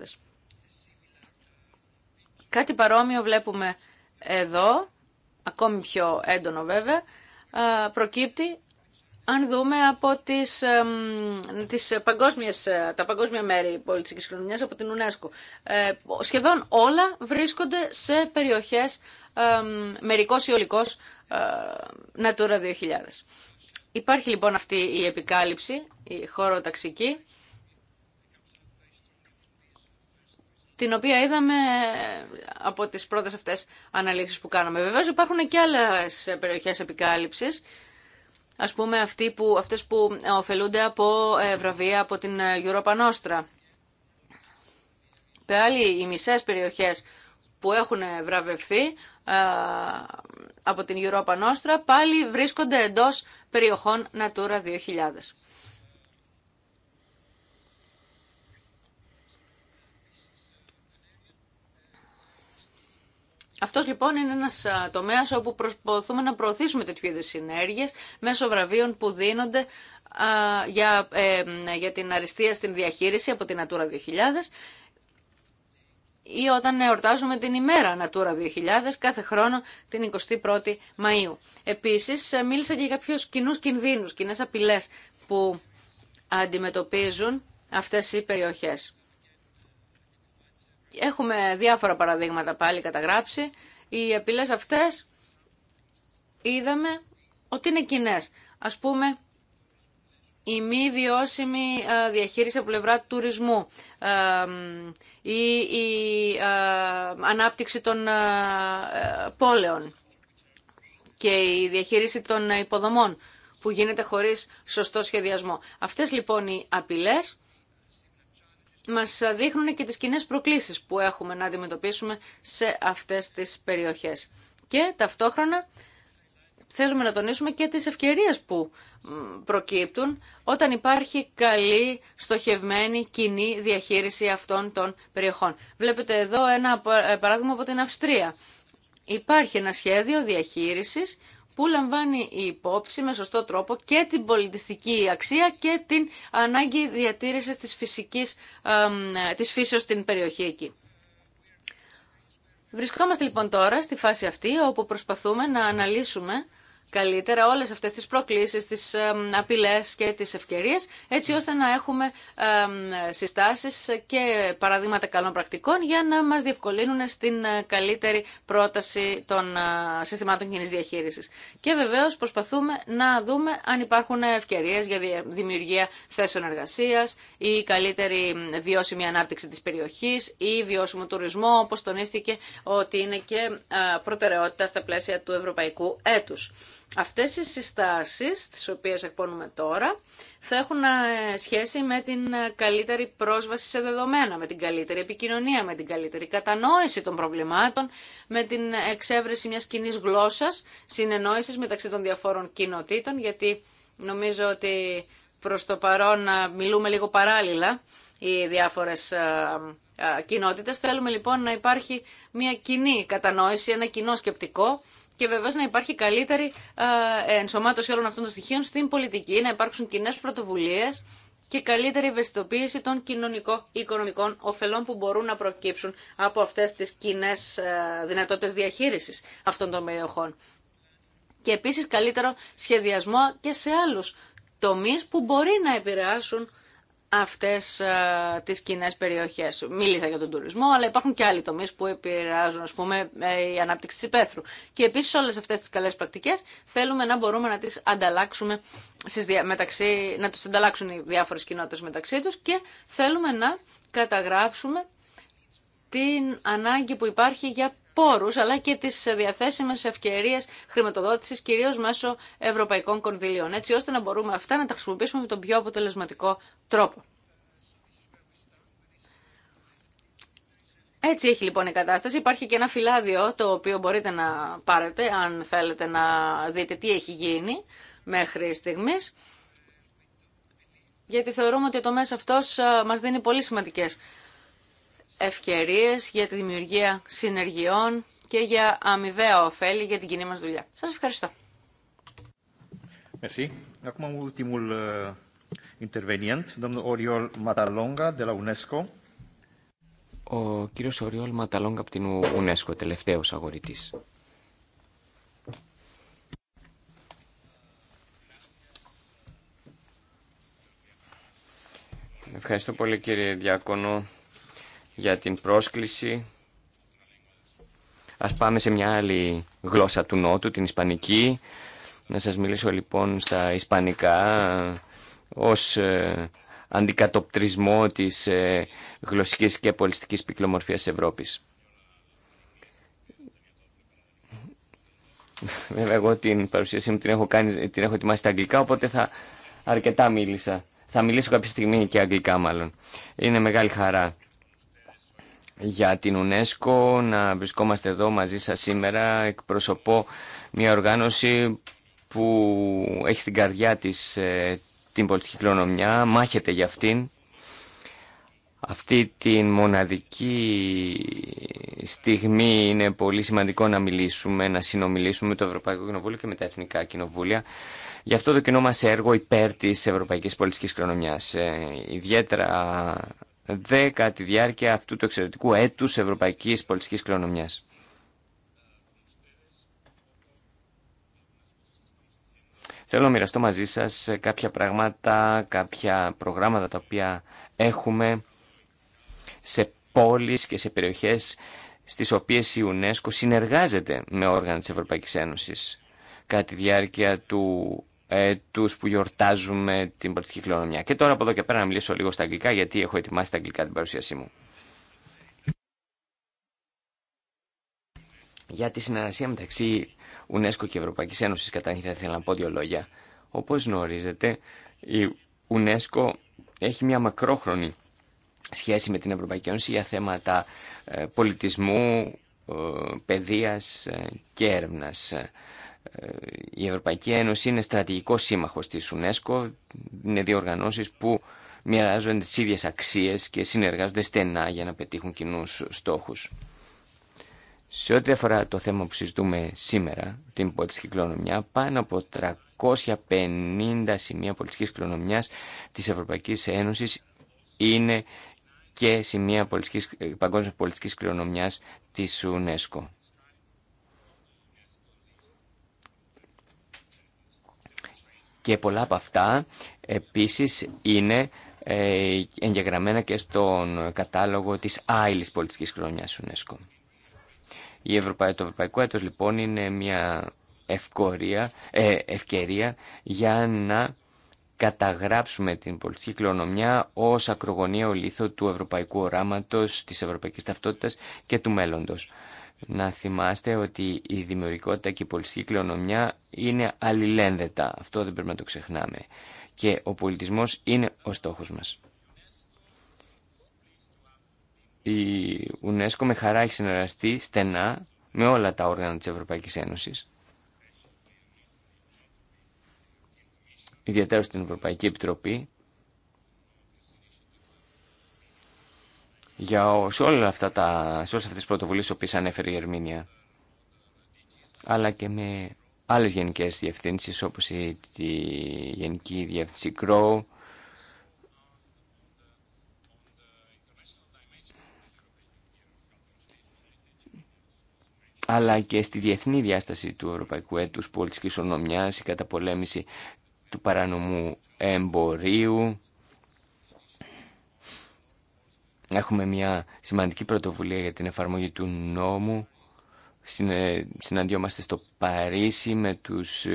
Κάτι παρόμοιο βλέπουμε εδώ, ακόμη πιο έντονο βέβαια, προκύπτει αν δούμε από τις, τις παγκόσμιες, τα παγκόσμια μέρη πολιτικής κοινωνίας από την UNESCO. Ε, σχεδόν όλα βρίσκονται σε περιοχές ε, μερικός ή ολικός ε, Natura 2000. Υπάρχει λοιπόν αυτή η επικάλυψη, η χώρο ταξική, την οποία είδαμε από τις πρώτες αυτές αναλύσεις που κάναμε. Βεβαίως υπάρχουν και άλλες περιοχές επικάλυψης, ας πούμε, αυτοί που, αυτές που ε, ωφελούνται από ε, βραβεία από την ε, Europa Nostra. Πάλι οι μισές περιοχές που έχουν βραβευθεί από την Europa Nostra πάλι βρίσκονται εντός περιοχών Natura 2000. Αυτός λοιπόν είναι ένας τομέας όπου προσπαθούμε να προωθήσουμε τέτοιου είδου συνέργειες μέσω βραβείων που δίνονται για, ε, για την αριστεία στην διαχείριση από την Natura 2000 ή όταν εορτάζουμε την ημέρα Natura 2000 κάθε χρόνο την 21η Μαΐου. Επίσης ε, μίλησα και για κάποιους κοινού κινδύνους, κοινέ απειλέ που αντιμετωπίζουν αυτές οι περιοχές. Έχουμε διάφορα παραδείγματα πάλι καταγράψει. Οι απειλές αυτές είδαμε ότι είναι κοινέ. Ας πούμε, η μη βιώσιμη ε, διαχείριση από πλευρά τουρισμού ε, ή η ε, ανάπτυξη των πόλεων και η διαχείριση των υποδομών που γίνεται χωρίς σωστό σχεδιασμό. Αυτές λοιπόν οι απειλές μας δείχνουν και τις κοινέ προκλήσεις που έχουμε να αντιμετωπίσουμε σε αυτές τις περιοχές. Και ταυτόχρονα θέλουμε να τονίσουμε και τις ευκαιρίες που προκύπτουν όταν υπάρχει καλή, στοχευμένη, κοινή διαχείριση αυτών των περιοχών. Βλέπετε εδώ ένα ε, παράδειγμα από την Αυστρία. Υπάρχει ένα σχέδιο διαχείρισης που λαμβάνει η υπόψη με σωστό τρόπο και την πολιτιστική αξία και την ανάγκη διατήρησης της, φυσικής, της φύσεως στην περιοχή εκεί. Βρισκόμαστε λοιπόν τώρα στη φάση αυτή όπου προσπαθούμε να αναλύσουμε καλύτερα όλες αυτές τις προκλήσεις, τις απειλές και τις ευκαιρίες, έτσι ώστε να έχουμε συστάσεις και παραδείγματα καλών πρακτικών για να μας διευκολύνουν στην ε, καλύτερη πρόταση των ε, συστημάτων κοινή διαχείρισης. Και βεβαίως προσπαθούμε να δούμε αν υπάρχουν ευκαιρίες για δημιουργία θέσεων εργασίας ή καλύτερη βιώσιμη ανάπτυξη της περιοχής ή βιώσιμο τουρισμό, όπως τονίστηκε ότι είναι και ε, προτεραιότητα στα πλαίσια του ευρωπαϊκού έτους. Αυτές οι συστάσεις, τις οποίες εκπονούμε τώρα, θα έχουν ε, σχέση με την ε, καλύτερη πρόσβαση σε δεδομένα, με την καλύτερη επικοινωνία, με την καλύτερη κατανόηση των προβλημάτων, με την εξέβρεση μιας κοινή γλώσσας, συνεννόησης μεταξύ των διαφόρων κοινοτήτων, γιατί νομίζω ότι προς το παρόν ε, μιλούμε λίγο παράλληλα οι διάφορες κοινότητες. Θέλουμε λοιπόν να υπάρχει μια κοινή κατανόηση, ένα κοινό σκεπτικό, και βεβαίω να υπάρχει καλύτερη ε, ενσωμάτωση όλων αυτών των στοιχείων στην πολιτική, να υπάρξουν κοινέ πρωτοβουλίε και καλύτερη ευαισθητοποίηση των κοινωνικών οικονομικων ωφελών που μπορούν να προκύψουν από αυτές τις κοινέ ε, δυνατότητε διαχείρισης αυτών των περιοχών. Και επίσης καλύτερο σχεδιασμό και σε άλλου τομεί που μπορεί να επηρεάσουν αυτές ε, τις κοινέ περιοχές. Μίλησα για τον τουρισμό, αλλά υπάρχουν και άλλοι τομείς που επηρεάζουν, α πούμε, ε, η ανάπτυξη τη υπαίθρου. Και επίση, όλες αυτές τις καλέ πρακτικές θέλουμε να μπορούμε να τις ανταλλάξουμε στις, μεταξύ, να τους ανταλλάξουν οι διάφορε κοινότητε μεταξύ τους και θέλουμε να καταγράψουμε την ανάγκη που υπάρχει για αλλά και τι διαθέσιμε ευκαιρίες χρηματοδότησης κυρίως μέσω ευρωπαϊκών κονδυλίων έτσι ώστε να μπορούμε αυτά να τα χρησιμοποιήσουμε με τον πιο αποτελεσματικό τρόπο. Έτσι έχει λοιπόν η κατάσταση. Υπάρχει και ένα φυλάδιο το οποίο μπορείτε να πάρετε αν θέλετε να δείτε τι έχει γίνει μέχρι στιγμής γιατί θεωρούμε ότι το μέσο αυτός μας δίνει πολύ σημαντικές ευκαιρίες για τη δημιουργία συνεργειών και για αμοιβαία ωφέλη για την κοινή μας δουλειά. Σας ευχαριστώ. Merci. Acum ultimul ε, intervenient, domnul Oriol Matalonga de la UNESCO. Ο κύριος Οριόλ Ματαλόγκα από την UNESCO, τελευταίος αγορητής. Ευχαριστώ πολύ κύριε Διάκονο για την πρόσκληση. Ας πάμε σε μια άλλη γλώσσα του Νότου, την Ισπανική. Να σας μιλήσω λοιπόν στα Ισπανικά ως ε, αντικατοπτρισμό της ε, γλωσσικής και πολιτικής πυκλομορφίας Ευρώπης. Βέβαια εγώ την παρουσίασή μου την έχω, κάνει, την έχω ετοιμάσει στα αγγλικά οπότε θα αρκετά μίλησα. Θα μιλήσω κάποια στιγμή και αγγλικά μάλλον. Είναι μεγάλη χαρά για την UNESCO να βρισκόμαστε εδώ μαζί σας σήμερα. Εκπροσωπώ μια οργάνωση που έχει στην καρδιά της ε, την πολιτική κληρονομιά, μάχεται για αυτήν. Αυτή τη μοναδική στιγμή είναι πολύ σημαντικό να μιλήσουμε, να συνομιλήσουμε με το Ευρωπαϊκό Κοινοβούλιο και με τα Εθνικά Κοινοβούλια. Γι' αυτό το κοινό μας έργο υπέρ της Ευρωπαϊκής Πολιτικής Κληρονομιάς. Ε, ιδιαίτερα δε κατά τη διάρκεια αυτού του εξαιρετικού έτους ευρωπαϊκής πολιτικής κληρονομιάς. Θέλω να μοιραστώ μαζί σας κάποια πράγματα, κάποια προγράμματα τα οποία έχουμε σε πόλεις και σε περιοχές στις οποίες η UNESCO συνεργάζεται με όργανα της Ευρωπαϊκής Ένωσης κατά τη διάρκεια του ε, τους που γιορτάζουμε την πολιτική κληρονομιά. Και τώρα από εδώ και πέρα να μιλήσω λίγο στα αγγλικά γιατί έχω ετοιμάσει τα αγγλικά την παρουσίασή μου. Για τη συνεργασία μεταξύ UNESCO και Ευρωπαϊκής Ένωσης νύχτα, θα ήθελα να πω δύο λόγια. Όπως γνωρίζετε η UNESCO έχει μια μακρόχρονη σχέση με την Ευρωπαϊκή Ένωση για θέματα ε, πολιτισμού, ε, παιδείας ε, και έρευνας. Η Ευρωπαϊκή Ένωση είναι στρατηγικό σύμμαχος της UNESCO, είναι δύο οργανώσει που μοιράζονται τι ίδιε αξίες και συνεργάζονται στενά για να πετύχουν κοινού στόχους. Σε ό,τι αφορά το θέμα που συζητούμε σήμερα, την πολιτική κληρονομιά, πάνω από 350 σημεία πολιτική κληρονομιά της Ευρωπαϊκής Ένωσης είναι και σημεία πολιτικής, πολιτική κληρονομιά τη της UNESCO. και πολλά από αυτά επίσης είναι ε, εγγεγραμμένα και στον κατάλογο της άειλης πολιτικής χρονιάς UNESCO. Η Το Ευρωπαϊκό Έτος λοιπόν είναι μια ευκορία, ε, ευκαιρία για να καταγράψουμε την πολιτική κληρονομιά ως ακρογωνία ολίθο του ευρωπαϊκού οράματος, της ευρωπαϊκής ταυτότητας και του μέλλοντος να θυμάστε ότι η δημιουργικότητα και η πολιτική κληρονομιά είναι αλληλένδετα. Αυτό δεν πρέπει να το ξεχνάμε. Και ο πολιτισμός είναι ο στόχος μας. Η UNESCO με χαρά έχει συνεργαστεί στενά με όλα τα όργανα της Ευρωπαϊκής Ένωσης. Ιδιαίτερα στην Ευρωπαϊκή Επιτροπή για, σε, όλα αυτά τα, σε όλες αυτές τις πρωτοβουλίες που ανέφερε η Ερμήνια αλλά και με άλλες γενικές διευθύνσεις όπως η, Γενική Διεύθυνση Grow αλλά και στη διεθνή διάσταση του Ευρωπαϊκού Έτους Πολιτική Ονομιάς, η καταπολέμηση του παρανομού εμπορίου Έχουμε μια σημαντική πρωτοβουλία για την εφαρμογή του νόμου. Συναντιόμαστε στο Παρίσι με, τους,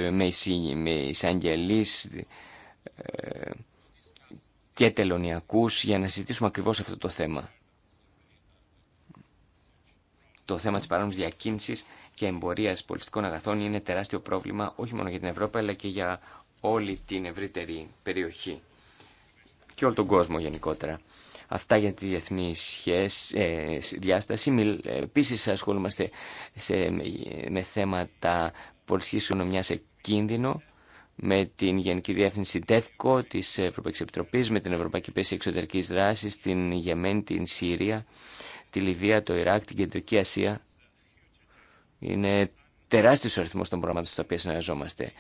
με, εισαγγελείς ε, και τελωνιακούς για να συζητήσουμε ακριβώς αυτό το θέμα. Το θέμα της παράνομης διακίνησης και εμπορίας πολιτικών αγαθών είναι τεράστιο πρόβλημα όχι μόνο για την Ευρώπη αλλά και για όλη την ευρύτερη περιοχή και όλο τον κόσμο γενικότερα. Αυτά για τη διεθνή σχέση, ε, διάσταση. Ε, Επίση ασχολούμαστε σε, με θέματα πολιτική οικονομία σε κίνδυνο με την Γενική Διεύθυνση ΤΕΦΚΟ τη Ευρωπαϊκή Επιτροπή, με την Ευρωπαϊκή Υπηρεσία Εξωτερική δράση την Γεμένη, την Σύρια, τη Λιβύα, το Ιράκ, την Κεντρική Ασία. Είναι τεράστιος ο αριθμό των προγραμμάτων στα οποία συνεργαζόμαστε.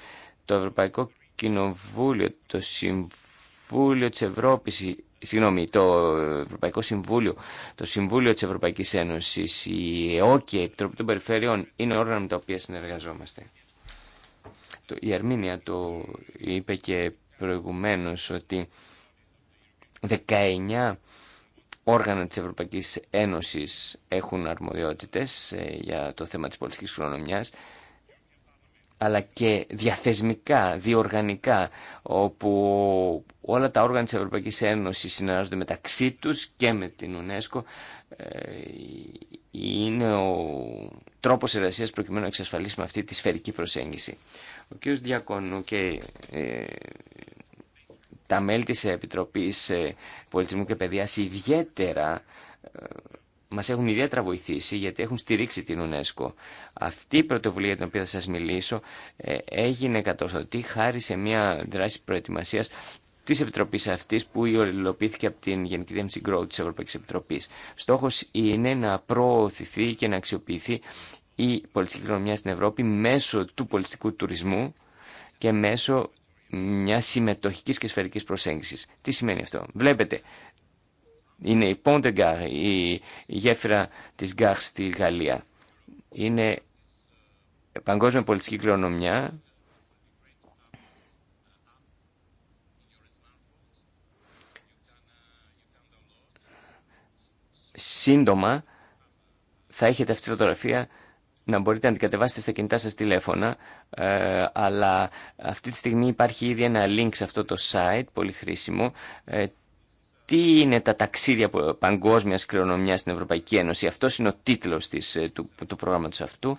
Το Ευρωπαϊκό Κοινοβούλιο, το Συμβούλιο τη Ευρώπη συγγνώμη, το Ευρωπαϊκό Συμβούλιο, το Συμβούλιο της Ευρωπαϊκής Ένωσης, η ΕΟΚΕ, η Επιτροπή των Περιφερειών, είναι όργανα με τα οποία συνεργαζόμαστε. η Αρμίνια το είπε και προηγουμένως ότι 19 όργανα της Ευρωπαϊκής Ένωσης έχουν αρμοδιότητες ε, για το θέμα της πολιτικής χρονομιάς αλλά και διαθεσμικά, διοργανικά, όπου όλα τα όργανα της Ευρωπαϊκής Ένωσης συνεργάζονται μεταξύ τους και με την UNESCO, ε, είναι ο τρόπος εργασία προκειμένου να εξασφαλίσουμε αυτή τη σφαιρική προσέγγιση. Ο κ. Διακονού και ε, τα μέλη της Επιτροπής ε, Πολιτισμού και Παιδείας ιδιαίτερα Μα έχουν ιδιαίτερα βοηθήσει γιατί έχουν στηρίξει την UNESCO. Αυτή η πρωτοβουλία για την οποία θα σα μιλήσω ε, έγινε κατορθωτή χάρη σε μια δράση προετοιμασία τη επιτροπή αυτή που υλοποιήθηκε από την Γενική Διεύθυνση Growth τη Ευρωπαϊκή Επιτροπή. Στόχο είναι να προωθηθεί και να αξιοποιηθεί η πολιτική κοινωνία στην Ευρώπη μέσω του πολιτικού τουρισμού και μέσω μια συμμετοχική και σφαιρική προσέγγιση. Τι σημαίνει αυτό. Βλέπετε είναι η Γκάρ, η γέφυρα της Γκάρ στη Γαλλία. Είναι παγκόσμια πολιτική κληρονομιά. Σύντομα θα έχετε αυτή τη φωτογραφία να μπορείτε να την κατεβάσετε στα κινητά σας τηλέφωνα, ε, αλλά αυτή τη στιγμή υπάρχει ήδη ένα link σε αυτό το site, πολύ χρήσιμο, ε, τι είναι τα ταξίδια παγκόσμια κληρονομιά στην Ευρωπαϊκή Ένωση. Αυτό είναι ο τίτλο ε, του, του προγράμματο αυτού.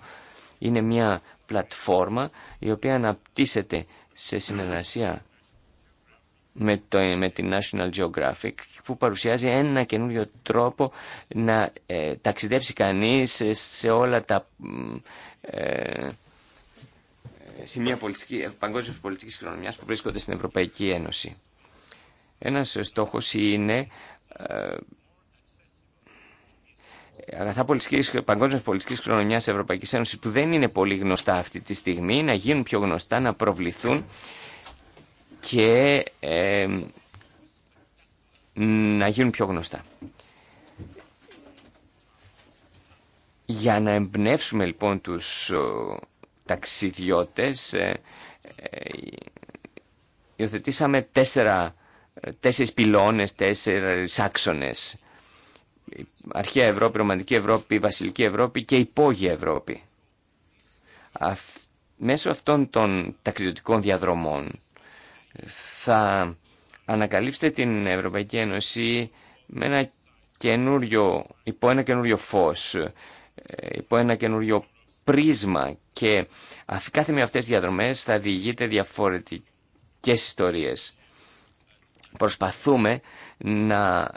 Είναι μια πλατφόρμα η οποία αναπτύσσεται σε συνεργασία με, το, με την National Geographic που παρουσιάζει ένα καινούριο τρόπο να ε, ταξιδέψει κανείς σε όλα τα ε, σημεία πολιτική, παγκόσμιας πολιτικής κληρονομιάς που βρίσκονται στην Ευρωπαϊκή Ένωση. Ένας στόχος είναι ε, αγαθά πολιτικής, παγκόσμιας πολιτικής κληρονομιάς Ευρωπαϊκής Ένωσης που δεν είναι πολύ γνωστά αυτή τη στιγμή, να γίνουν πιο γνωστά, να προβληθούν και ε, να γίνουν πιο γνωστά. Για να εμπνεύσουμε λοιπόν τους ο, ταξιδιώτες ε, ε, υιοθετήσαμε τέσσερα τέσσερις πυλώνες, τέσσερις άξονες. αρχαία Ευρώπη, Ρωμαντική Ευρώπη, Βασιλική Ευρώπη και υπόγεια Ευρώπη. Μέσω αυτών των ταξιδιωτικών διαδρομών θα ανακαλύψετε την Ευρωπαϊκή Ένωση με ένα καινούριο, υπό ένα καινούριο φως, ε, υπό ένα καινούριο πρίσμα και κάθε μία αυτές τις διαδρομές θα διηγείται διαφορετικές ιστορίες προσπαθούμε να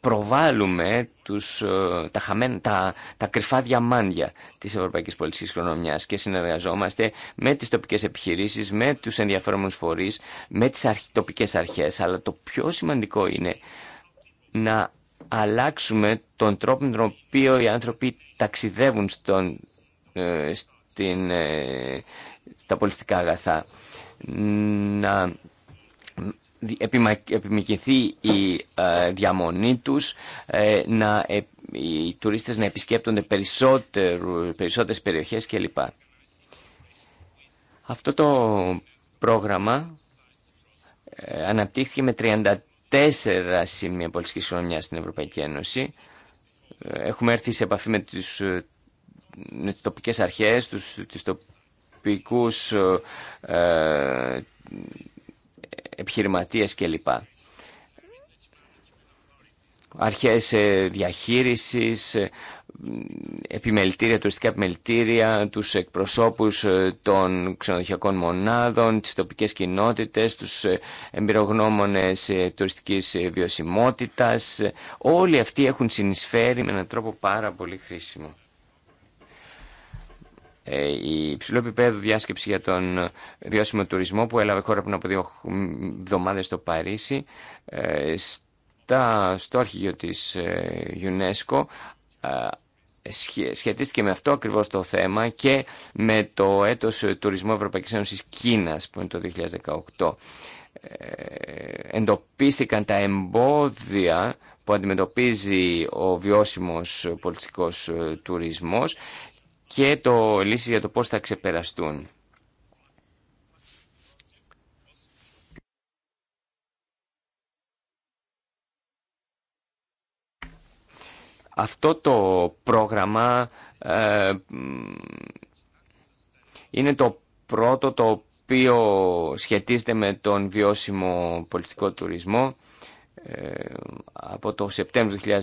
προβάλλουμε τους, ε, τα, χαμένα, τα, τα κρυφά διαμάντια της Ευρωπαϊκής Πολιτικής Χρονομιάς και συνεργαζόμαστε με τις τοπικές επιχειρήσεις, με τους ενδιαφέρομενους φορείς, με τις αρχ, τοπικές αρχές. Αλλά το πιο σημαντικό είναι να αλλάξουμε τον τρόπο με τον οποίο οι άνθρωποι ταξιδεύουν στον, ε, στην, ε, στα πολιτικά αγαθά. Να επιμικηθεί η ε, διαμονή τους, ε, να, οι τουρίστες να επισκέπτονται περισσότερες περιοχές κλπ. Αυτό το πρόγραμμα ε, αναπτύχθηκε με 34 σημεία πολιτικής χρονιάς στην Ευρωπαϊκή Ένωση. Έχουμε έρθει σε επαφή με, με τις τοπικές αρχές, τους, τοπικούς επιχειρηματίες κλπ. Αρχές ε, διαχείρισης, ε, επιμελητήρια, τουριστικά επιμελητήρια, τους εκπροσώπους ε, των ξενοδοχειακών μονάδων, τις τοπικές κοινότητες, τους εμπειρογνώμονες τουριστικής βιωσιμότητας. Όλοι αυτοί έχουν συνεισφέρει με έναν τρόπο πάρα πολύ χρήσιμο. Ε, η υψηλό επίπεδο διάσκεψη για τον ε, βιώσιμο τουρισμό που έλαβε χώρα πριν από δύο εβδομάδε στο Παρίσι ε, στα, στο αρχηγείο της UNESCO σχετίστηκε με αυτό ακριβώς το θέμα και με το έτος τουρισμού Ευρωπαϊκής Ένωσης Κίνας που είναι το 2018 εντοπίστηκαν τα εμπόδια που αντιμετωπίζει ο βιώσιμος πολιτικός τουρισμός και το λύσεις για το πώς θα ξεπεραστούν. Αυτό το πρόγραμμα ε, είναι το πρώτο το οποίο σχετίζεται με τον βιώσιμο πολιτικό τουρισμό ε, από το Σεπτέμβριο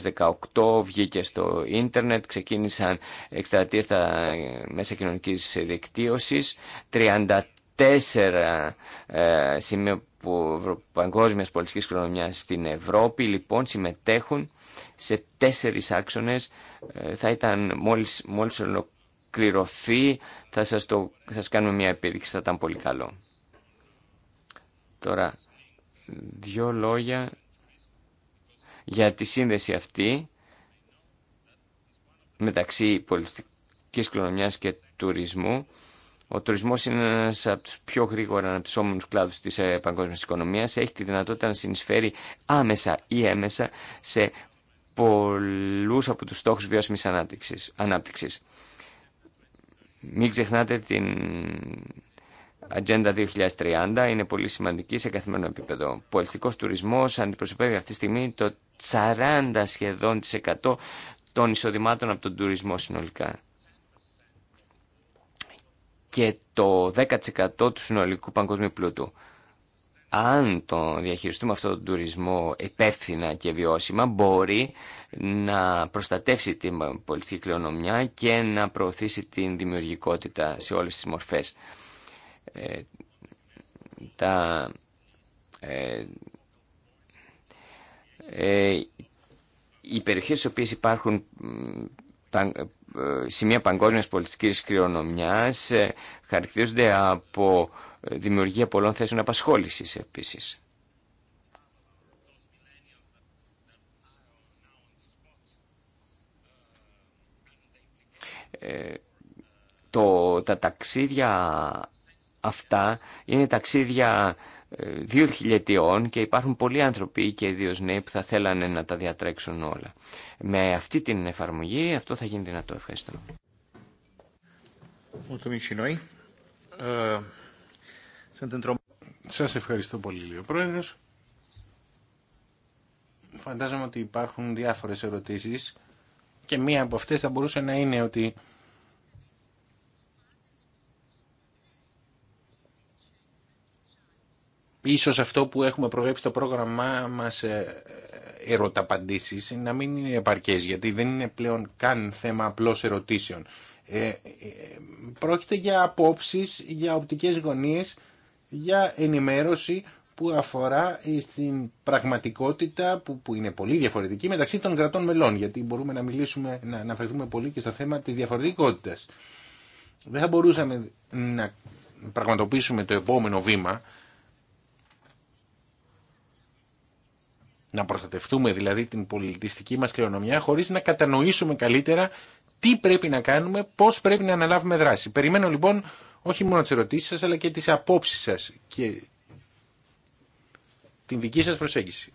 2018 βγήκε στο ίντερνετ, ξεκίνησαν εκστρατείε στα μέσα κοινωνικής δικτύωσης, 34 ε, σημεία παγκόσμιας πολιτικής κληρονομιάς στην Ευρώπη λοιπόν συμμετέχουν σε τέσσερις άξονες ε, θα ήταν μόλις, μόλις ολοκληρωθεί θα σα το, θα σας κάνουμε μια επίδειξη θα ήταν πολύ καλό τώρα δύο λόγια για τη σύνδεση αυτή μεταξύ πολιτικής κληρονομιάς και τουρισμού. Ο τουρισμός είναι ένας από τους πιο γρήγορα αναπτυσσόμενους κλάδους της ε, παγκόσμιας οικονομίας. Έχει τη δυνατότητα να συνεισφέρει άμεσα ή έμεσα σε πολλούς από τους στόχους βιώσιμης ανάπτυξης. Μην ξεχνάτε την Ατζέντα 2030 είναι πολύ σημαντική σε καθημερινό επίπεδο. Ο πολιτικός τουρισμό αντιπροσωπεύει αυτή τη στιγμή το 40 σχεδόν της των εισοδημάτων από τον τουρισμό συνολικά. Και το 10% του συνολικού παγκόσμιου πλούτου. Αν το διαχειριστούμε αυτό τον τουρισμό υπεύθυνα και βιώσιμα, μπορεί να προστατεύσει την πολιτική κληρονομιά και να προωθήσει την δημιουργικότητα σε όλες τις μορφές. Ε, τα, ε, ε, οι περιοχές στις οποίες υπάρχουν παν, ε, σημεία παγκόσμιας πολιτικής κληρονομιάς ε, χαρακτηρίζονται από δημιουργία πολλών θέσεων απασχόλησης επίσης. το, τα ταξίδια αυτά είναι ταξίδια ε, δύο χιλιετιών και υπάρχουν πολλοί άνθρωποι και ιδίω νέοι που θα θέλανε να τα διατρέξουν όλα. Με αυτή την εφαρμογή αυτό θα γίνει δυνατό. Ευχαριστώ. Ε, Σας ευχαριστώ πολύ, Λίγο Πρόεδρος. Φαντάζομαι ότι υπάρχουν διάφορες ερωτήσεις και μία από αυτές θα μπορούσε να είναι ότι Ίσως αυτό που έχουμε προβλέψει στο πρόγραμμά μας ε, ε, ερωταπαντήσεις να μην είναι επαρκές, γιατί δεν είναι πλέον καν θέμα απλώς ερωτήσεων. Ε, ε, πρόκειται για απόψεις, για οπτικές γωνίες, για ενημέρωση που αφορά στην πραγματικότητα που, που είναι πολύ διαφορετική μεταξύ των κρατών μελών, γιατί μπορούμε να μιλήσουμε, να αναφερθούμε πολύ και στο θέμα της διαφορετικότητας. Δεν θα μπορούσαμε να πραγματοποιήσουμε το επόμενο βήμα να προστατευτούμε δηλαδή την πολιτιστική μας κληρονομιά χωρίς να κατανοήσουμε καλύτερα τι πρέπει να κάνουμε, πώς πρέπει να αναλάβουμε δράση. Περιμένω λοιπόν όχι μόνο τις ερωτήσεις σας αλλά και τις απόψεις σας και την δική σας προσέγγιση.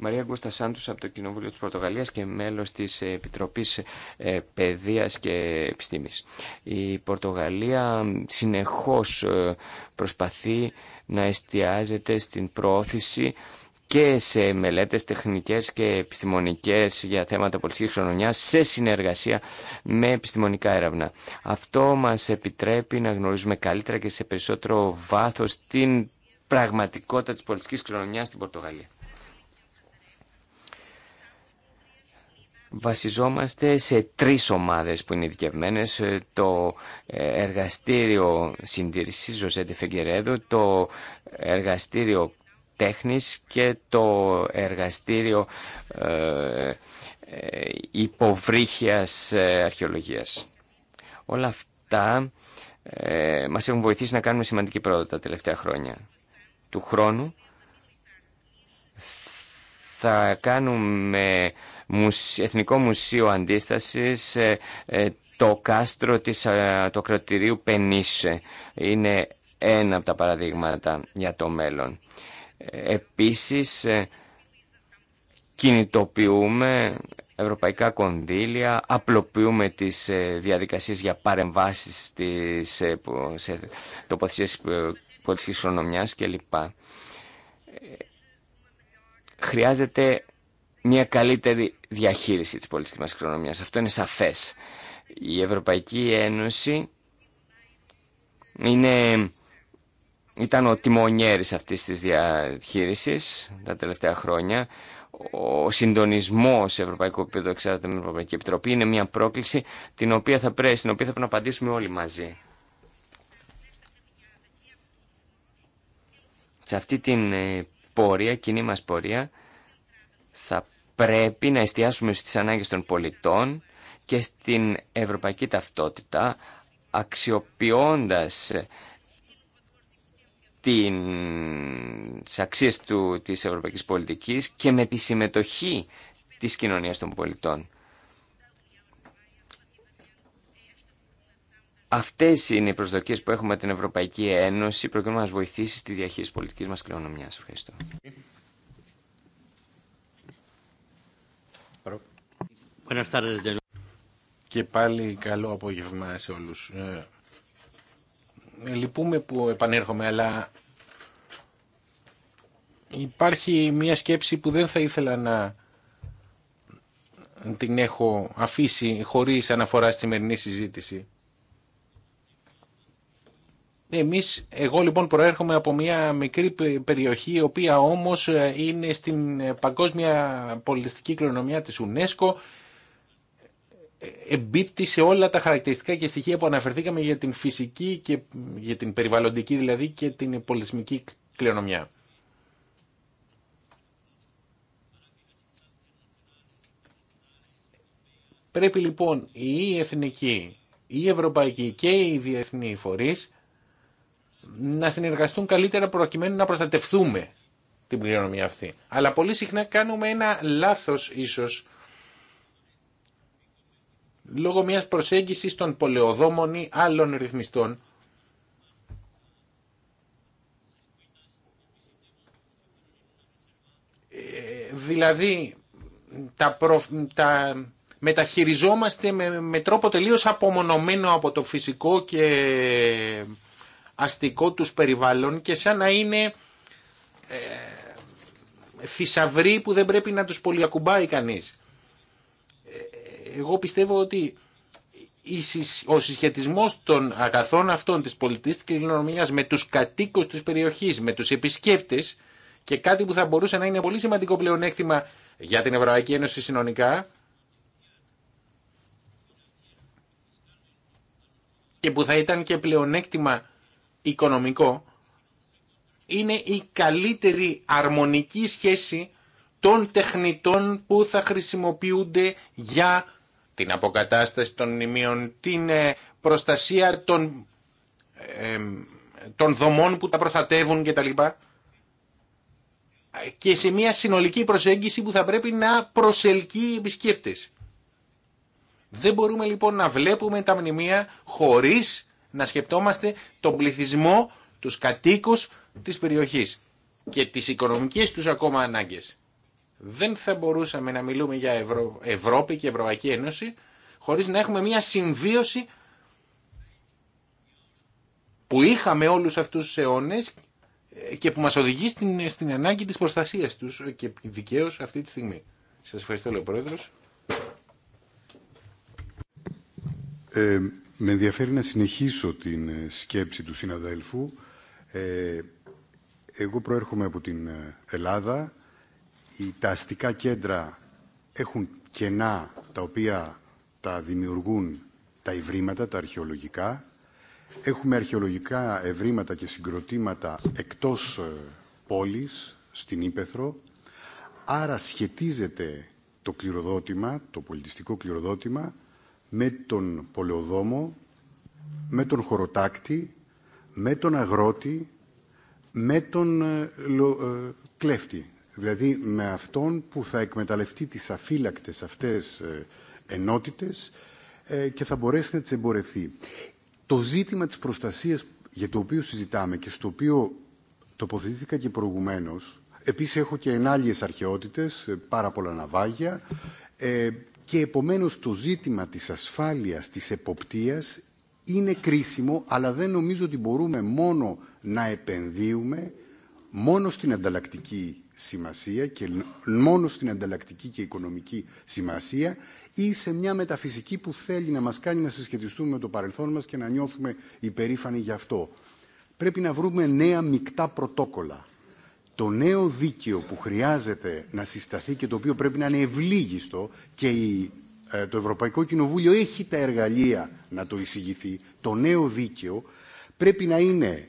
Μαρία Γκούστα Σάντους από το Κοινοβούλιο της Πορτογαλίας και μέλος της Επιτροπής ε, Παιδείας και Επιστήμης. Η Πορτογαλία συνεχώς ε, προσπαθεί να εστιάζεται στην προώθηση και σε μελέτες τεχνικές και επιστημονικές για θέματα πολιτικής χρονιάς σε συνεργασία με επιστημονικά έρευνα. Αυτό μας επιτρέπει να γνωρίζουμε καλύτερα και σε περισσότερο βάθος την πραγματικότητα της πολιτικής κληρονομιάς στην Πορτογαλία. Βασιζόμαστε σε τρεις ομάδες που είναι ειδικευμένε. Ε, το εργαστήριο συντήρησης Ζωζέντε Φεγγερέδου, το εργαστήριο τέχνης και το εργαστήριο ε, ε υποβρύχιας ε, αρχαιολογίας. Όλα αυτά ε, μας έχουν βοηθήσει να κάνουμε σημαντική πρόοδο τα τελευταία χρόνια. Του χρόνου θα κάνουμε Εθνικό Μουσείο Αντίστασης ε, το κάστρο της, το κρατηρίου Πενίσε. Είναι ένα από τα παραδείγματα για το μέλλον. Επίσης ε, κινητοποιούμε ευρωπαϊκά κονδύλια, απλοποιούμε τις ε, διαδικασίες για παρεμβάσεις ε, σε τοποθεσίες πολιτικής χρονομιάς κλπ. Χρειάζεται μια καλύτερη διαχείριση της πολιτικής μας χρονομιάς. Αυτό είναι σαφές. Η Ευρωπαϊκή Ένωση είναι ήταν ο τιμονιέρης αυτής της διαχείρισης τα τελευταία χρόνια. Ο συντονισμό σε ευρωπαϊκό επίπεδο εξάρτητα με την Ευρωπαϊκή Επιτροπή είναι μια πρόκληση την οποία θα πρέπει, στην οποία θα πρέπει να απαντήσουμε όλοι μαζί. Σε αυτή την ε, πορεία, κοινή μας πορεία, θα πρέπει να εστιάσουμε στις ανάγκες των πολιτών και στην ευρωπαϊκή ταυτότητα, αξιοποιώντας την αξίε του, της ευρωπαϊκής πολιτικής και με τη συμμετοχή της κοινωνίας των πολιτών. Αυτές είναι οι προσδοκίες που έχουμε την Ευρωπαϊκή Ένωση προκειμένου να μας βοηθήσει στη διαχείριση πολιτικής μας κληρονομιάς. Ευχαριστώ. Και πάλι καλό απόγευμα σε όλους. Ε, ε, λυπούμε που επανέρχομαι, αλλά υπάρχει μια σκέψη που δεν θα ήθελα να την έχω αφήσει χωρίς αναφορά στη σημερινή συζήτηση. Εμείς, εγώ λοιπόν προέρχομαι από μια μικρή περιοχή, η οποία όμως ε, είναι στην ε, παγκόσμια πολιτιστική κληρονομιά της UNESCO εμπίπτει σε όλα τα χαρακτηριστικά και στοιχεία που αναφερθήκαμε για την φυσική και για την περιβαλλοντική δηλαδή και την πολιτισμική κληρονομιά. Πρέπει λοιπόν η εθνική, η ευρωπαϊκή και οι διεθνή φορείς να συνεργαστούν καλύτερα προκειμένου να προστατευτούμε την πληρονομία αυτή. Αλλά πολύ συχνά κάνουμε ένα λάθος ίσως λόγω μιας προσέγγισης των πολεοδόμων ή άλλων ρυθμιστών. Ε, δηλαδή τα, τα μεταχειριζόμαστε με, τρόπο τελείως απομονωμένο από το φυσικό και αστικό τους περιβάλλον και σαν να είναι ε, θησαυροί που δεν πρέπει να τους πολυακουμπάει κανείς εγώ πιστεύω ότι ο συσχετισμό των αγαθών αυτών της πολιτιστικής κληρονομιάς με τους κατοίκου τη περιοχή με τους επισκέπτε και κάτι που θα μπορούσε να είναι πολύ σημαντικό πλεονέκτημα για την Ευρωπαϊκή Ένωση συνολικά και που θα ήταν και πλεονέκτημα οικονομικό είναι η καλύτερη αρμονική σχέση των τεχνητών που θα χρησιμοποιούνται για την αποκατάσταση των μνημείων, την ε, προστασία των, ε, των δομών που τα προστατεύουν κτλ. Και σε μια συνολική προσέγγιση που θα πρέπει να προσελκύει επισκέπτες. Δεν μπορούμε λοιπόν να βλέπουμε τα μνημεία χωρίς να σκεπτόμαστε τον πληθυσμό, τους κατοίκους της περιοχής και τις οικονομικές τους ακόμα ανάγκες δεν θα μπορούσαμε να μιλούμε για Ευρω... Ευρώπη και Ευρωπαϊκή Ένωση χωρίς να έχουμε μια συμβίωση που είχαμε όλους αυτούς τους αιώνες και που μας οδηγεί στην, στην ανάγκη της προστασίας τους και δικαίως αυτή τη στιγμή. Σας ευχαριστώ, λέει Πρόεδρος. Ε, με ενδιαφέρει να συνεχίσω την ε, σκέψη του συναδέλφου. Ε, εγώ προέρχομαι από την ε, Ελλάδα οι, τα αστικά κέντρα έχουν κενά τα οποία τα δημιουργούν τα ευρήματα, τα αρχαιολογικά. Έχουμε αρχαιολογικά ευρήματα και συγκροτήματα εκτός ε, πόλης, στην Ήπεθρο. Άρα σχετίζεται το κληροδότημα, το πολιτιστικό κληροδότημα, με τον πολεοδόμο, με τον χωροτάκτη, με τον αγρότη, με τον ε, ε, κλέφτη δηλαδή με αυτόν που θα εκμεταλλευτεί τις αφύλακτες αυτές ε, ενότητες ε, και θα μπορέσει να τις εμπορευτεί. Το ζήτημα της προστασίας για το οποίο συζητάμε και στο οποίο τοποθετήθηκα και προηγουμένως, επίσης έχω και ενάλλειες αρχαιότητες, ε, πάρα πολλά ναυάγια, και επομένως το ζήτημα της ασφάλειας, της εποπτείας είναι κρίσιμο, αλλά δεν νομίζω ότι μπορούμε μόνο να επενδύουμε μόνο στην ανταλλακτική σημασία και μόνο στην ανταλλακτική και οικονομική σημασία ή σε μια μεταφυσική που θέλει να μας κάνει να συσχετιστούμε με το παρελθόν μας και να νιώθουμε υπερήφανοι γι' αυτό. Πρέπει να βρούμε νέα μεικτά πρωτόκολλα. Το νέο δίκαιο που χρειάζεται να συσταθεί και το οποίο πρέπει να είναι ευλίγιστο και η ε, το Ευρωπαϊκό Κοινοβούλιο έχει τα εργαλεία να το εισηγηθεί. Το νέο δίκαιο πρέπει να είναι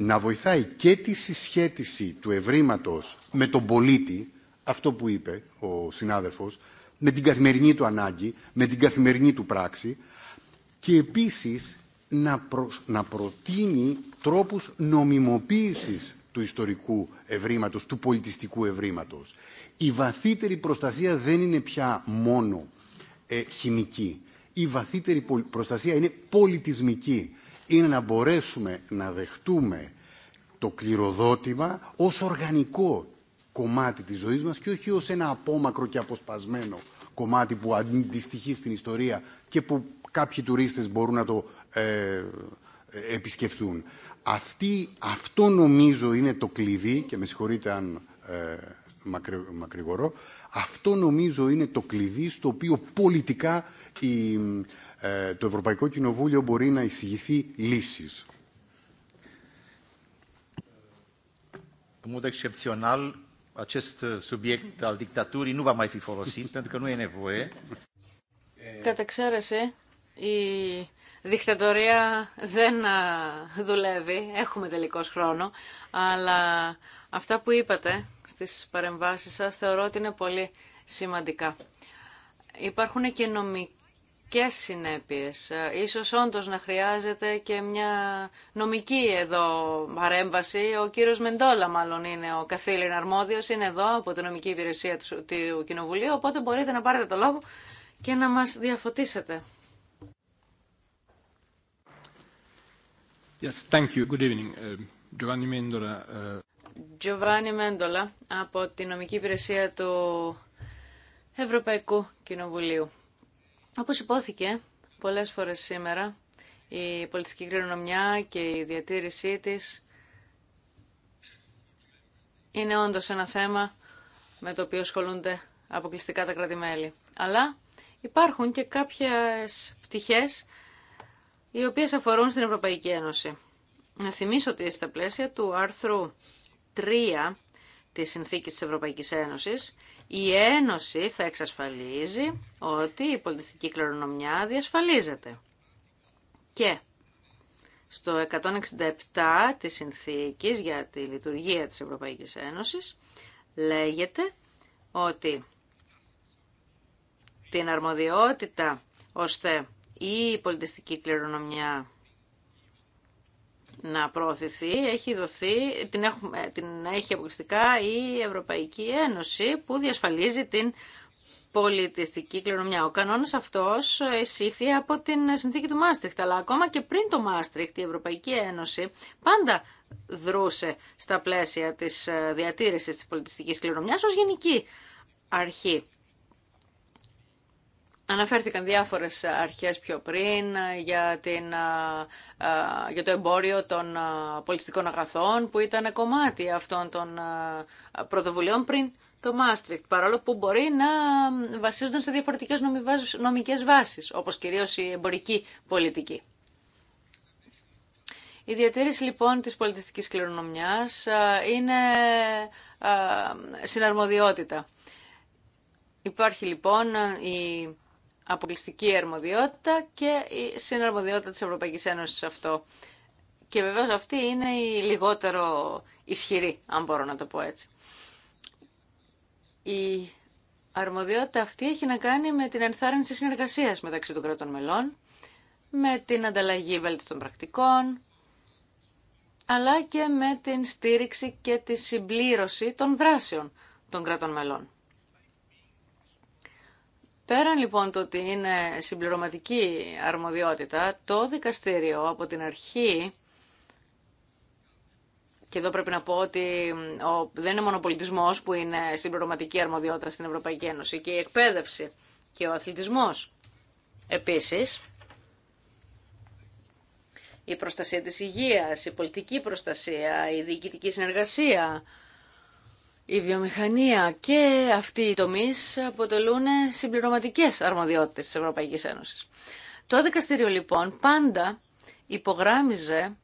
να βοηθάει και τη συσχέτιση του ευρήματος με τον πολίτη, αυτό που είπε ο συνάδελφος, με την καθημερινή του ανάγκη, με την καθημερινή του πράξη και επίσης να, προτείνει τρόπους νομιμοποίησης του ιστορικού ευρήματος, του πολιτιστικού ευρήματος. Η βαθύτερη προστασία δεν είναι πια μόνο ε, χημική. Η βαθύτερη προστασία είναι πολιτισμική είναι να μπορέσουμε να δεχτούμε το κληροδότημα ως οργανικό κομμάτι της ζωής μας και όχι ως ένα απόμακρο και αποσπασμένο κομμάτι που αντιστοιχεί στην ιστορία και που κάποιοι τουρίστες μπορούν να το ε, επισκεφτούν. Αυτή, αυτό νομίζω είναι το κλειδί και με συγχωρείτε αν ε, μακρηγορώ αυτό νομίζω είναι το κλειδί στο οποίο πολιτικά ε, το Ευρωπαϊκό Κοινοβούλιο μπορεί να εισηγηθεί λύσεις. În mod excepțional, acest subiect Κατά εξαίρεση, η δικτατορία δεν ε, δουλεύει. Έχουμε τελικός χρόνο, αλλά αυτά που είπατε στις παρεμβάσεις σας θεωρώ ότι είναι πολύ σημαντικά. Υπάρχουν και νομικοί και συνέπειες. Ε, ίσως όντως να χρειάζεται και μια νομική εδώ παρέμβαση. Ο κύριος Μεντόλα μάλλον είναι ο καθήλυν αρμόδιος, είναι εδώ από την νομική υπηρεσία του, του Κοινοβουλίου, οπότε μπορείτε να πάρετε το λόγο και να μας διαφωτίσετε. Yes, thank you. Good evening. Ε, Giovanni Mendola. Ε, Giovanni Mendola από την νομική υπηρεσία του Ευρωπαϊκού Κοινοβουλίου. Όπως υπόθηκε πολλές φορές σήμερα, η πολιτική κληρονομιά και η διατήρησή της είναι όντως ένα θέμα με το οποίο ασχολούνται αποκλειστικά τα κρατημέλη. Αλλά υπάρχουν και κάποιες πτυχές οι οποίες αφορούν στην Ευρωπαϊκή Ένωση. Να θυμίσω ότι στα πλαίσια του άρθρου 3 της Συνθήκης της Ευρωπαϊκής Ένωσης η Ένωση θα εξασφαλίζει ότι η πολιτιστική κληρονομιά διασφαλίζεται. Και στο 167 της Συνθήκης για τη λειτουργία της Ευρωπαϊκής Ένωσης λέγεται ότι την αρμοδιότητα ώστε η πολιτιστική κληρονομιά να προωθηθεί έχει δοθεί, την, έχουμε, την έχει αποκλειστικά η Ευρωπαϊκή Ένωση που διασφαλίζει την πολιτιστική κληρονομιά. Ο κανόνας αυτός εισήχθη από την συνθήκη του Μάστριχτ, αλλά ακόμα και πριν το Μάστριχτ η Ευρωπαϊκή Ένωση πάντα δρούσε στα πλαίσια της ε, διατήρησης της πολιτιστικής κληρονομιάς ως γενική αρχή. Αναφέρθηκαν διάφορες αρχές πιο πριν ε, για, την, ε, ε, το εμπόριο των πολιτιστικών αγαθών που ήταν κομμάτι αυτών των πρωτοβουλειών πριν το Μάστριχτ, παρόλο που μπορεί να βασίζονται σε διαφορετικές νομικές βάσεις, όπως κυρίως η εμπορική πολιτική. Η διατήρηση λοιπόν της πολιτιστικής κληρονομιάς είναι συναρμοδιότητα. Υπάρχει λοιπόν η αποκλειστική αρμοδιότητα και η συναρμοδιότητα της Ευρωπαϊκής Ένωσης σε αυτό. Και βεβαίως αυτή είναι η λιγότερο ισχυρή, αν μπορώ να το πω έτσι. Η αρμοδιότητα αυτή έχει να κάνει με την ενθάρρυνση συνεργασίας μεταξύ των κρατών μελών, με την ανταλλαγή βέλτιστων πρακτικών, αλλά και με την στήριξη και τη συμπλήρωση των δράσεων των κρατών μελών. Πέραν λοιπόν το ότι είναι συμπληρωματική αρμοδιότητα, το δικαστήριο από την αρχή, και εδώ πρέπει να πω ότι δεν είναι μόνο ο που είναι συμπληρωματική αρμοδιότητα στην Ευρωπαϊκή Ένωση, και η εκπαίδευση και ο αθλητισμός. Επίσης, η προστασία της υγείας, η πολιτική προστασία, η διοικητική συνεργασία, η βιομηχανία και αυτοί οι τομείς αποτελούν συμπληρωματικές αρμοδιότητες της Ευρωπαϊκής Ένωσης. Το δικαστήριο λοιπόν πάντα υπογράμμιζε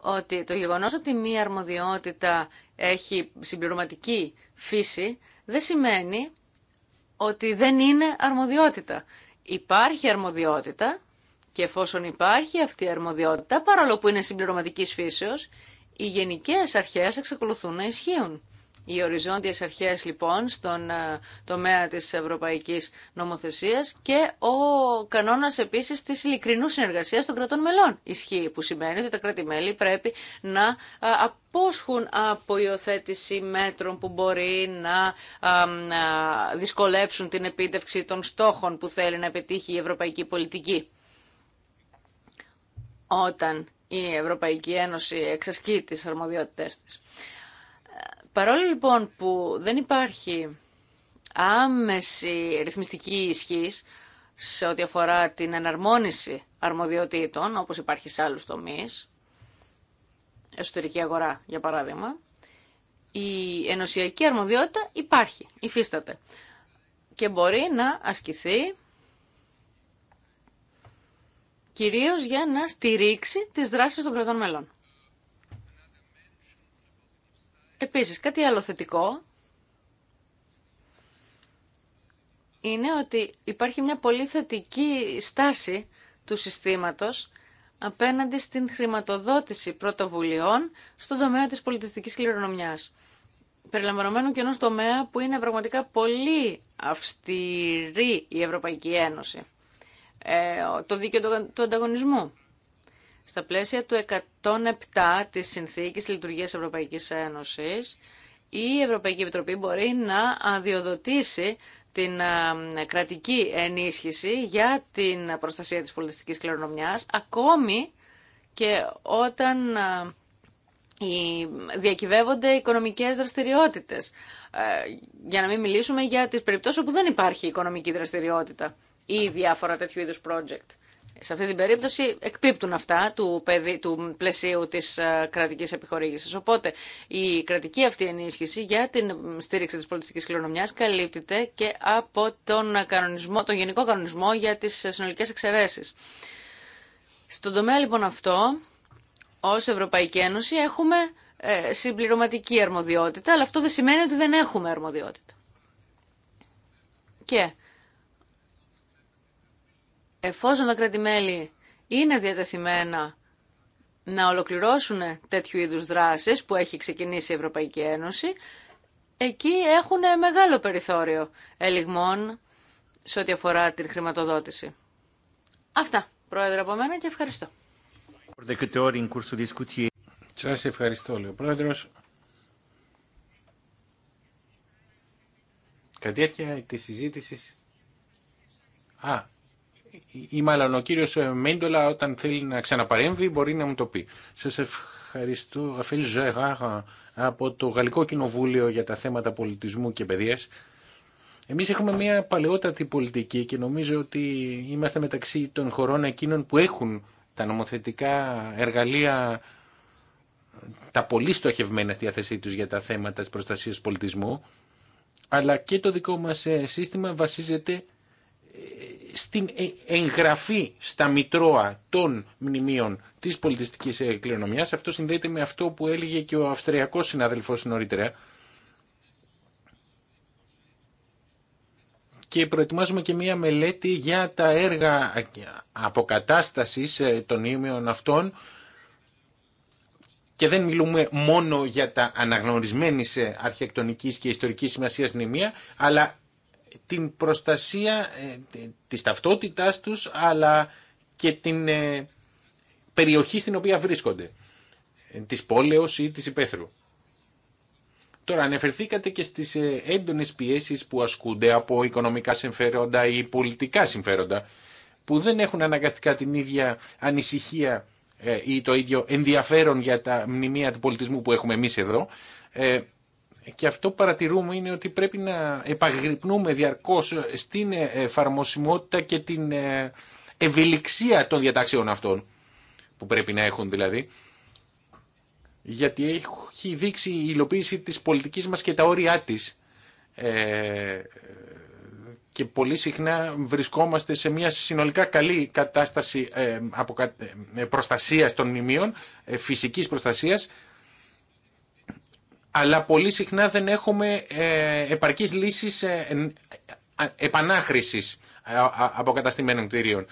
ότι το γεγονός ότι μία αρμοδιότητα έχει συμπληρωματική φύση δεν σημαίνει ότι δεν είναι αρμοδιότητα. Υπάρχει αρμοδιότητα και εφόσον υπάρχει αυτή η αρμοδιότητα, παρόλο που είναι συμπληρωματικής φύσεως, οι γενικές αρχές εξακολουθούν να ισχύουν. Οι οριζόντιες αρχές λοιπόν στον ε, τομέα της ευρωπαϊκής νομοθεσίας και ο κανόνας επίσης της ειλικρινού συνεργασίας των κρατών μελών ισχύει που σημαίνει ότι τα κράτη-μέλη πρέπει να ε, απόσχουν από υιοθέτηση μέτρων που μπορεί να ε, δυσκολέψουν την επίτευξη των στόχων που θέλει να επιτύχει η ευρωπαϊκή πολιτική. Όταν η Ευρωπαϊκή Ένωση εξασκεί τις αρμοδιότητές της. Παρόλο λοιπόν που δεν υπάρχει άμεση ρυθμιστική ισχύ σε ό,τι αφορά την εναρμόνιση αρμοδιοτήτων, όπως υπάρχει σε άλλους τομείς, εσωτερική αγορά για παράδειγμα, η ενωσιακή αρμοδιότητα υπάρχει, υφίσταται και μπορεί να ασκηθεί κυρίως για να στηρίξει τις δράσεις των κρατών μελών. Επίσης, κάτι άλλο θετικό είναι ότι υπάρχει μια πολύ θετική στάση του συστήματος απέναντι στην χρηματοδότηση πρωτοβουλειών στον τομέα της πολιτιστικής κληρονομιάς. Περιλαμβανομένου και ενός τομέα που είναι πραγματικά πολύ αυστηρή η Ευρωπαϊκή Ένωση. Ε, το δίκαιο του ανταγωνισμού στα πλαίσια του 107 της Συνθήκης Λειτουργίας Ευρωπαϊκής Ένωσης, η Ευρωπαϊκή Επιτροπή μπορεί να αδειοδοτήσει την κρατική ενίσχυση για την προστασία της πολιτιστικής κληρονομιάς, ακόμη και όταν διακυβεύονται οικονομικές δραστηριότητες. Ε, για να μην μιλήσουμε για τις περιπτώσεις όπου δεν υπάρχει οικονομική δραστηριότητα ή διάφορα τέτοιου είδους project σε αυτή την περίπτωση εκπίπτουν αυτά του, παιδι, του πλαισίου της ε, κρατικής επιχορήγηση. Οπότε η κρατική αυτή ενίσχυση για την στήριξη της πολιτιστική κληρονομιάς καλύπτεται και από τον, κανονισμό, τον γενικό κανονισμό για τις συνολικέ εξαιρεσει. Στον τομέα λοιπόν αυτό, ως Ευρωπαϊκή Ένωση έχουμε ε, συμπληρωματική αρμοδιότητα, αλλά αυτό δεν σημαίνει ότι δεν έχουμε αρμοδιότητα. Και εφόσον τα κρατημέλη είναι διατεθειμένα να ολοκληρώσουν τέτοιου είδους δράσεις που έχει ξεκινήσει η Ευρωπαϊκή Ένωση, εκεί έχουν μεγάλο περιθώριο ελιγμών σε ό,τι αφορά την χρηματοδότηση. Αυτά, Πρόεδρε, από μένα και ευχαριστώ. Σας ευχαριστώ, λέει ο Πρόεδρος. Κατ' της Α, ή μάλλον ο κύριο Μέντολα όταν θέλει να ξαναπαρέμβει μπορεί να μου το πει. Σα ευχαριστώ Ραφέλ Ζεγά από το Γαλλικό Κοινοβούλιο για τα θέματα πολιτισμού και παιδεία. Εμείς έχουμε μια παλαιότατη πολιτική και νομίζω ότι είμαστε μεταξύ των χωρών εκείνων που έχουν τα νομοθετικά εργαλεία τα πολύ στοχευμένα στη διάθεσή τους για τα θέματα της προστασίας πολιτισμού αλλά και το δικό μας ε, σύστημα βασίζεται ε, στην ε, εγγραφή στα μητρώα των μνημείων της πολιτιστικής κληρονομιάς. Αυτό συνδέεται με αυτό που έλεγε και ο αυστριακός συνάδελφος νωρίτερα. Και προετοιμάζουμε και μία μελέτη για τα έργα αποκατάστασης ε, των ήμιων αυτών και δεν μιλούμε μόνο για τα αναγνωρισμένη ε, αρχιεκτονικής και ιστορικής σημασίας νημεία, αλλά την προστασία ε, της ταυτότητάς τους αλλά και την ε, περιοχή στην οποία βρίσκονται, ε, της πόλεως ή της υπαίθρου. Τώρα ανεφερθήκατε και στις έντονες πιέσεις που ασκούνται από οικονομικά συμφέροντα ή πολιτικά συμφέροντα που δεν έχουν αναγκαστικά την ίδια ανησυχία ή το ίδιο ενδιαφέρον για τα μνημεία του πολιτισμού που έχουμε εμείς εδώ και αυτό που παρατηρούμε είναι ότι πρέπει να επαγρυπνούμε διαρκώς στην εφαρμοσιμότητα και την ε, ευελιξία των διατάξεων αυτών που πρέπει να έχουν δηλαδή γιατί έχει δείξει η υλοποίηση της πολιτικής μας και τα όρια της ε, και πολύ συχνά βρισκόμαστε σε μια συνολικά καλή κατάσταση ε, προστασίας των μνημείων, φυσικής προστασίας αλλά πολύ συχνά δεν έχουμε ε, επαρκείς λύσεις ε, επανάχρησης ε, αποκαταστημένων κτίριων.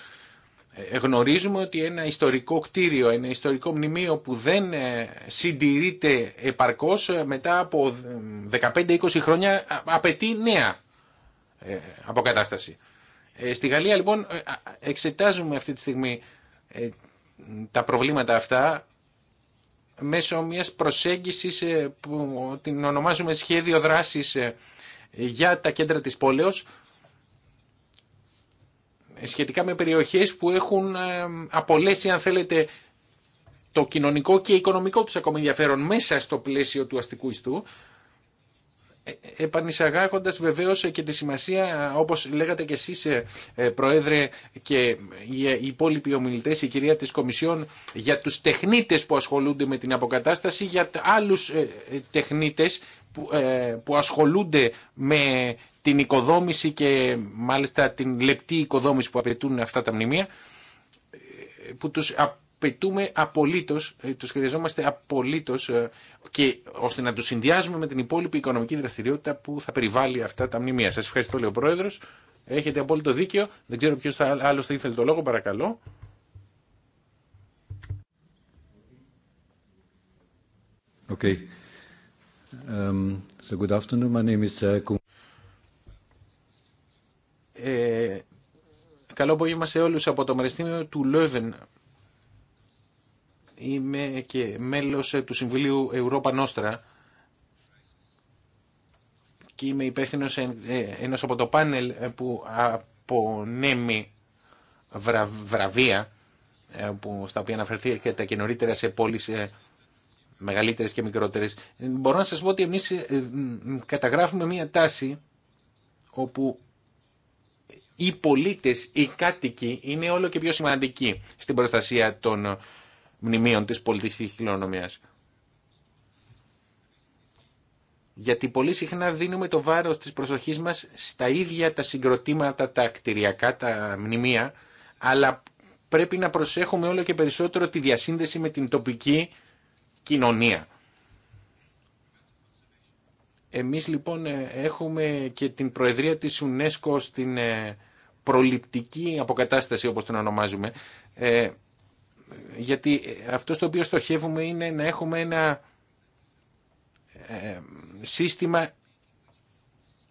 Γνωρίζουμε ότι ένα ιστορικό κτίριο, ένα ιστορικό μνημείο που δεν συντηρείται επαρκώς μετά από 15-20 χρόνια απαιτεί νέα αποκατάσταση. Στη Γαλλία λοιπόν εξετάζουμε αυτή τη στιγμή τα προβλήματα αυτά μέσω μιας προσέγγισης ε, που την ονομάζουμε σχέδιο δράσης ε, για τα κέντρα της πόλεως σχετικά με περιοχές που έχουν ε, απολέσει αν θέλετε το κοινωνικό και οικονομικό τους ακόμη ενδιαφέρον μέσα στο πλαίσιο του αστικού ιστού επανεισαγάγοντας βεβαίως και τη σημασία, όπως λέγατε και εσείς ε, ε, Πρόεδρε και ε, οι υπόλοιποι ομιλητές, η κυρία της Κομισιόν, για τους τεχνίτες που ασχολούνται με την αποκατάσταση, για άλλους τεχνίτες που ασχολούνται με την οικοδόμηση και μάλιστα την λεπτή οικοδόμηση που απαιτούν αυτά τα μνημεία, που τους απαιτούμε απολύτως, τους χρειαζόμαστε απολύτως και ώστε να του συνδυάζουμε με την υπόλοιπη οικονομική δραστηριότητα που θα περιβάλλει αυτά τα μνημεία. Σα ευχαριστώ, λέει ο Πρόεδρος. Έχετε απόλυτο δίκιο. Δεν ξέρω ποιο άλλο θα ήθελε το λόγο, παρακαλώ. Okay. Um, so good afternoon. name uh, ε, καλό απόγευμα σε όλους από το Μαριστήμιο του Λόβεν είμαι και μέλος ε, του Συμβουλίου Ευρώπα Νόστρα και είμαι υπεύθυνο ενό ε, από το πάνελ ε, που απονέμει βρα, βραβεία που, στα οποία αναφερθεί και νωρίτερα σε πόλεις μεγαλύτερες και μικρότερες. Μπορώ να σας πω ότι εμείς καταγράφουμε μία τάση όπου οι πολίτες, οι κάτοικοι είναι όλο και πιο σημαντικοί στην προστασία των μνημείων της πολιτιστικής κληρονομιάς. Γιατί πολύ συχνά δίνουμε το βάρος της προσοχής μας στα ίδια τα συγκροτήματα, τα κτηριακά, τα μνημεία, αλλά πρέπει να προσέχουμε όλο και περισσότερο τη διασύνδεση με την τοπική κοινωνία. Εμείς λοιπόν ε, έχουμε και την Προεδρία της UNESCO στην ε, προληπτική αποκατάσταση όπως την ονομάζουμε ε, γιατί αυτό στο οποίο στοχεύουμε είναι να έχουμε ένα ε, σύστημα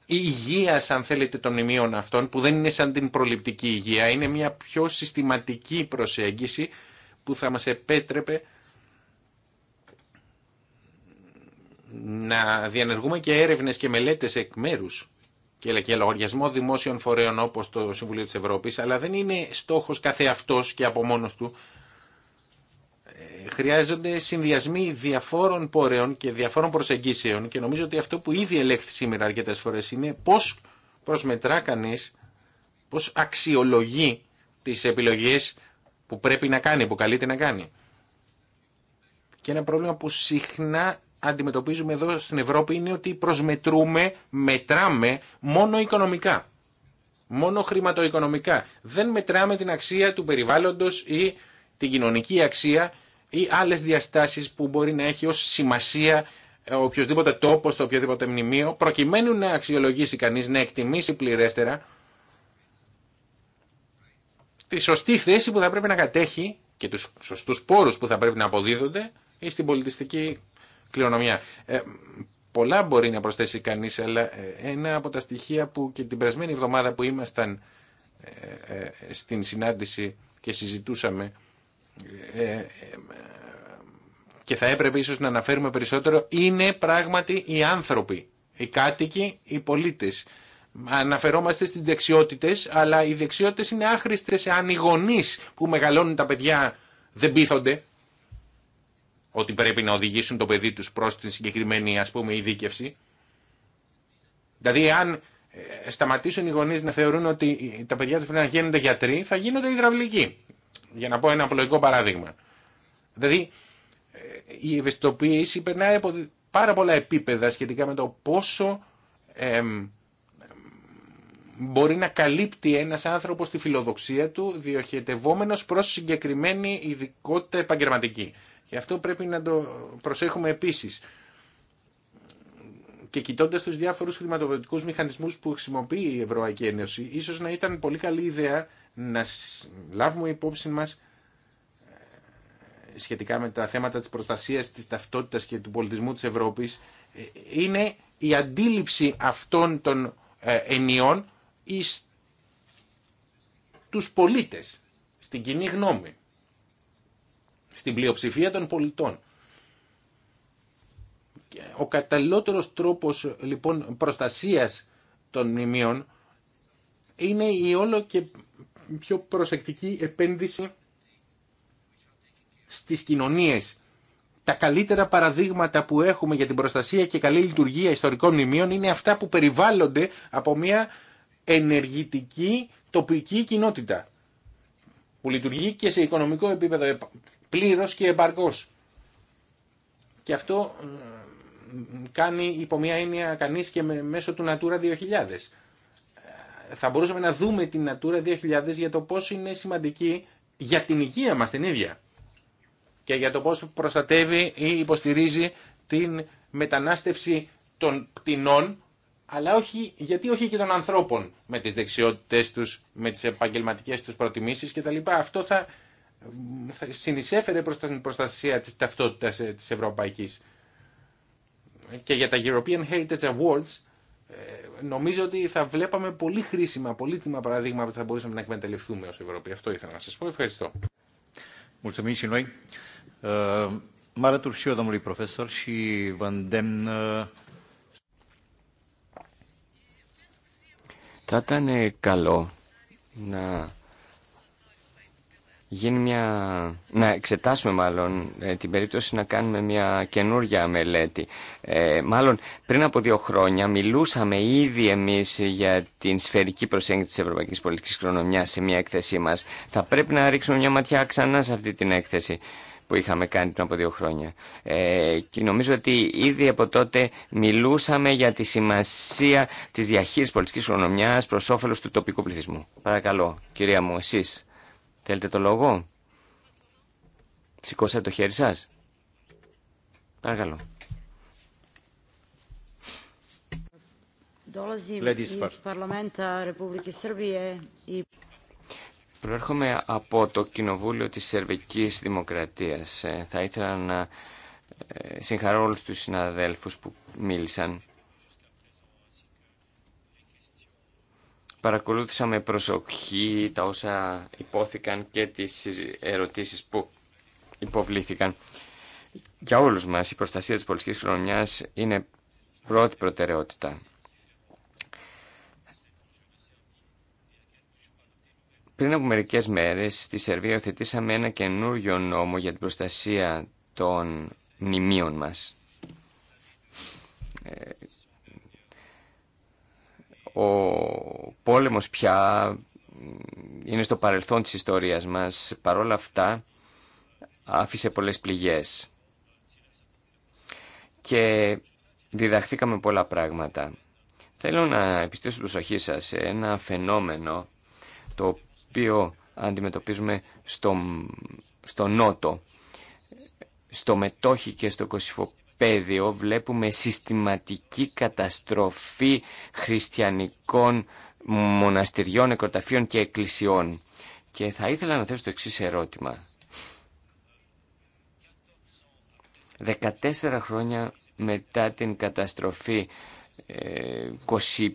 υγείας αν θέλετε των μνημείων αυτών που δεν είναι σαν την προληπτική υγεία είναι μια πιο συστηματική προσέγγιση που θα μας επέτρεπε να διανεργούμε και έρευνες και μελέτες εκ μέρους και, και λογαριασμό δημόσιων φορέων όπως το Συμβουλίο της Ευρώπης αλλά δεν είναι στόχος καθεαυτός και από μόνος του χρειάζονται συνδυασμοί διαφόρων πόρεων και διαφόρων προσεγγίσεων και νομίζω ότι αυτό που ήδη ελέγχθη σήμερα αρκετέ φορές είναι πώς προσμετρά κανείς, πώς αξιολογεί τις επιλογές που πρέπει να κάνει, που καλείται να κάνει. Και ένα πρόβλημα που συχνά αντιμετωπίζουμε εδώ στην Ευρώπη είναι ότι προσμετρούμε, μετράμε μόνο οικονομικά. Μόνο χρηματοοικονομικά. Δεν μετράμε την αξία του περιβάλλοντος ή την κοινωνική αξία ή άλλες διαστάσεις που μπορεί να έχει ως σημασία ε, οποιοδήποτε τόπος, το οποιοδήποτε μνημείο, προκειμένου να αξιολογήσει κανείς, να εκτιμήσει πληρέστερα τη σωστή θέση που θα πρέπει να κατέχει και τους σωστούς πόρους που θα πρέπει να αποδίδονται ή στην πολιτιστική κληρονομιά. Ε, πολλά μπορεί να προσθέσει κανείς, αλλά ε, ένα από τα στοιχεία που και την περασμένη εβδομάδα που ήμασταν στην συνάντηση και συζητούσαμε ε, ε, και θα έπρεπε ίσως να αναφέρουμε περισσότερο, είναι πράγματι οι άνθρωποι, οι κάτοικοι, οι πολίτες. Αναφερόμαστε στις δεξιότητες, αλλά οι δεξιότητες είναι άχρηστες αν οι γονείς που μεγαλώνουν τα παιδιά δεν πείθονται ότι πρέπει να οδηγήσουν το παιδί τους προς την συγκεκριμένη ας πούμε ειδίκευση. Δηλαδή αν ε, σταματήσουν οι γονείς να θεωρούν ότι τα παιδιά τους πρέπει να γίνονται γιατροί, θα γίνονται υδραυλικοί. Για να πω ένα απλοϊκό παράδειγμα. Δηλαδή, ε, η ευαισθητοποίηση περνάει από πάρα πολλά επίπεδα σχετικά με το πόσο μπορεί να καλύπτει ένας άνθρωπος τη φιλοδοξία του διοχετευόμενος προς συγκεκριμένη ειδικότητα επαγγελματική. Και αυτό πρέπει να το προσέχουμε επίσης. Και κοιτώντα του διάφορου χρηματοδοτικού μηχανισμού που χρησιμοποιεί η Ευρωπαϊκή Ένωση, ίσω να ήταν πολύ καλή ιδέα να λάβουμε υπόψη μας ε, σχετικά με τα θέματα της προστασίας της ταυτότητας και του πολιτισμού της Ευρώπης ε, είναι η αντίληψη αυτών των ε, ενιών εις τους πολίτες, στην κοινή γνώμη, στην πλειοψηφία των πολιτών. Ο καταλληλότερος τρόπος λοιπόν προστασίας των μνημείων είναι η όλο και πιο προσεκτική επένδυση στις κοινωνίες. Τα καλύτερα παραδείγματα που έχουμε για την προστασία και καλή λειτουργία ιστορικών μνημείων είναι αυτά που περιβάλλονται από μια ενεργητική τοπική κοινότητα που λειτουργεί και σε οικονομικό επίπεδο πλήρως και επαρκώς. Και αυτό ε, κάνει υπό μια έννοια κανείς και μέσω του Natura 2000 θα μπορούσαμε να δούμε την Natura 2000 για το πόσο είναι σημαντική για την υγεία μας την ίδια και για το πόσο προστατεύει ή υποστηρίζει την μετανάστευση των πτηνών αλλά όχι, γιατί όχι και των ανθρώπων με τις δεξιότητες τους, με τις επαγγελματικές τους προτιμήσεις κτλ. Αυτό θα, θα συνεισέφερε προς την προστασία της ταυτότητας ε, της Ευρωπαϊκής. Και για τα European Heritage Awards ε, νομίζω ότι θα βλέπαμε πολύ χρήσιμα, πολύτιμα παραδείγματα που θα μπορούσαμε να εκμεταλλευτούμε ως Ευρώπη. Αυτό ήθελα να σας πω. Ευχαριστώ. Ε, ε, θα ήταν καλό να γίνει μια... να εξετάσουμε μάλλον ε, την περίπτωση να κάνουμε μια καινούργια μελέτη. Ε, μάλλον πριν από δύο χρόνια μιλούσαμε ήδη εμείς για την σφαιρική προσέγγιση της Ευρωπαϊκής Πολιτικής Κληρονομιάς σε μια έκθεσή μας. Θα πρέπει να ρίξουμε μια ματιά ξανά σε αυτή την έκθεση που είχαμε κάνει πριν από δύο χρόνια. Ε, και νομίζω ότι ήδη από τότε μιλούσαμε για τη σημασία της διαχείρισης πολιτικής κληρονομιάς προς όφελος του τοπικού πληθυσμού. Παρακαλώ, κυρία μου, εσείς. Θέλετε το λόγο. Σηκώσατε το χέρι σας. Παρακαλώ. Uh, Προέρχομαι από το Κοινοβούλιο της Σερβικής Δημοκρατίας. Ε, θα ήθελα να ε, συγχαρώ όλους τους συναδέλφους που μίλησαν Παρακολούθησα με προσοχή τα όσα υπόθηκαν και τις ερωτήσεις που υποβλήθηκαν. Για όλους μας η προστασία της πολιτικής χρονιάς είναι πρώτη προτεραιότητα. Πριν από μερικές μέρες στη Σερβία οθετήσαμε ένα καινούριο νόμο για την προστασία των μνημείων μας. Ε, ο πόλεμος πια είναι στο παρελθόν της ιστορίας μας. Παρόλα αυτά άφησε πολλές πληγές. Και διδαχθήκαμε πολλά πράγματα. Θέλω να επιστήσω τους προσοχή σας σε ένα φαινόμενο το οποίο αντιμετωπίζουμε στο, στο Νότο, στο Μετόχι και στο Κωσυφοπέδιο πεδίο βλέπουμε συστηματική καταστροφή χριστιανικών μοναστηριών, εκροταφείων και εκκλησιών. Και θα ήθελα να θέσω το εξής ερώτημα. 14 χρόνια μετά την καταστροφή 25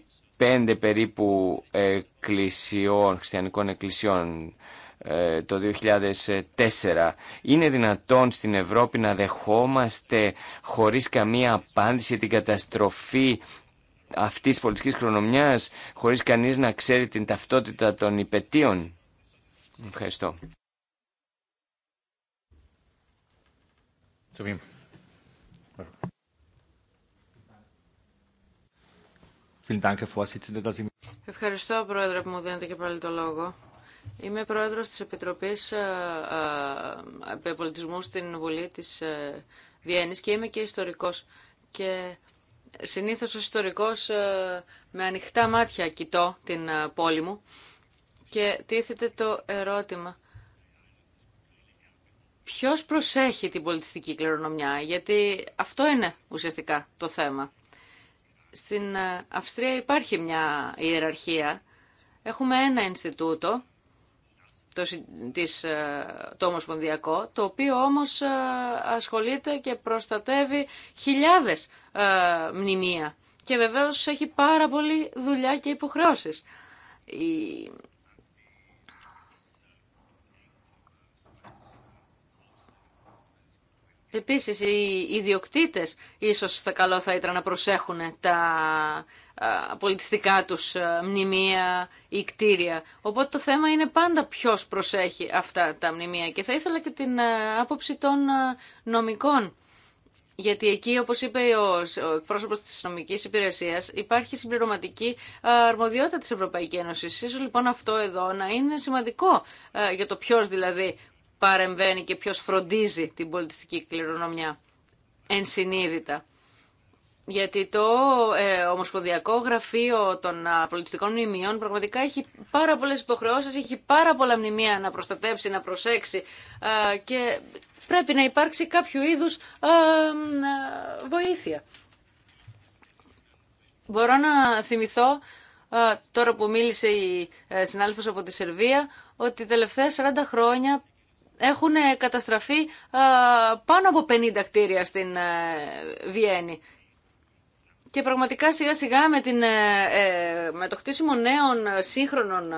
ε, περίπου εκκλησιών, χριστιανικών εκκλησιών ε, το 2004. Είναι δυνατόν στην Ευρώπη να δεχόμαστε χωρίς καμία απάντηση την καταστροφή αυτής της πολιτικής χρονομιάς, χωρίς κανείς να ξέρει την ταυτότητα των υπετίων. Ευχαριστώ. Ευχαριστώ, Πρόεδρε, που μου δίνετε και πάλι το λόγο. Είμαι πρόεδρος της Επιτροπής ε, ε, Πολιτισμού στην Βουλή της ε, Βιέννης και είμαι και ιστορικός. Και συνήθως ως ιστορικός με ανοιχτά μάτια κοιτώ την πόλη μου και τίθεται το ερώτημα ποιος προσέχει την πολιτιστική κληρονομιά, γιατί αυτό είναι ουσιαστικά το θέμα. Στην Αυστρία υπάρχει μια ιεραρχία. Έχουμε ένα Ινστιτούτο το, της, ε, το Ομοσπονδιακό, το οποίο όμως ε, ασχολείται και προστατεύει χιλιάδες ε, μνημεία. Και βεβαίως έχει πάρα πολλή δουλειά και υποχρεώσεις. Επίσης, οι ιδιοκτήτες ίσως θα καλό θα ήταν να προσέχουν τα πολιτιστικά τους μνημεία ή κτίρια. Οπότε το θέμα είναι πάντα ποιος προσέχει αυτά τα μνημεία. Και θα ήθελα και την άποψη των νομικών. Γιατί εκεί, όπως είπε ο εκπρόσωπος της νομικής υπηρεσίας, υπάρχει συμπληρωματική αρμοδιότητα της Ευρωπαϊκής Ένωσης. Ίσως λοιπόν αυτό εδώ να είναι σημαντικό για το ποιος δηλαδή παρεμβαίνει και ποιος φροντίζει την πολιτιστική κληρονομιά ενσυνείδητα. Γιατί το ε, Ομοσπονδιακό Γραφείο των α, Πολιτιστικών Μνημείων πραγματικά έχει πάρα πολλές υποχρεώσεις, έχει πάρα πολλά μνημεία να προστατέψει, να προσέξει και πρέπει να υπάρξει κάποιο είδους βοήθεια. Μπορώ να θυμηθώ, τώρα που μίλησε η ε, συνάδελφος από τη Σερβία, ότι τελευταία 40 χρόνια έχουν ε, καταστραφεί ε, πάνω από 50 κτίρια στην ε, Βιέννη. Και πραγματικά σιγά σιγά με, την, με το χτίσιμο νέων σύγχρονων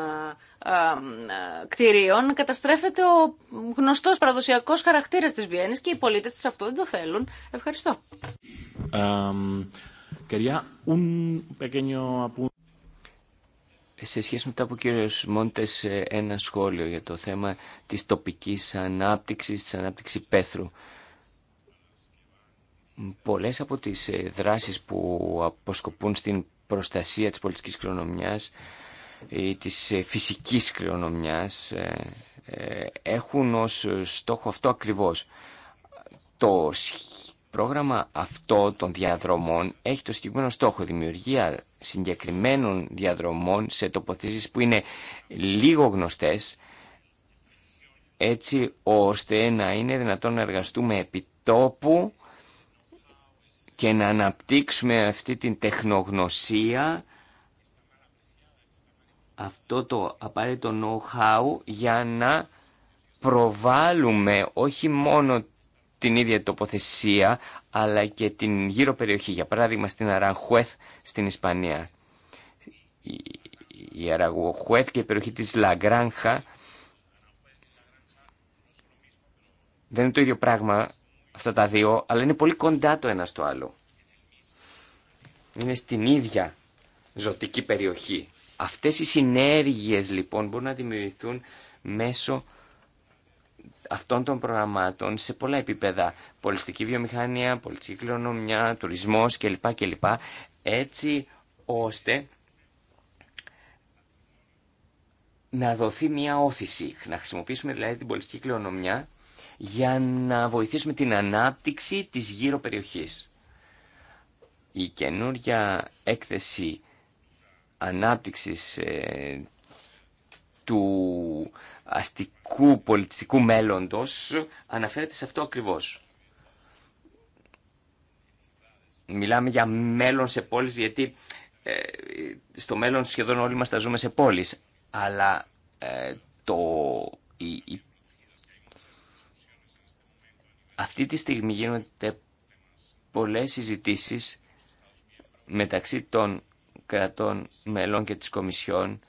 κτηρίων καταστρέφεται ο γνωστός παραδοσιακός χαρακτήρας της Βιέννης και οι πολίτες της αυτό δεν το θέλουν. Ευχαριστώ. Um, σε σχέση με τα που κύριος Μόντες ε, ένα σχόλιο για το θέμα της τοπικής ανάπτυξης, της ανάπτυξης πέθρου. Πολλές από τις ε, δράσεις που αποσκοπούν στην προστασία της πολιτικής κληρονομιάς ή της ε, φυσικής κληρονομιάς έχουν ως στόχο αυτό ακριβώς. Το πρόγραμμα αυτό των διαδρομών έχει το συγκεκριμένο στόχο δημιουργία συγκεκριμένων διαδρομών σε τοποθεσίες που είναι λίγο γνωστές έτσι ώστε να είναι δυνατόν να εργαστούμε επί τόπου και να αναπτύξουμε αυτή την τεχνογνωσία αυτό το απαραίτητο know-how για να προβάλλουμε όχι μόνο την ίδια τοποθεσία αλλά και την γύρω περιοχή. Για παράδειγμα στην Αραγχουέθ στην Ισπανία. Η Αραγχουέθ και η περιοχή της Λαγκράνχα δεν είναι το ίδιο πράγμα αυτά τα δύο, αλλά είναι πολύ κοντά το ένα στο άλλο. Είναι στην ίδια ζωτική περιοχή. Αυτές οι συνέργειες λοιπόν μπορούν να δημιουργηθούν μέσω αυτών των προγραμμάτων σε πολλά επίπεδα. Πολιστική βιομηχανία, πολιτική κληρονομιά, τουρισμός κλπ. κλπ. Έτσι ώστε να δοθεί μια όθηση, να χρησιμοποιήσουμε δηλαδή την πολιτική κληρονομιά για να βοηθήσουμε την ανάπτυξη της γύρω περιοχής. Η καινούρια έκθεση ανάπτυξης ε, του αστικού πολιτιστικού μέλλοντος αναφέρεται σε αυτό ακριβώς. Μιλάμε για μέλλον σε πόλεις γιατί ε, στο μέλλον σχεδόν όλοι μας τα ζούμε σε πόλεις. Αλλά ε, το, αυτή τη στιγμή γίνονται πολλές συζητήσεις μεταξύ των κρατών μελών και της Κομισιόν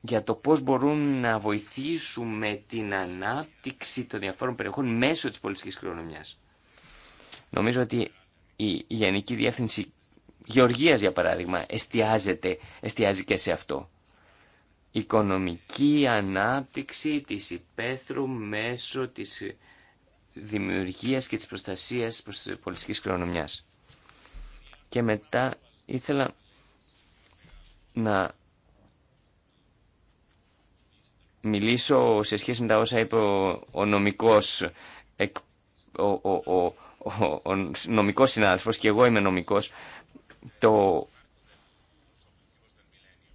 για το πώς μπορούν να βοηθήσουμε την ανάπτυξη των διαφόρων περιοχών μέσω της πολιτικής κληρονομιάς. Νομίζω ότι η Γενική Διεύθυνση Γεωργίας, για παράδειγμα, εστιάζεται, εστιάζει και σε αυτό. Οικονομική ανάπτυξη της υπαίθρου μέσω της δημιουργίας και της προστασίας προς της πολιτικής κληρονομιάς. Και μετά ήθελα να μιλήσω σε σχέση με τα όσα είπε ο, ο νομικός ο, ο, ο, νομικός συνάδελφος και εγώ είμαι νομικός το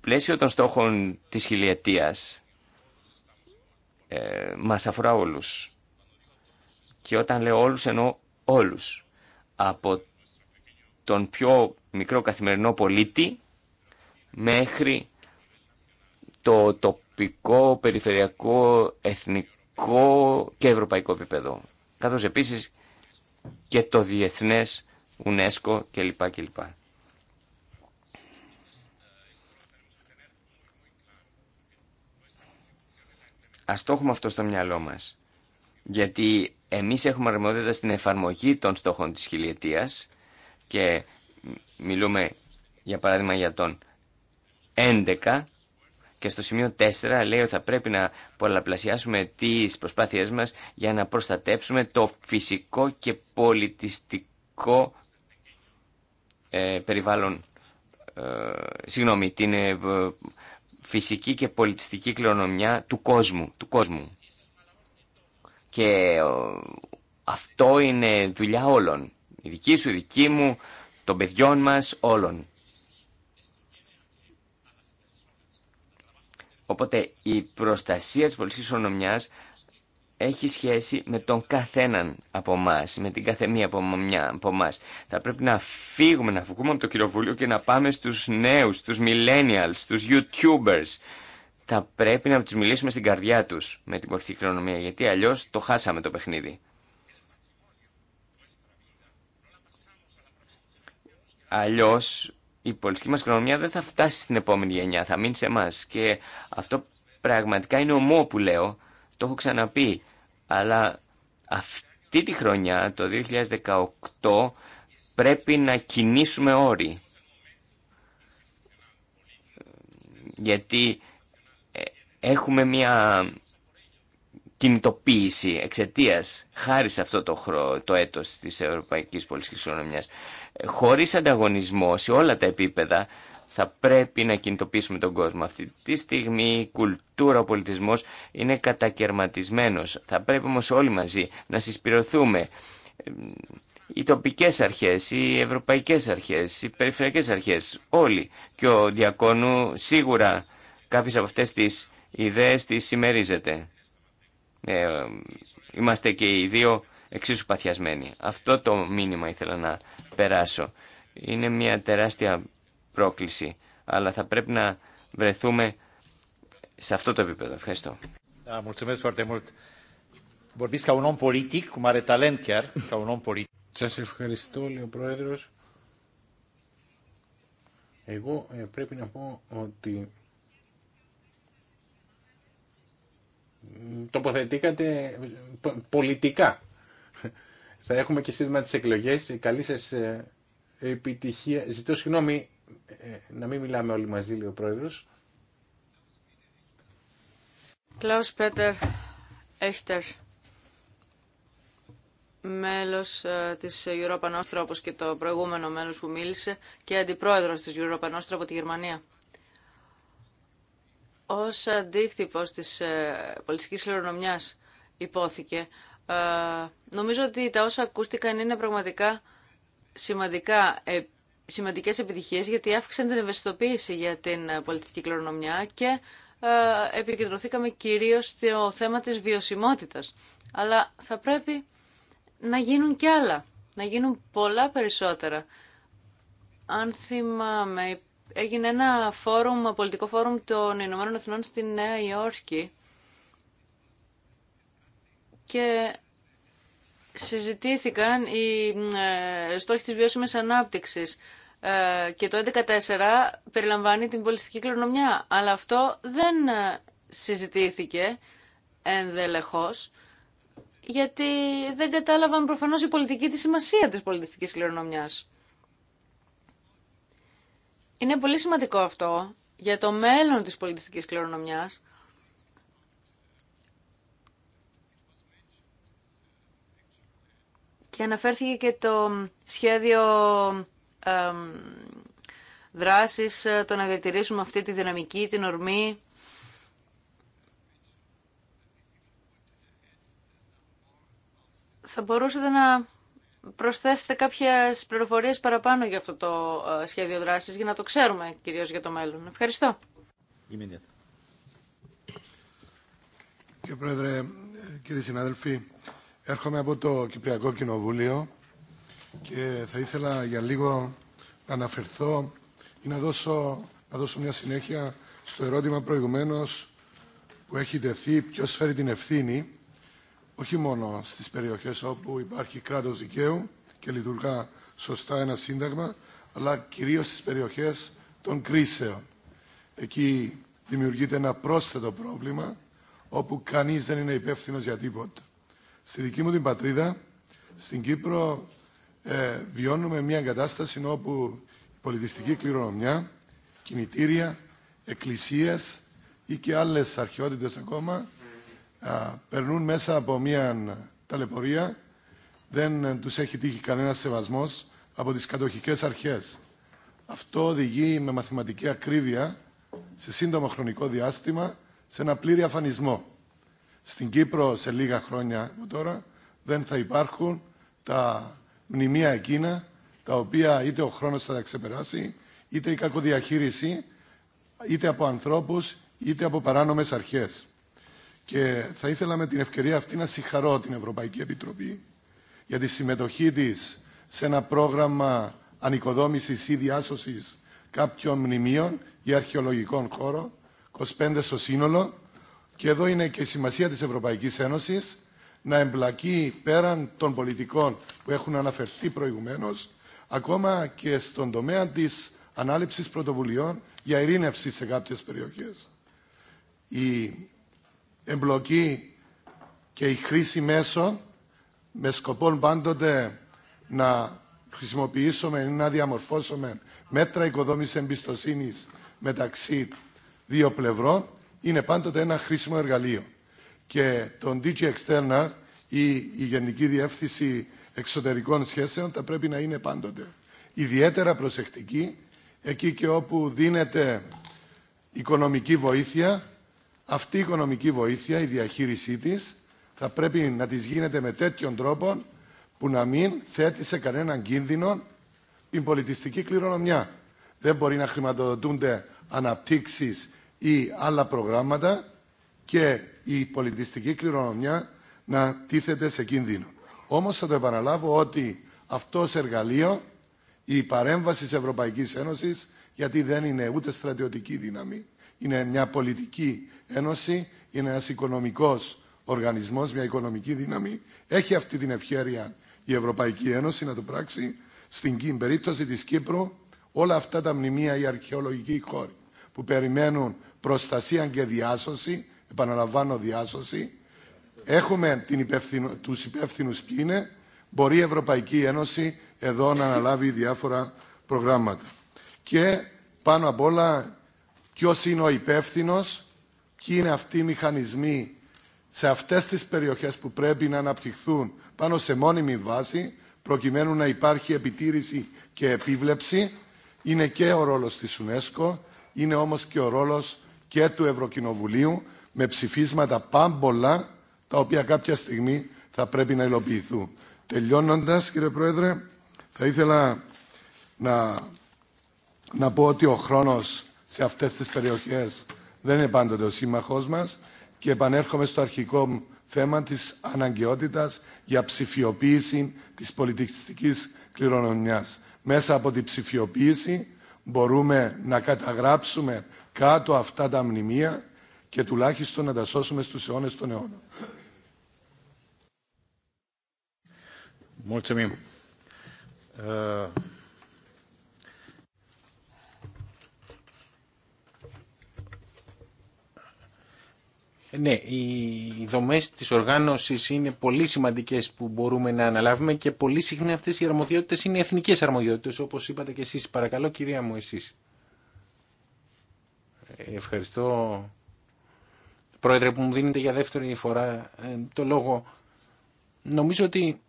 πλαίσιο των στόχων της χιλιετίας ε, μας αφορά όλους και όταν λέω όλους εννοώ όλους από τον πιο μικρό καθημερινό πολίτη μέχρι το, το τοπικό, περιφερειακό, εθνικό και ευρωπαϊκό επίπεδο. Καθώς επίσης και το διεθνές UNESCO κλπ. κλπ. Ας το έχουμε αυτό στο μυαλό μας. Γιατί εμείς έχουμε αρμοδιότητα στην εφαρμογή των στόχων της χιλιετίας και μιλούμε για παράδειγμα για τον 11 και στο σημείο 4 λέει ότι θα πρέπει να πολλαπλασιάσουμε τις προσπάθειές μας για να προστατέψουμε το φυσικό και πολιτιστικό ε, περιβάλλον. Ε, συγγνώμη, την ε, φυσική και πολιτιστική κληρονομιά του κόσμου. Του κόσμου. Και ε, αυτό είναι δουλειά όλων. Η δική σου, η δική μου, των παιδιών μας, όλων. Οπότε η προστασία της πολιτικής ισονομιάς έχει σχέση με τον καθέναν από εμά, με την καθεμία από, μια, Θα πρέπει να φύγουμε, να βγούμε από το κοινοβούλιο και να πάμε στους νέους, στους millennials, στου youtubers. Θα πρέπει να τους μιλήσουμε στην καρδιά τους με την πολιτική χρονομία γιατί αλλιώς το χάσαμε το παιχνίδι. Αλλιώς η πολιτική μας κληρονομιά δεν θα φτάσει στην επόμενη γενιά, θα μείνει σε εμά. Και αυτό πραγματικά είναι ομό που λέω, το έχω ξαναπεί, αλλά αυτή τη χρονιά, το 2018, πρέπει να κινήσουμε όροι. Γιατί ε, έχουμε μια κινητοποίηση εξαιτία χάρη σε αυτό το, χρόνο, το έτος της Ευρωπαϊκής Πολιτικής Οικονομίας χωρίς ανταγωνισμό σε όλα τα επίπεδα θα πρέπει να κινητοποιήσουμε τον κόσμο. Αυτή τη στιγμή η κουλτούρα, ο πολιτισμός είναι κατακαιρματισμένος. Θα πρέπει όμως όλοι μαζί να συσπηρωθούμε. Ε, οι τοπικές αρχές, οι ευρωπαϊκές αρχές, οι περιφερειακές αρχές, όλοι. Και ο Διακόνου σίγουρα κάποιες από αυτές τις ιδέες τις συμμερίζεται. Ε, ε, είμαστε και οι δύο εξίσου παθιασμένοι. Αυτό το μήνυμα ήθελα να περάσω. Είναι μια τεράστια πρόκληση, αλλά θα πρέπει να βρεθούμε σε αυτό το επίπεδο. Ευχαριστώ. Σα ευχαριστώ, λέει ο Πρόεδρο. Εγώ ε, πρέπει να πω ότι τοποθετήκατε πολιτικά θα έχουμε και σύντομα τις εκλογές. Καλή σα ε, επιτυχία. Ζητώ συγγνώμη ε, να μην μιλάμε όλοι μαζί, λέει ο Πρόεδρος. Κλάου Πέτερ Έχτερ, μέλος ε, της Europa και το προηγούμενο μέλος που μίλησε, και αντιπρόεδρος της Europa από τη Γερμανία. Ως αντίκτυπος της πολιτικής κληρονομιάς υπόθηκε ε, νομίζω ότι τα όσα ακούστηκαν είναι πραγματικά σημαντικά, ε, σημαντικές επιτυχίες γιατί αύξησαν την ευαισθητοποίηση για την ε, πολιτική κληρονομιά και ε, επικεντρωθήκαμε κυρίως στο θέμα της βιωσιμότητας. Αλλά θα πρέπει να γίνουν κι άλλα, να γίνουν πολλά περισσότερα. Αν θυμάμαι, έγινε ένα φόρουμ, πολιτικό φόρουμ των Ηνωμένων Εθνών στη Νέα Υόρκη και συζητήθηκαν οι ε, στόχοι της βιώσιμης ανάπτυξης ε, και το 11.4 περιλαμβάνει την πολιτιστική κληρονομιά, αλλά αυτό δεν ε, συζητήθηκε ενδελεχώς γιατί δεν κατάλαβαν προφανώς η πολιτική τη σημασία της πολιτιστικής κληρονομιάς. Είναι πολύ σημαντικό αυτό για το μέλλον της πολιτιστικής κληρονομιάς Και αναφέρθηκε και το σχέδιο ε, δράσης, το να διατηρήσουμε αυτή τη δυναμική, την ορμή. Θα μπορούσατε να προσθέσετε κάποιες πληροφορίες παραπάνω για αυτό το ε, σχέδιο δράσης, για να το ξέρουμε κυρίως για το μέλλον. Ευχαριστώ. Κύριε Πρόεδρε, κύριοι συνάδελφοι, Έρχομαι από το Κυπριακό Κοινοβούλιο και θα ήθελα για λίγο να αναφερθώ ή να δώσω, μια συνέχεια στο ερώτημα προηγουμένως που έχει τεθεί ποιος φέρει την ευθύνη όχι μόνο στις περιοχές όπου υπάρχει κράτος δικαίου και λειτουργά σωστά ένα σύνταγμα αλλά κυρίως στις περιοχές των κρίσεων. Εκεί δημιουργείται ένα πρόσθετο πρόβλημα όπου κανείς δεν είναι υπεύθυνο για τίποτα. Στη δική μου την πατρίδα, στην Κύπρο, ε, βιώνουμε μια κατάσταση όπου η πολιτιστική κληρονομιά, κινητήρια, εκκλησίες ή και άλλες αρχαιότητες ακόμα περνούν μέσα από μια ταλαιπωρία, δεν ε, τους έχει τύχει κανένας σεβασμός από τις κατοχικές αρχές. Αυτό οδηγεί με μαθηματική ακρίβεια σε σύντομο χρονικό διάστημα σε ένα πλήρη αφανισμό στην Κύπρο σε λίγα χρόνια από τώρα δεν θα υπάρχουν τα μνημεία εκείνα τα οποία είτε ο χρόνος θα τα ξεπεράσει είτε η κακοδιαχείριση είτε από ανθρώπους είτε από παράνομες αρχές. Και θα ήθελα με την ευκαιρία αυτή να συγχαρώ την Ευρωπαϊκή Επιτροπή για τη συμμετοχή της σε ένα πρόγραμμα ανοικοδόμησης ή διάσωσης κάποιων μνημείων ή αρχαιολογικών χώρων, 25 στο σύνολο, και εδώ είναι και η σημασία της Ευρωπαϊκής Ένωσης να εμπλακεί πέραν των πολιτικών που έχουν αναφερθεί προηγουμένως ακόμα και στον τομέα της ανάληψης πρωτοβουλειών για ειρήνευση σε κάποιες περιοχές. Η εμπλοκή και η χρήση μέσων με σκοπό πάντοτε να χρησιμοποιήσουμε ή να διαμορφώσουμε μέτρα οικοδόμησης εμπιστοσύνης μεταξύ δύο πλευρών είναι πάντοτε ένα χρήσιμο εργαλείο. Και τον DG External ή η Γενική Διεύθυνση Εξωτερικών Σχέσεων θα πρέπει να είναι πάντοτε ιδιαίτερα προσεκτική εκεί και όπου δίνεται οικονομική βοήθεια αυτή η οικονομική βοήθεια, η διαχείρισή της θα πρέπει να της γίνεται με τέτοιον τρόπο που να μην θέτει σε κανέναν κίνδυνο την πολιτιστική κληρονομιά. Δεν μπορεί να χρηματοδοτούνται αναπτύξεις ή άλλα προγράμματα και η πολιτιστική κληρονομιά να τίθεται σε κίνδυνο. Όμως θα το επαναλάβω ότι αυτό ως εργαλείο η παρέμβαση της Ευρωπαϊκής Ένωσης γιατί δεν είναι ούτε στρατιωτική δύναμη, είναι μια πολιτική ένωση, είναι ένας οικονομικός οργανισμός, μια οικονομική δύναμη. Έχει αυτή την ευχαίρεια η Ευρωπαϊκή Ένωση να το πράξει. Στην περίπτωση της Κύπρου όλα αυτά τα μνημεία οι αρχαιολογικοί χώροι που περιμένουν προστασία και διάσωση, επαναλαμβάνω διάσωση, έχουμε την υπεύθυνο, τους υπεύθυνους ποιοι είναι, μπορεί η Ευρωπαϊκή Ένωση εδώ να αναλάβει διάφορα προγράμματα. Και πάνω απ' όλα ποιο είναι ο υπεύθυνο, ποιοι είναι αυτοί οι μηχανισμοί σε αυτές τις περιοχές που πρέπει να αναπτυχθούν πάνω σε μόνιμη βάση, προκειμένου να υπάρχει επιτήρηση και επίβλεψη, είναι και ο ρόλος της UNESCO, είναι όμως και ο ρόλος και του Ευρωκοινοβουλίου με ψηφίσματα πάμπολα τα οποία κάποια στιγμή θα πρέπει να υλοποιηθούν. Τελειώνοντας, κύριε Πρόεδρε, θα ήθελα να, να πω ότι ο χρόνος σε αυτές τις περιοχές δεν είναι πάντοτε ο σύμμαχός μας και επανέρχομαι στο αρχικό θέμα της αναγκαιότητας για ψηφιοποίηση της πολιτιστικής κληρονομιάς. Μέσα από την ψηφιοποίηση μπορούμε να καταγράψουμε κάτω αυτά τα μνημεία και τουλάχιστον να τα σώσουμε στους αιώνες των αιώνων. Ναι, οι δομές της οργάνωσης είναι πολύ σημαντικές που μπορούμε να αναλάβουμε και πολύ συχνά αυτές οι αρμοδιότητες είναι εθνικές αρμοδιότητες, όπως είπατε και εσείς. Παρακαλώ, κυρία μου, εσείς. Ευχαριστώ, Πρόεδρε, που μου δίνετε για δεύτερη φορά ε, το λόγο. Νομίζω ότι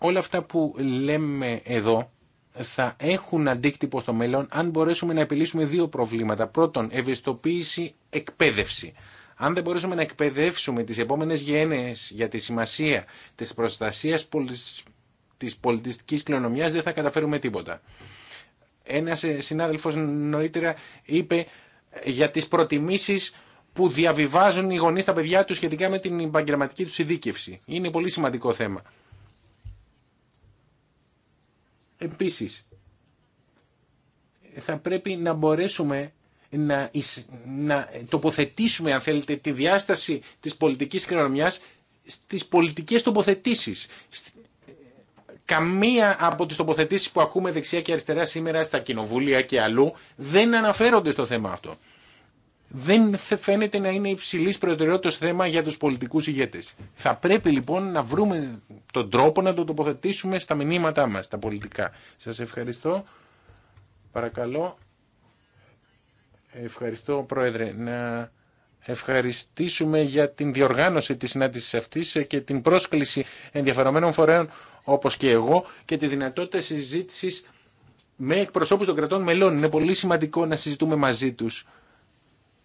όλα αυτά που λέμε εδώ θα έχουν αντίκτυπο στο μέλλον αν μπορέσουμε να επιλύσουμε δύο προβλήματα. Πρώτον, ευαισθητοποίηση, εκπαίδευση. Αν δεν μπορέσουμε να εκπαιδεύσουμε τις επόμενες γέννες για τη σημασία της προστασίας της πολιτιστικής κληρονομιάς, δεν θα καταφέρουμε τίποτα. Ένας ε, συνάδελφος νωρίτερα είπε ε, για τις προτιμήσεις που διαβιβάζουν οι γονείς στα παιδιά τους σχετικά με την επαγγελματική τους ειδίκευση. Είναι πολύ σημαντικό θέμα. Επίσης, θα πρέπει να μπορέσουμε να, να τοποθετήσουμε, αν θέλετε, τη διάσταση της πολιτικής κληρονομιάς στις πολιτικές τοποθετήσεις. Καμία από τις τοποθετήσεις που ακούμε δεξιά και αριστερά σήμερα στα κοινοβούλια και αλλού δεν αναφέρονται στο θέμα αυτό δεν φαίνεται να είναι υψηλής προτεραιότητας θέμα για τους πολιτικούς ηγέτε. Θα πρέπει λοιπόν να βρούμε τον τρόπο να το τοποθετήσουμε στα μηνύματά μας, τα πολιτικά. Σας ευχαριστώ. Παρακαλώ. Ευχαριστώ Πρόεδρε να ευχαριστήσουμε για την διοργάνωση της συνάντησης αυτής και την πρόσκληση ενδιαφερομένων φορέων όπως και εγώ και τη δυνατότητα συζήτησης με εκπροσώπους των κρατών μελών. Είναι πολύ σημαντικό να συζητούμε μαζί τους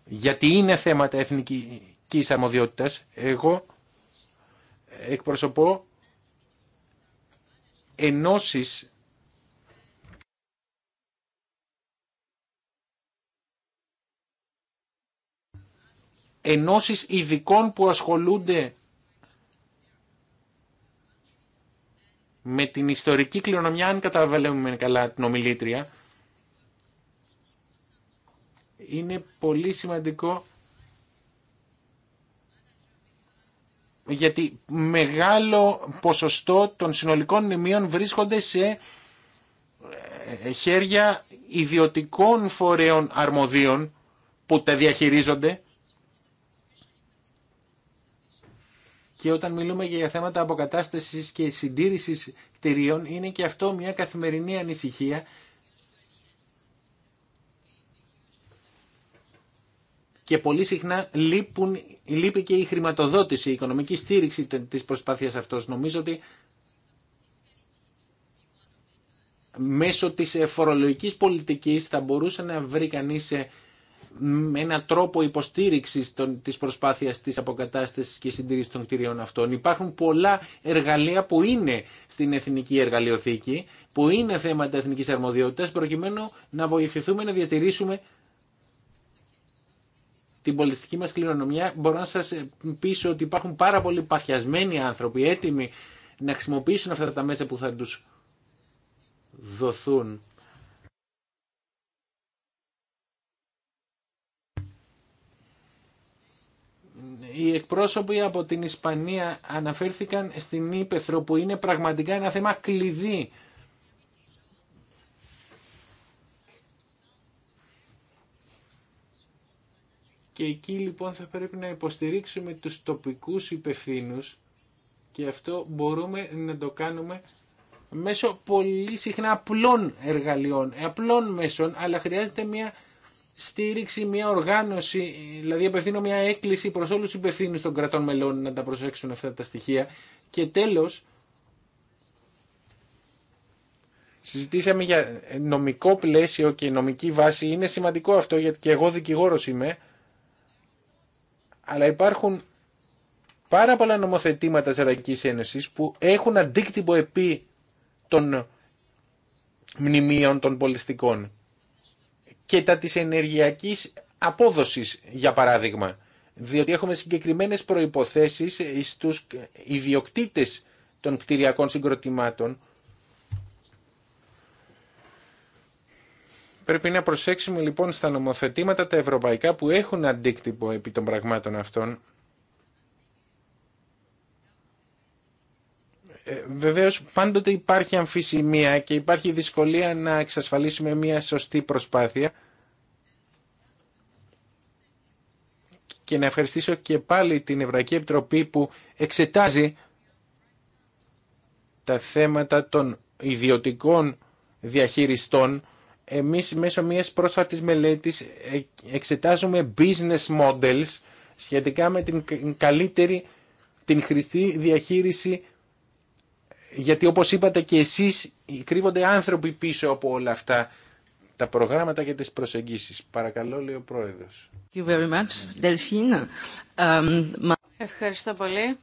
γιατί είναι θέματα εθνικής αρμοδιότητας. Εγώ εκπροσωπώ ενώσεις ενώσεις ειδικών που ασχολούνται με την ιστορική κληρονομιά, αν καταλαβαίνουμε καλά την ομιλήτρια, είναι πολύ σημαντικό γιατί μεγάλο ποσοστό των συνολικών μνημείων βρίσκονται σε ε, χέρια ιδιωτικών φορέων αρμοδίων που τα διαχειρίζονται και όταν μιλούμε για θέματα αποκατάστασης και συντήρησης κτηρίων είναι και αυτό μια καθημερινή ανησυχία και πολύ συχνά λείπουν, λείπει και η χρηματοδότηση, η οικονομική στήριξη της προσπάθειας αυτός. Νομίζω ότι μέσω της ε, φορολογικής πολιτικής θα μπορούσε να βρει κανείς ε, έναν τρόπο υποστήριξης τη της προσπάθειας της αποκατάστασης και συντήρησης των κτηρίων αυτών. Υπάρχουν πολλά εργαλεία που είναι στην εθνική εργαλειοθήκη, που είναι θέματα εθνικής αρμοδιότητας, προκειμένου να βοηθηθούμε να διατηρήσουμε την πολιτιστική μας κληρονομιά, μπορώ να σας πείσω ότι υπάρχουν πάρα πολλοί παθιασμένοι άνθρωποι έτοιμοι να χρησιμοποιήσουν αυτά τα μέσα που θα τους δοθούν. Οι εκπρόσωποι από την Ισπανία αναφέρθηκαν στην Ήπεθρο που είναι πραγματικά ένα θέμα κλειδί Και εκεί λοιπόν θα πρέπει να υποστηρίξουμε τους τοπικούς υπευθύνου. και αυτό μπορούμε να το κάνουμε μέσω πολύ συχνά απλών εργαλειών, απλών μέσων, αλλά χρειάζεται μια στήριξη, μια οργάνωση, δηλαδή απευθύνω μια έκκληση προς όλους τους υπευθύνους των κρατών μελών να τα προσέξουν αυτά τα στοιχεία. Και τέλος, συζητήσαμε για νομικό πλαίσιο και νομική βάση. Είναι σημαντικό αυτό γιατί και εγώ δικηγόρος είμαι αλλά υπάρχουν πάρα πολλά νομοθετήματα της Ευρωπαϊκής Ένωσης που έχουν αντίκτυπο επί των μνημείων των πολιστικών και τα της ενεργειακής απόδοσης για παράδειγμα διότι έχουμε συγκεκριμένες προϋποθέσεις στους ιδιοκτήτες των κτηριακών συγκροτημάτων Πρέπει να προσέξουμε λοιπόν στα νομοθετήματα τα ευρωπαϊκά που έχουν αντίκτυπο επί των πραγμάτων αυτών. Ε, βεβαίως πάντοτε υπάρχει αμφισημία και υπάρχει δυσκολία να εξασφαλίσουμε μια σωστή προσπάθεια. Και να ευχαριστήσω και πάλι την Ευρωπαϊκή Επιτροπή που εξετάζει τα θέματα των ιδιωτικών διαχειριστών εμείς μέσω μιας πρόσφατης μελέτης ε, εξετάζουμε business models σχετικά με την καλύτερη, την χρηστή διαχείριση γιατί όπως είπατε και εσείς κρύβονται άνθρωποι πίσω από όλα αυτά τα προγράμματα και τις προσεγγίσεις. Παρακαλώ, λέει ο Πρόεδρος. Um, Ευχαριστώ πολύ.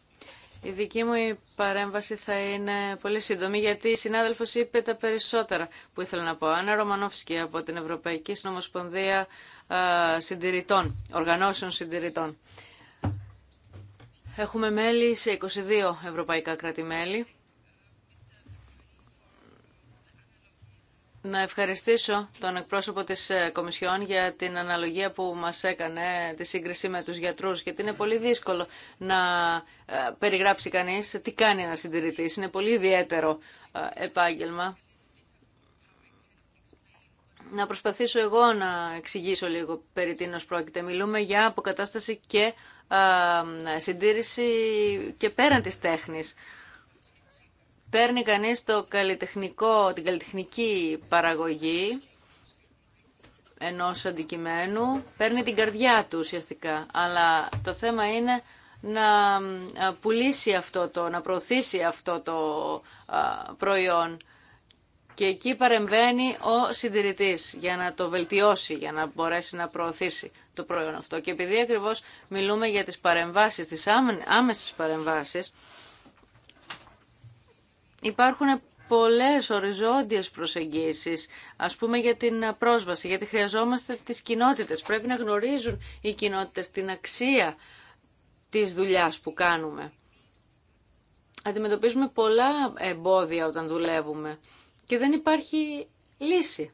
Η δική μου παρέμβαση θα είναι πολύ σύντομη γιατί η συνάδελφος είπε τα περισσότερα που ήθελα να πω. Άννα Ρωμανόφσκι από την Ευρωπαϊκή Συνομοσπονδία Συντηρητών, Οργανώσεων Συντηρητών. Έχουμε μέλη σε 22 ευρωπαϊκά κράτη-μέλη Να ευχαριστήσω τον εκπρόσωπο της ε, Κομισιόν για την αναλογία που μας έκανε τη σύγκριση με τους γιατρούς γιατί είναι πολύ δύσκολο να ε, περιγράψει κανείς τι κάνει ένα συντηρητής. Είναι πολύ ιδιαίτερο ε, επάγγελμα. Να προσπαθήσω εγώ να εξηγήσω λίγο περί τίνος πρόκειται. Μιλούμε για αποκατάσταση και συντήρηση και πέραν της τέχνης παίρνει κανείς το καλλιτεχνικό, την καλλιτεχνική παραγωγή ενός αντικειμένου, παίρνει την καρδιά του ουσιαστικά. Αλλά το θέμα είναι να πουλήσει αυτό το, να προωθήσει αυτό το προϊόν. Και εκεί παρεμβαίνει ο συντηρητής για να το βελτιώσει, για να μπορέσει να προωθήσει το προϊόν αυτό. Και επειδή ακριβώς μιλούμε για τις παρεμβάσεις, τις άμεσες παρεμβάσεις, Υπάρχουν πολλές οριζόντιες προσεγγίσεις, ας πούμε για την πρόσβαση, γιατί χρειαζόμαστε τις κοινότητες. Πρέπει να γνωρίζουν οι κοινότητες την αξία της δουλειάς που κάνουμε. Αντιμετωπίζουμε πολλά εμπόδια όταν δουλεύουμε και δεν υπάρχει λύση.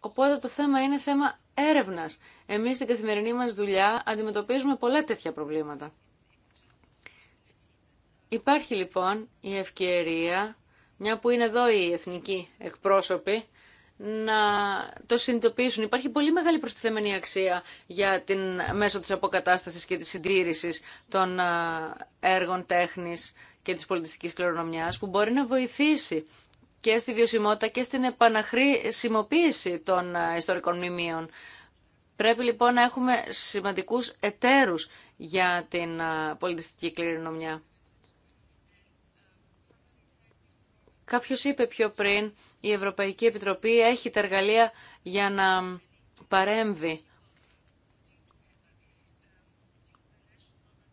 Οπότε το θέμα είναι θέμα έρευνας. Εμείς στην καθημερινή μας δουλειά αντιμετωπίζουμε πολλά τέτοια προβλήματα. Υπάρχει λοιπόν η ευκαιρία, μια που είναι εδώ οι εθνικοί εκπρόσωποι, να το συνειδητοποιήσουν. Υπάρχει πολύ μεγάλη προστιθέμενη αξία για την, μέσω της αποκατάστασης και της συντήρησης των έργων τέχνης και της πολιτιστικής κληρονομιάς που μπορεί να βοηθήσει και στη βιωσιμότητα και στην επαναχρησιμοποίηση των ιστορικών μνημείων. Πρέπει λοιπόν να έχουμε σημαντικούς εταίρους για την πολιτιστική κληρονομιά. Κάποιος είπε πιο πριν, η Ευρωπαϊκή Επιτροπή έχει τα εργαλεία για να παρέμβει.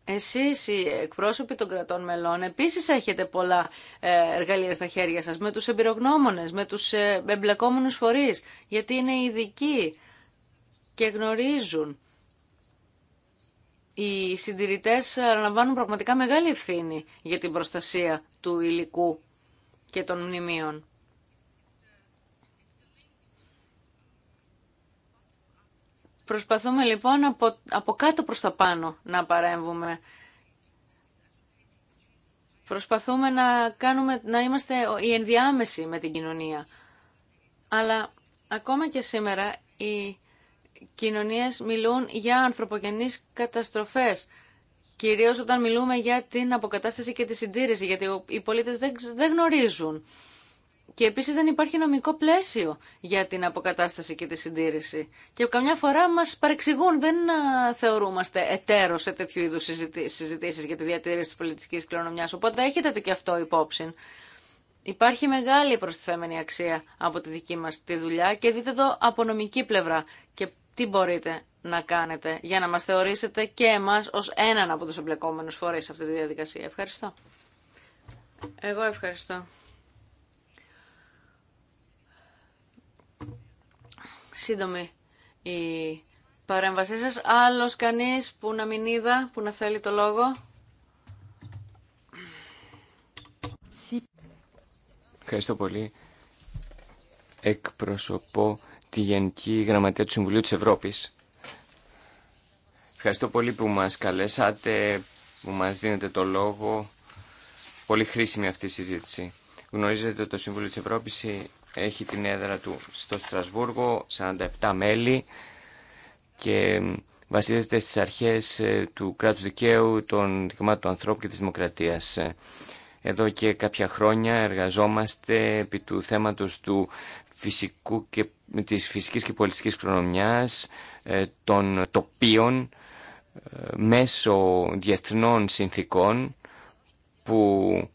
Εσείς οι εκπρόσωποι των κρατών μελών επίσης έχετε πολλά ε, εργαλεία στα χέρια σας με τους εμπειρογνώμονες, με τους ε, εμπλεκόμενους φορείς, γιατί είναι ειδικοί και γνωρίζουν. Οι συντηρητές αναλαμβάνουν πραγματικά μεγάλη ευθύνη για την προστασία του υλικού και των μνημείων. Προσπαθούμε λοιπόν από, από κάτω προς τα πάνω να παρέμβουμε. Προσπαθούμε να, κάνουμε, να είμαστε η ενδιάμεση με την κοινωνία. Αλλά ακόμα και σήμερα οι κοινωνίες μιλούν για ανθρωπογενείς καταστροφές. Κυρίως όταν μιλούμε για την αποκατάσταση και τη συντήρηση, γιατί οι πολίτες δεν, γνωρίζουν. Και επίσης δεν υπάρχει νομικό πλαίσιο για την αποκατάσταση και τη συντήρηση. Και καμιά φορά μας παρεξηγούν, δεν θεωρούμαστε εταίρο σε τέτοιου είδους συζητήσεις για τη διατήρηση της πολιτικής κληρονομιάς. Οπότε έχετε το και αυτό υπόψη. Υπάρχει μεγάλη προστιθέμενη αξία από τη δική μας τη δουλειά και δείτε το από νομική πλευρά και τι μπορείτε να κάνετε για να μας θεωρήσετε και εμάς ως έναν από τους εμπλεκόμενους φορείς σε αυτή τη διαδικασία. Ευχαριστώ. Εγώ ευχαριστώ. Σύντομη η παρέμβασή σας. Άλλος κανείς που να μην είδα, που να θέλει το λόγο. Ευχαριστώ πολύ. Εκπροσωπώ τη Γενική Γραμματεία του Συμβουλίου της Ευρώπης Ευχαριστώ πολύ που μας καλέσατε, που μας δίνετε το λόγο. Πολύ χρήσιμη αυτή η συζήτηση. Γνωρίζετε ότι το Συμβούλιο της Ευρώπης έχει την έδρα του στο Στρασβούργο, 47 μέλη και βασίζεται στις αρχές ε, του κράτους δικαίου, των δικαιωμάτων του ανθρώπου και της δημοκρατίας. Εδώ και κάποια χρόνια εργαζόμαστε επί του θέματος του φυσικού και, της φυσικής και πολιτικής κληρονομιάς, ε, των τοπίων μέσω διεθνών συνθήκων που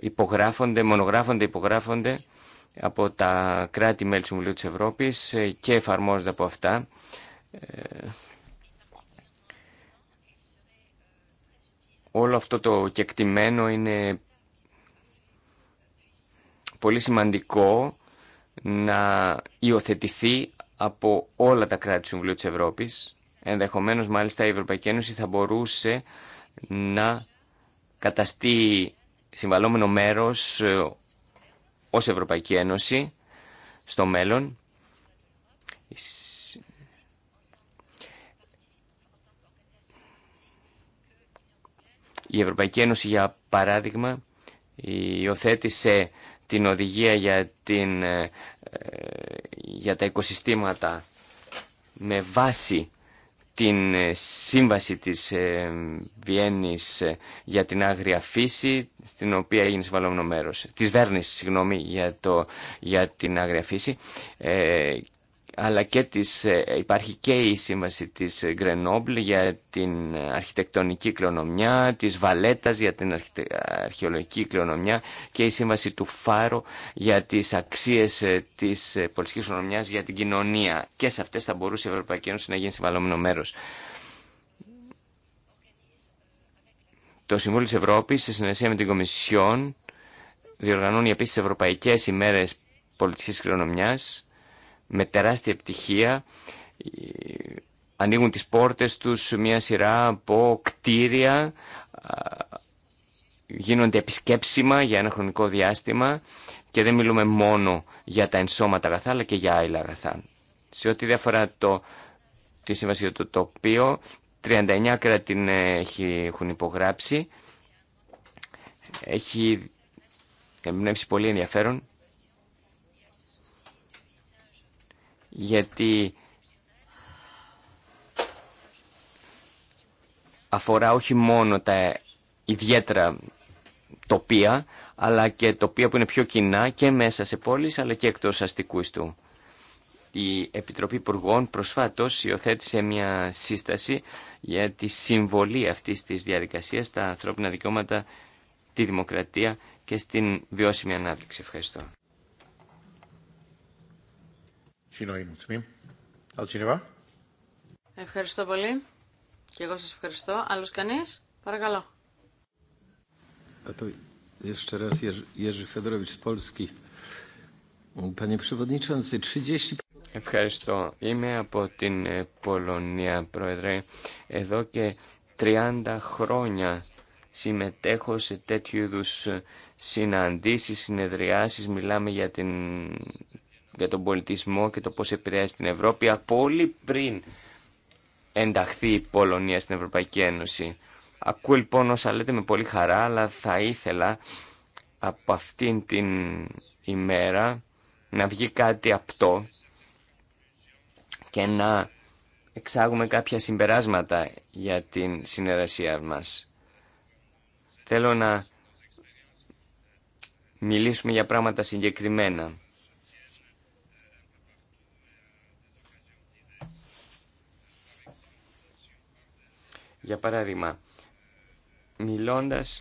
υπογράφονται, μονογράφονται, υπογράφονται από τα κράτη-μέλη του Συμβουλίου της Ευρώπης και εφαρμόζονται από αυτά. Ε, όλο αυτό το κεκτημένο είναι πολύ σημαντικό να υιοθετηθεί από όλα τα κράτη του Συμβουλίου της Ευρώπης Ενδεχομένως μάλιστα η Ευρωπαϊκή Ένωση θα μπορούσε να καταστεί συμβαλόμενο μέρος ε, ως Ευρωπαϊκή Ένωση στο μέλλον Η Ευρωπαϊκή Ένωση, για παράδειγμα, υιοθέτησε την οδηγία για, ε, ε, για τα οικοσυστήματα με βάση την ε, σύμβαση της ε, Βιέννης ε, για την άγρια φύση, στην οποία έγινε συμβαλόμενο μέρος, της Βέρνης, συγγνώμη, για, το, για την άγρια φύση αλλά και της, ε, υπάρχει και η σύμβαση της Γκρενόμπλ για την αρχιτεκτονική κληρονομιά, της Βαλέτας για την αρχαιολογική κληρονομιά και η σύμβαση του Φάρο για τις αξίες ε, της ε, πολιτικής κληρονομιάς για την κοινωνία. Και σε αυτές θα μπορούσε η Ευρωπαϊκή Ένωση να γίνει συμβαλόμενο μέρος. Το Συμβούλιο της Ευρώπης, σε συνεργασία με την Κομισιόν, διοργανώνει επίσης Ευρωπαϊκές ημέρες πολιτικής κληρονομιάς, με τεράστια επιτυχία ανοίγουν τις πόρτες τους μια σειρά από κτίρια, γίνονται επισκέψιμα για ένα χρονικό διάστημα και δεν μιλούμε μόνο για τα ενσώματα αγαθά αλλά και για άλλα αγαθά. Σε ό,τι διαφορά το, τη σύμβαση για το τοπίο, 39 κράτη ναι, έχουν υπογράψει. Έχει εμπνεύσει πολύ ενδιαφέρον γιατί αφορά όχι μόνο τα ιδιαίτερα τοπία, αλλά και τοπία που είναι πιο κοινά και μέσα σε πόλεις, αλλά και εκτός αστικού του. Η Επιτροπή Υπουργών προσφάτως υιοθέτησε μια σύσταση για τη συμβολή αυτής της διαδικασίας στα ανθρώπινα δικαιώματα, τη δημοκρατία και στην βιώσιμη ανάπτυξη. Ευχαριστώ. Ευχαριστώ πολύ. Και εγώ σας ευχαριστώ. Άλλος κανείς, παρακαλώ. Ε, ευχαριστώ. Είμαι από την ε, Πολωνία, Πρόεδρε. Εδώ και 30 χρόνια συμμετέχω σε τέτοιου είδου συναντήσεις, συνεδριάσεις. Μιλάμε για την για τον πολιτισμό και το πώς επηρεάζει την Ευρώπη από πολύ πριν ενταχθεί η Πολωνία στην Ευρωπαϊκή Ένωση. Ακούω λοιπόν όσα λέτε με πολύ χαρά, αλλά θα ήθελα από αυτήν την ημέρα να βγει κάτι απτό και να εξάγουμε κάποια συμπεράσματα για την συνεργασία μας. Θέλω να μιλήσουμε για πράγματα συγκεκριμένα. Για παράδειγμα, μιλώντας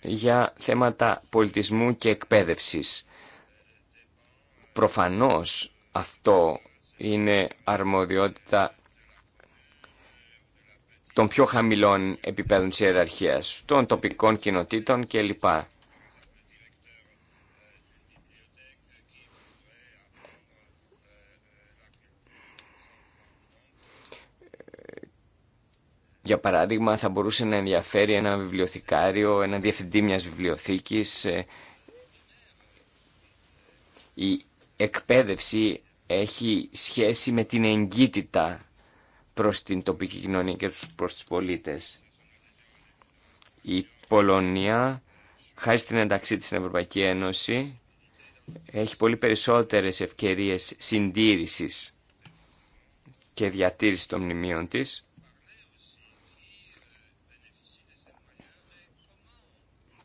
για θέματα πολιτισμού και εκπαίδευσης. Προφανώς αυτό είναι αρμοδιότητα των πιο χαμηλών επιπέδων της ιεραρχίας, των τοπικών κοινοτήτων κλπ. Για παράδειγμα, θα μπορούσε να ενδιαφέρει ένα βιβλιοθηκάριο, ένα διευθυντή μιας βιβλιοθήκης. Ε, η εκπαίδευση έχει σχέση με την εγκύτητα προς την τοπική κοινωνία και προς τους πολίτες. Η Πολωνία, χάρη στην ένταξή της στην Ευρωπαϊκή Ένωση, έχει πολύ περισσότερες ευκαιρίες συντήρησης και διατήρησης των μνημείων της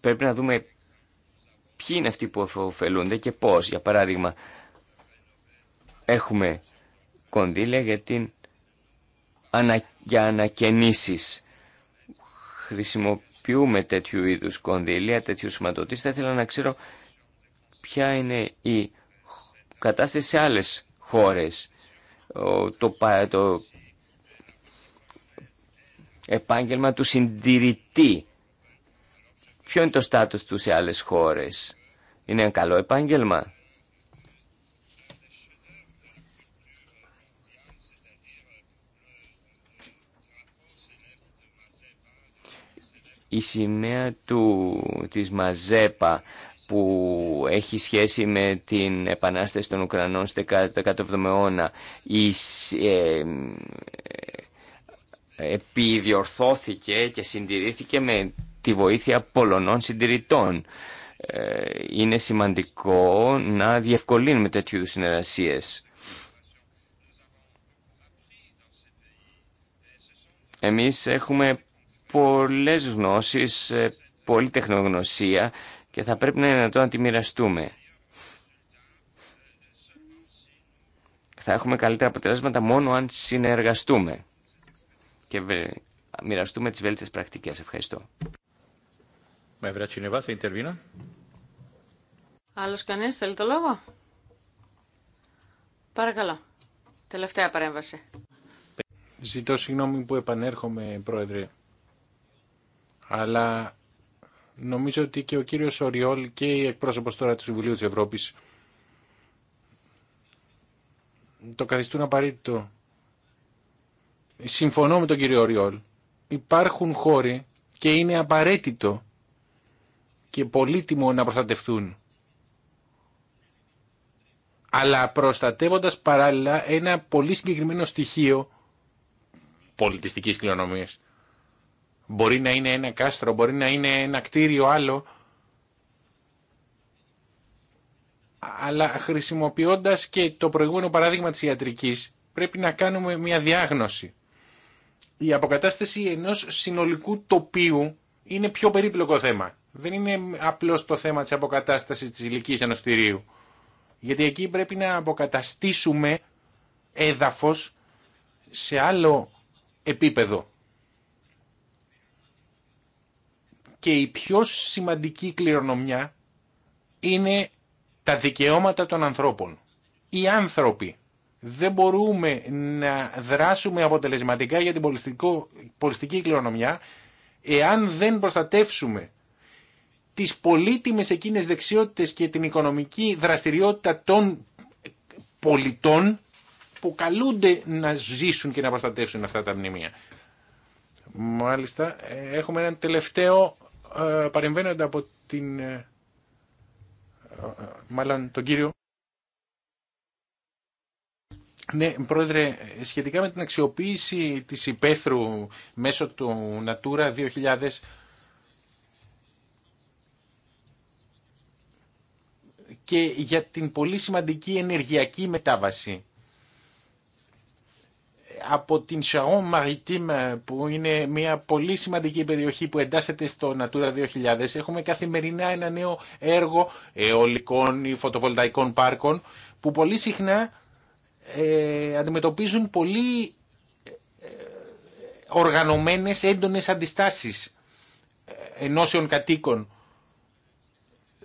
Πρέπει να δούμε ποιοι είναι αυτοί που ωφελούνται και πώς. Για παράδειγμα, έχουμε κονδύλια για, την, ανακαινήσεις. Χρησιμοποιούμε τέτοιου είδους κονδύλια, τέτοιου σηματοτήσεις. Θα ήθελα να ξέρω ποια είναι η κατάσταση σε άλλες χώρες. Το, το επάγγελμα του συντηρητή Ποιο είναι το στάτους του σε άλλες χώρες. Είναι ένα καλό επάγγελμα. Η σημαία του, της Μαζέπα που έχει σχέση με την επανάσταση των Ουκρανών στο 17ο αιώνα ε, ε, επιδιορθώθηκε και συντηρήθηκε με τη βοήθεια Πολωνών συντηρητών. Ε, είναι σημαντικό να διευκολύνουμε τέτοιου είδους συνεργασίες. Εμείς έχουμε πολλές γνώσεις, ε, πολλή τεχνογνωσία και θα πρέπει να είναι δυνατόν να τη μοιραστούμε. Θα έχουμε καλύτερα αποτελέσματα μόνο αν συνεργαστούμε και μοιραστούμε τις βέλτιστες πρακτικές. Ευχαριστώ. Mai vrea cineva să intervină? Άλλος κανείς θέλει το λόγο? Παρακαλώ. Τελευταία παρέμβαση. Ζητώ συγγνώμη που επανέρχομαι, Πρόεδρε. Αλλά νομίζω ότι και ο κύριος Οριόλ και η εκπρόσωπος τώρα του Συμβουλίου της Ευρώπης το καθιστούν απαραίτητο. Συμφωνώ με τον κύριο Οριόλ. Υπάρχουν χώροι και είναι απαραίτητο και πολύτιμο να προστατευτούν. Αλλά προστατεύοντας παράλληλα ένα πολύ συγκεκριμένο στοιχείο πολιτιστικής κληρονομίας. Μπορεί να είναι ένα κάστρο, μπορεί να είναι ένα κτίριο άλλο, αλλά χρησιμοποιώντας και το προηγούμενο παράδειγμα της ιατρικής, πρέπει να κάνουμε μια διάγνωση. Η αποκατάσταση ενός συνολικού τοπίου είναι πιο περίπλοκο θέμα. Δεν είναι απλώς το θέμα της αποκατάστασης της ηλικής ενωστηρίου. Γιατί εκεί πρέπει να αποκαταστήσουμε έδαφος σε άλλο επίπεδο. Και η πιο σημαντική κληρονομιά είναι τα δικαιώματα των ανθρώπων. Οι άνθρωποι δεν μπορούμε να δράσουμε αποτελεσματικά για την πολιστική κληρονομιά εάν δεν προστατεύσουμε τις πολύτιμες εκείνες δεξιότητες και την οικονομική δραστηριότητα των πολιτών που καλούνται να ζήσουν και να προστατεύσουν αυτά τα μνημεία. Μάλιστα, έχουμε έναν τελευταίο ε, παρεμβαίνοντα από την... Ε, ε, μάλλον τον κύριο... Ναι, Πρόεδρε, σχετικά με την αξιοποίηση της υπαίθρου μέσω του Natura 2000 και για την πολύ σημαντική ενεργειακή μετάβαση. Από την Charon Maritime που είναι μια πολύ σημαντική περιοχή που εντάσσεται στο Natura 2000 έχουμε καθημερινά ένα νέο έργο αιωλικών ή φωτοβολταϊκών πάρκων που πολύ συχνά ε, αντιμετωπίζουν πολύ ε, οργανωμένες έντονες αντιστάσεις ε, ενώσεων κατοίκων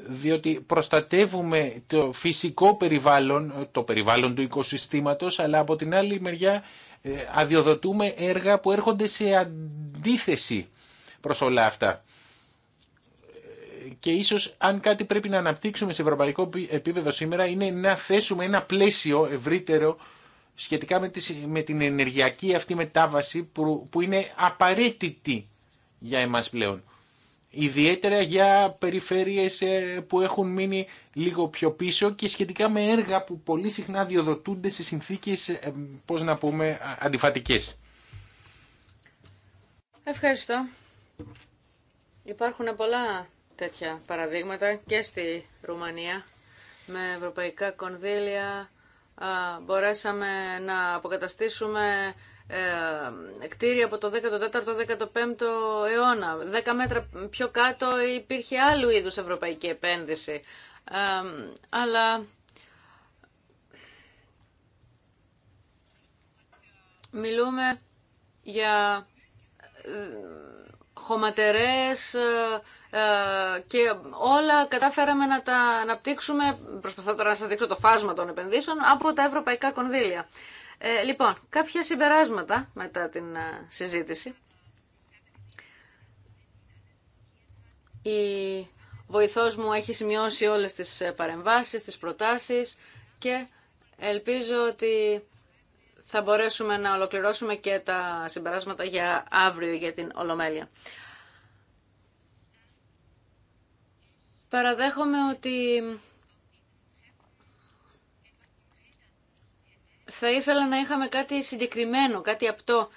διότι προστατεύουμε το φυσικό περιβάλλον, το περιβάλλον του οικοσυστήματος, αλλά από την άλλη μεριά ε, αδειοδοτούμε έργα που έρχονται σε αντίθεση προς όλα αυτά. Και ίσως αν κάτι πρέπει να αναπτύξουμε σε ευρωπαϊκό επίπεδο σήμερα είναι να θέσουμε ένα πλαίσιο ευρύτερο σχετικά με, την ενεργειακή αυτή μετάβαση που, που είναι απαραίτητη για εμάς πλέον ιδιαίτερα για περιφέρειες ε, που έχουν μείνει λίγο πιο πίσω και σχετικά με έργα που πολύ συχνά διοδοτούνται σε συνθήκες, ε, πώς να πούμε, αντιφατικές. Ευχαριστώ. Υπάρχουν πολλά τέτοια παραδείγματα και στη Ρουμανία με ευρωπαϊκά κονδύλια. Μπορέσαμε να αποκαταστήσουμε ε, κτίρια από το 14ο-15ο αιώνα. Δέκα μέτρα πιο κάτω υπήρχε άλλου είδους ευρωπαϊκή επένδυση. Ε, αλλά μιλούμε για ε, χωματερές και όλα κατάφεραμε να τα αναπτύξουμε, προσπαθώ τώρα να σας δείξω το φάσμα των επενδύσεων, από τα ευρωπαϊκά κονδύλια. Ε, λοιπόν, κάποια συμπεράσματα μετά την ε, συζήτηση. Η βοηθός μου έχει σημειώσει όλες τις ε, παρεμβάσεις, τις προτάσεις και ελπίζω ότι θα μπορέσουμε να ολοκληρώσουμε και τα συμπεράσματα για αύριο για την Ολομέλεια. Παραδέχομαι ότι θα ήθελα να είχαμε κάτι συγκεκριμένο, κάτι απτό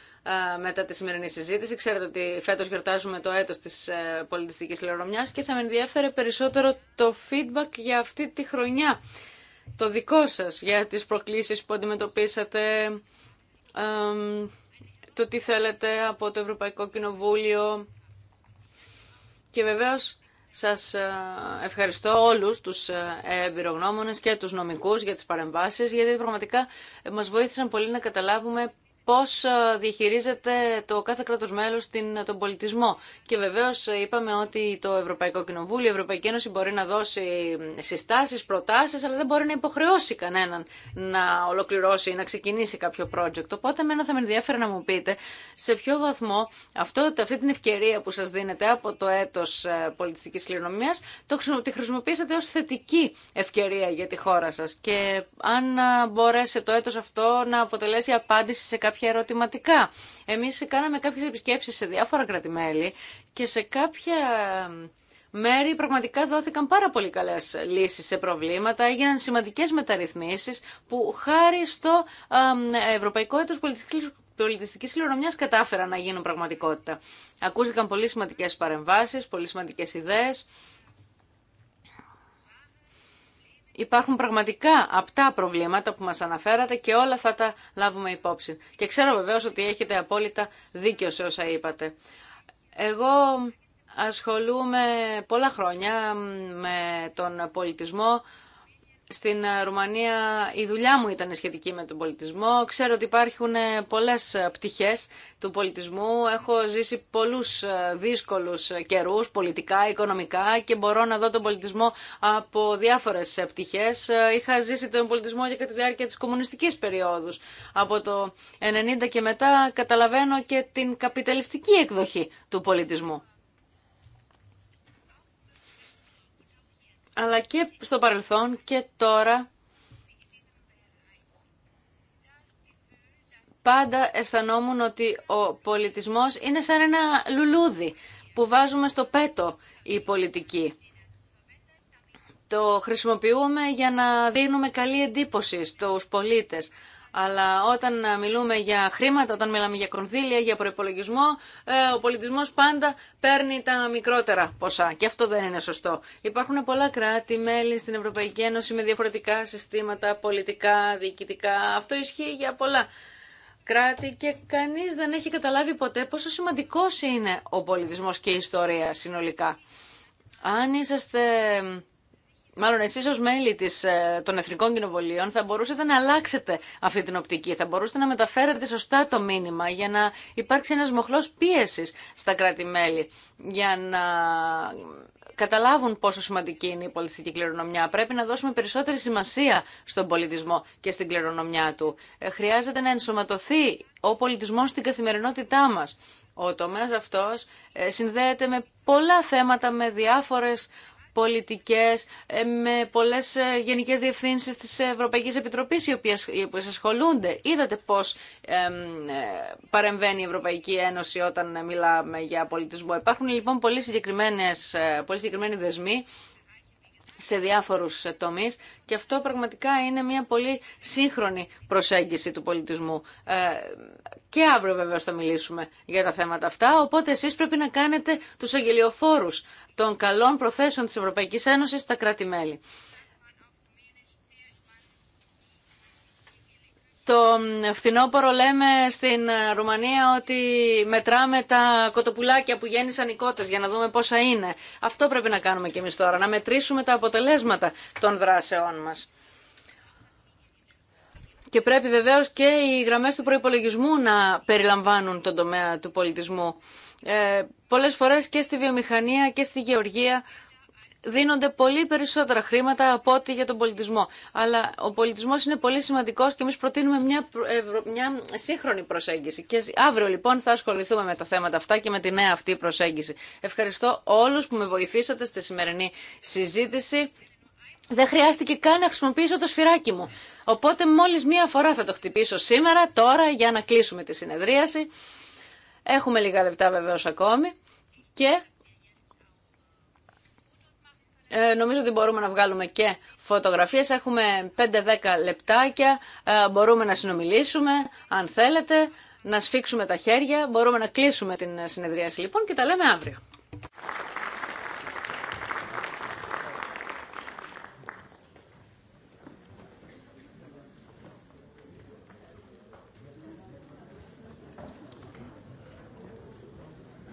μετά τη σημερινή συζήτηση. Ξέρετε ότι φέτος γιορτάζουμε το έτος της ε, πολιτιστικής λερομιάς και θα με ενδιαφέρε περισσότερο το feedback για αυτή τη χρονιά. Το δικό σας για τις προκλήσεις που αντιμετωπίσατε, το τι θέλετε από το Ευρωπαϊκό Κοινοβούλιο και βεβαίως σας ε, ευχαριστώ όλους τους ε, εμπειρογνώμονες και τους νομικούς για τις παρεμβάσεις, γιατί πραγματικά ε, μας βοήθησαν πολύ να καταλάβουμε πώς ε, διαχειρίζεται το κάθε κράτος μέλος ε, τον πολιτισμό. Και βεβαίως ε, είπαμε ότι το Ευρωπαϊκό Κοινοβούλιο, η Ευρωπαϊκή Ένωση μπορεί να δώσει συστάσεις, προτάσεις, αλλά δεν μπορεί να υποχρεώσει κανέναν να ολοκληρώσει ή να ξεκινήσει κάποιο project. Οπότε εμένα θα με ενδιαφέρει να μου πείτε σε ποιο βαθμό αυτό, αυτή την ευκαιρία που σας δίνετε από το έτος πολιτιστικής κληρονομίας τη χρησιμοποιήσατε ως θετική ευκαιρία για τη χώρα σας και αν μπορέσει το έτος αυτό να αποτελέσει απάντηση σε κάποιο κάποια ερωτηματικά. Εμείς κάναμε κάποιες επισκέψεις σε διάφορα κρατημέλη και σε κάποια μέρη πραγματικά δόθηκαν πάρα πολύ καλές λύσεις σε προβλήματα, έγιναν σημαντικές μεταρρυθμίσεις που χάρη στο Ευρωπαϊκό Έτος Πολιτιστικής πολιτιστική κληρονομιά κατάφεραν να γίνουν πραγματικότητα. Ακούστηκαν πολύ σημαντικέ παρεμβάσει, πολύ σημαντικέ ιδέε υπάρχουν πραγματικά απτά προβλήματα που μας αναφέρατε και όλα θα τα λάβουμε υπόψη. Και ξέρω βεβαίως ότι έχετε απόλυτα δίκιο σε όσα είπατε. Εγώ ασχολούμαι πολλά χρόνια με τον πολιτισμό στην ε, Ρουμανία η δουλειά μου ήταν σχετική με τον πολιτισμό. Ξέρω ότι υπάρχουν ε, πολλές ε, πτυχές του πολιτισμού. Έχω ζήσει πολλούς δύσκολους καιρούς, πολιτικά, οικονομικά και μπορώ να δω τον πολιτισμό από διάφορες πτυχές. Είχα ζήσει τον πολιτισμό και κατά τη διάρκεια της κομμουνιστικής περίοδου. Από το 90 και μετά καταλαβαίνω και την καπιταλιστική εκδοχή του πολιτισμού. αλλά και στο παρελθόν και τώρα πάντα αισθανόμουν ότι ο πολιτισμός είναι σαν ένα λουλούδι που βάζουμε στο πέτο η πολιτική. Το χρησιμοποιούμε για να δίνουμε καλή εντύπωση στους πολίτες. Αλλά όταν μιλούμε για χρήματα, όταν μιλάμε για κονδύλια, για προπολογισμό, ε, ο πολιτισμό πάντα παίρνει τα μικρότερα ποσά. Και αυτό δεν είναι σωστό. Υπάρχουν πολλά κράτη-μέλη στην Ευρωπαϊκή Ένωση με διαφορετικά συστήματα, πολιτικά, διοικητικά. Αυτό ισχύει για πολλά κράτη και κανείς δεν έχει καταλάβει ποτέ πόσο σημαντικό είναι ο πολιτισμό και η ιστορία συνολικά. Αν είσαστε Μάλλον εσείς ως μέλη της, ε, των Εθνικών κοινοβολίων θα μπορούσατε να αλλάξετε αυτή την οπτική, θα μπορούσατε να μεταφέρετε σωστά το μήνυμα για να υπάρξει ένας μοχλός πίεσης στα κράτη-μέλη, για να καταλάβουν πόσο σημαντική είναι η πολιτιστική κληρονομιά. Πρέπει να δώσουμε περισσότερη σημασία στον πολιτισμό και στην κληρονομιά του. Ε, χρειάζεται να ενσωματωθεί ο πολιτισμός στην καθημερινότητά μας. Ο τομέας αυτός ε, συνδέεται με πολλά θέματα, με διάφορες πολιτικές, ε, με πολλές ε, γενικές διευθύνσεις της Ευρωπαϊκής Επιτροπής οι οποίες ασχολούνται. Είδατε πώς ε, παρεμβαίνει η Ευρωπαϊκή Ένωση όταν μιλάμε για πολιτισμό. Υπάρχουν λοιπόν πολύ, συγκεκριμένοι δεσμοί σε διάφορους τομείς και αυτό πραγματικά είναι μια πολύ σύγχρονη προσέγγιση του πολιτισμού. Και αύριο βέβαια θα μιλήσουμε για τα θέματα αυτά, οπότε εσείς πρέπει να κάνετε τους αγγελιοφόρους των καλών προθέσεων της Ευρωπαϊκής Ένωσης στα κράτη-μέλη. Το φθινόπωρο λέμε στην Ρουμανία ότι μετράμε τα κοτοπουλάκια που γέννησαν οι κότες για να δούμε πόσα είναι. Αυτό πρέπει να κάνουμε και εμείς τώρα, να μετρήσουμε τα αποτελέσματα των δράσεών μας. Και πρέπει βεβαίως και οι γραμμές του προϋπολογισμού να περιλαμβάνουν τον τομέα του πολιτισμού. Ε, πολλές φορές και στη βιομηχανία και στη γεωργία δίνονται πολύ περισσότερα χρήματα από ό,τι για τον πολιτισμό. Αλλά ο πολιτισμός είναι πολύ σημαντικό και εμεί προτείνουμε μια, μια σύγχρονη προσέγγιση. Και αύριο λοιπόν θα ασχοληθούμε με τα θέματα αυτά και με τη νέα αυτή προσέγγιση. Ευχαριστώ όλους που με βοηθήσατε στη σημερινή συζήτηση. Δεν χρειάστηκε καν να χρησιμοποιήσω το σφυράκι μου. Οπότε μόλις μία φορά θα το χτυπήσω σήμερα, τώρα, για να κλείσουμε τη συνεδρίαση. Έχουμε λίγα λεπτά βεβαίως ακόμη και ε, νομίζω ότι μπορούμε να βγάλουμε και φωτογραφίες. Έχουμε 5-10 λεπτάκια, ε, μπορούμε να συνομιλήσουμε αν θέλετε, να σφίξουμε τα χέρια, μπορούμε να κλείσουμε την συνεδρίαση λοιπόν και τα λέμε αύριο.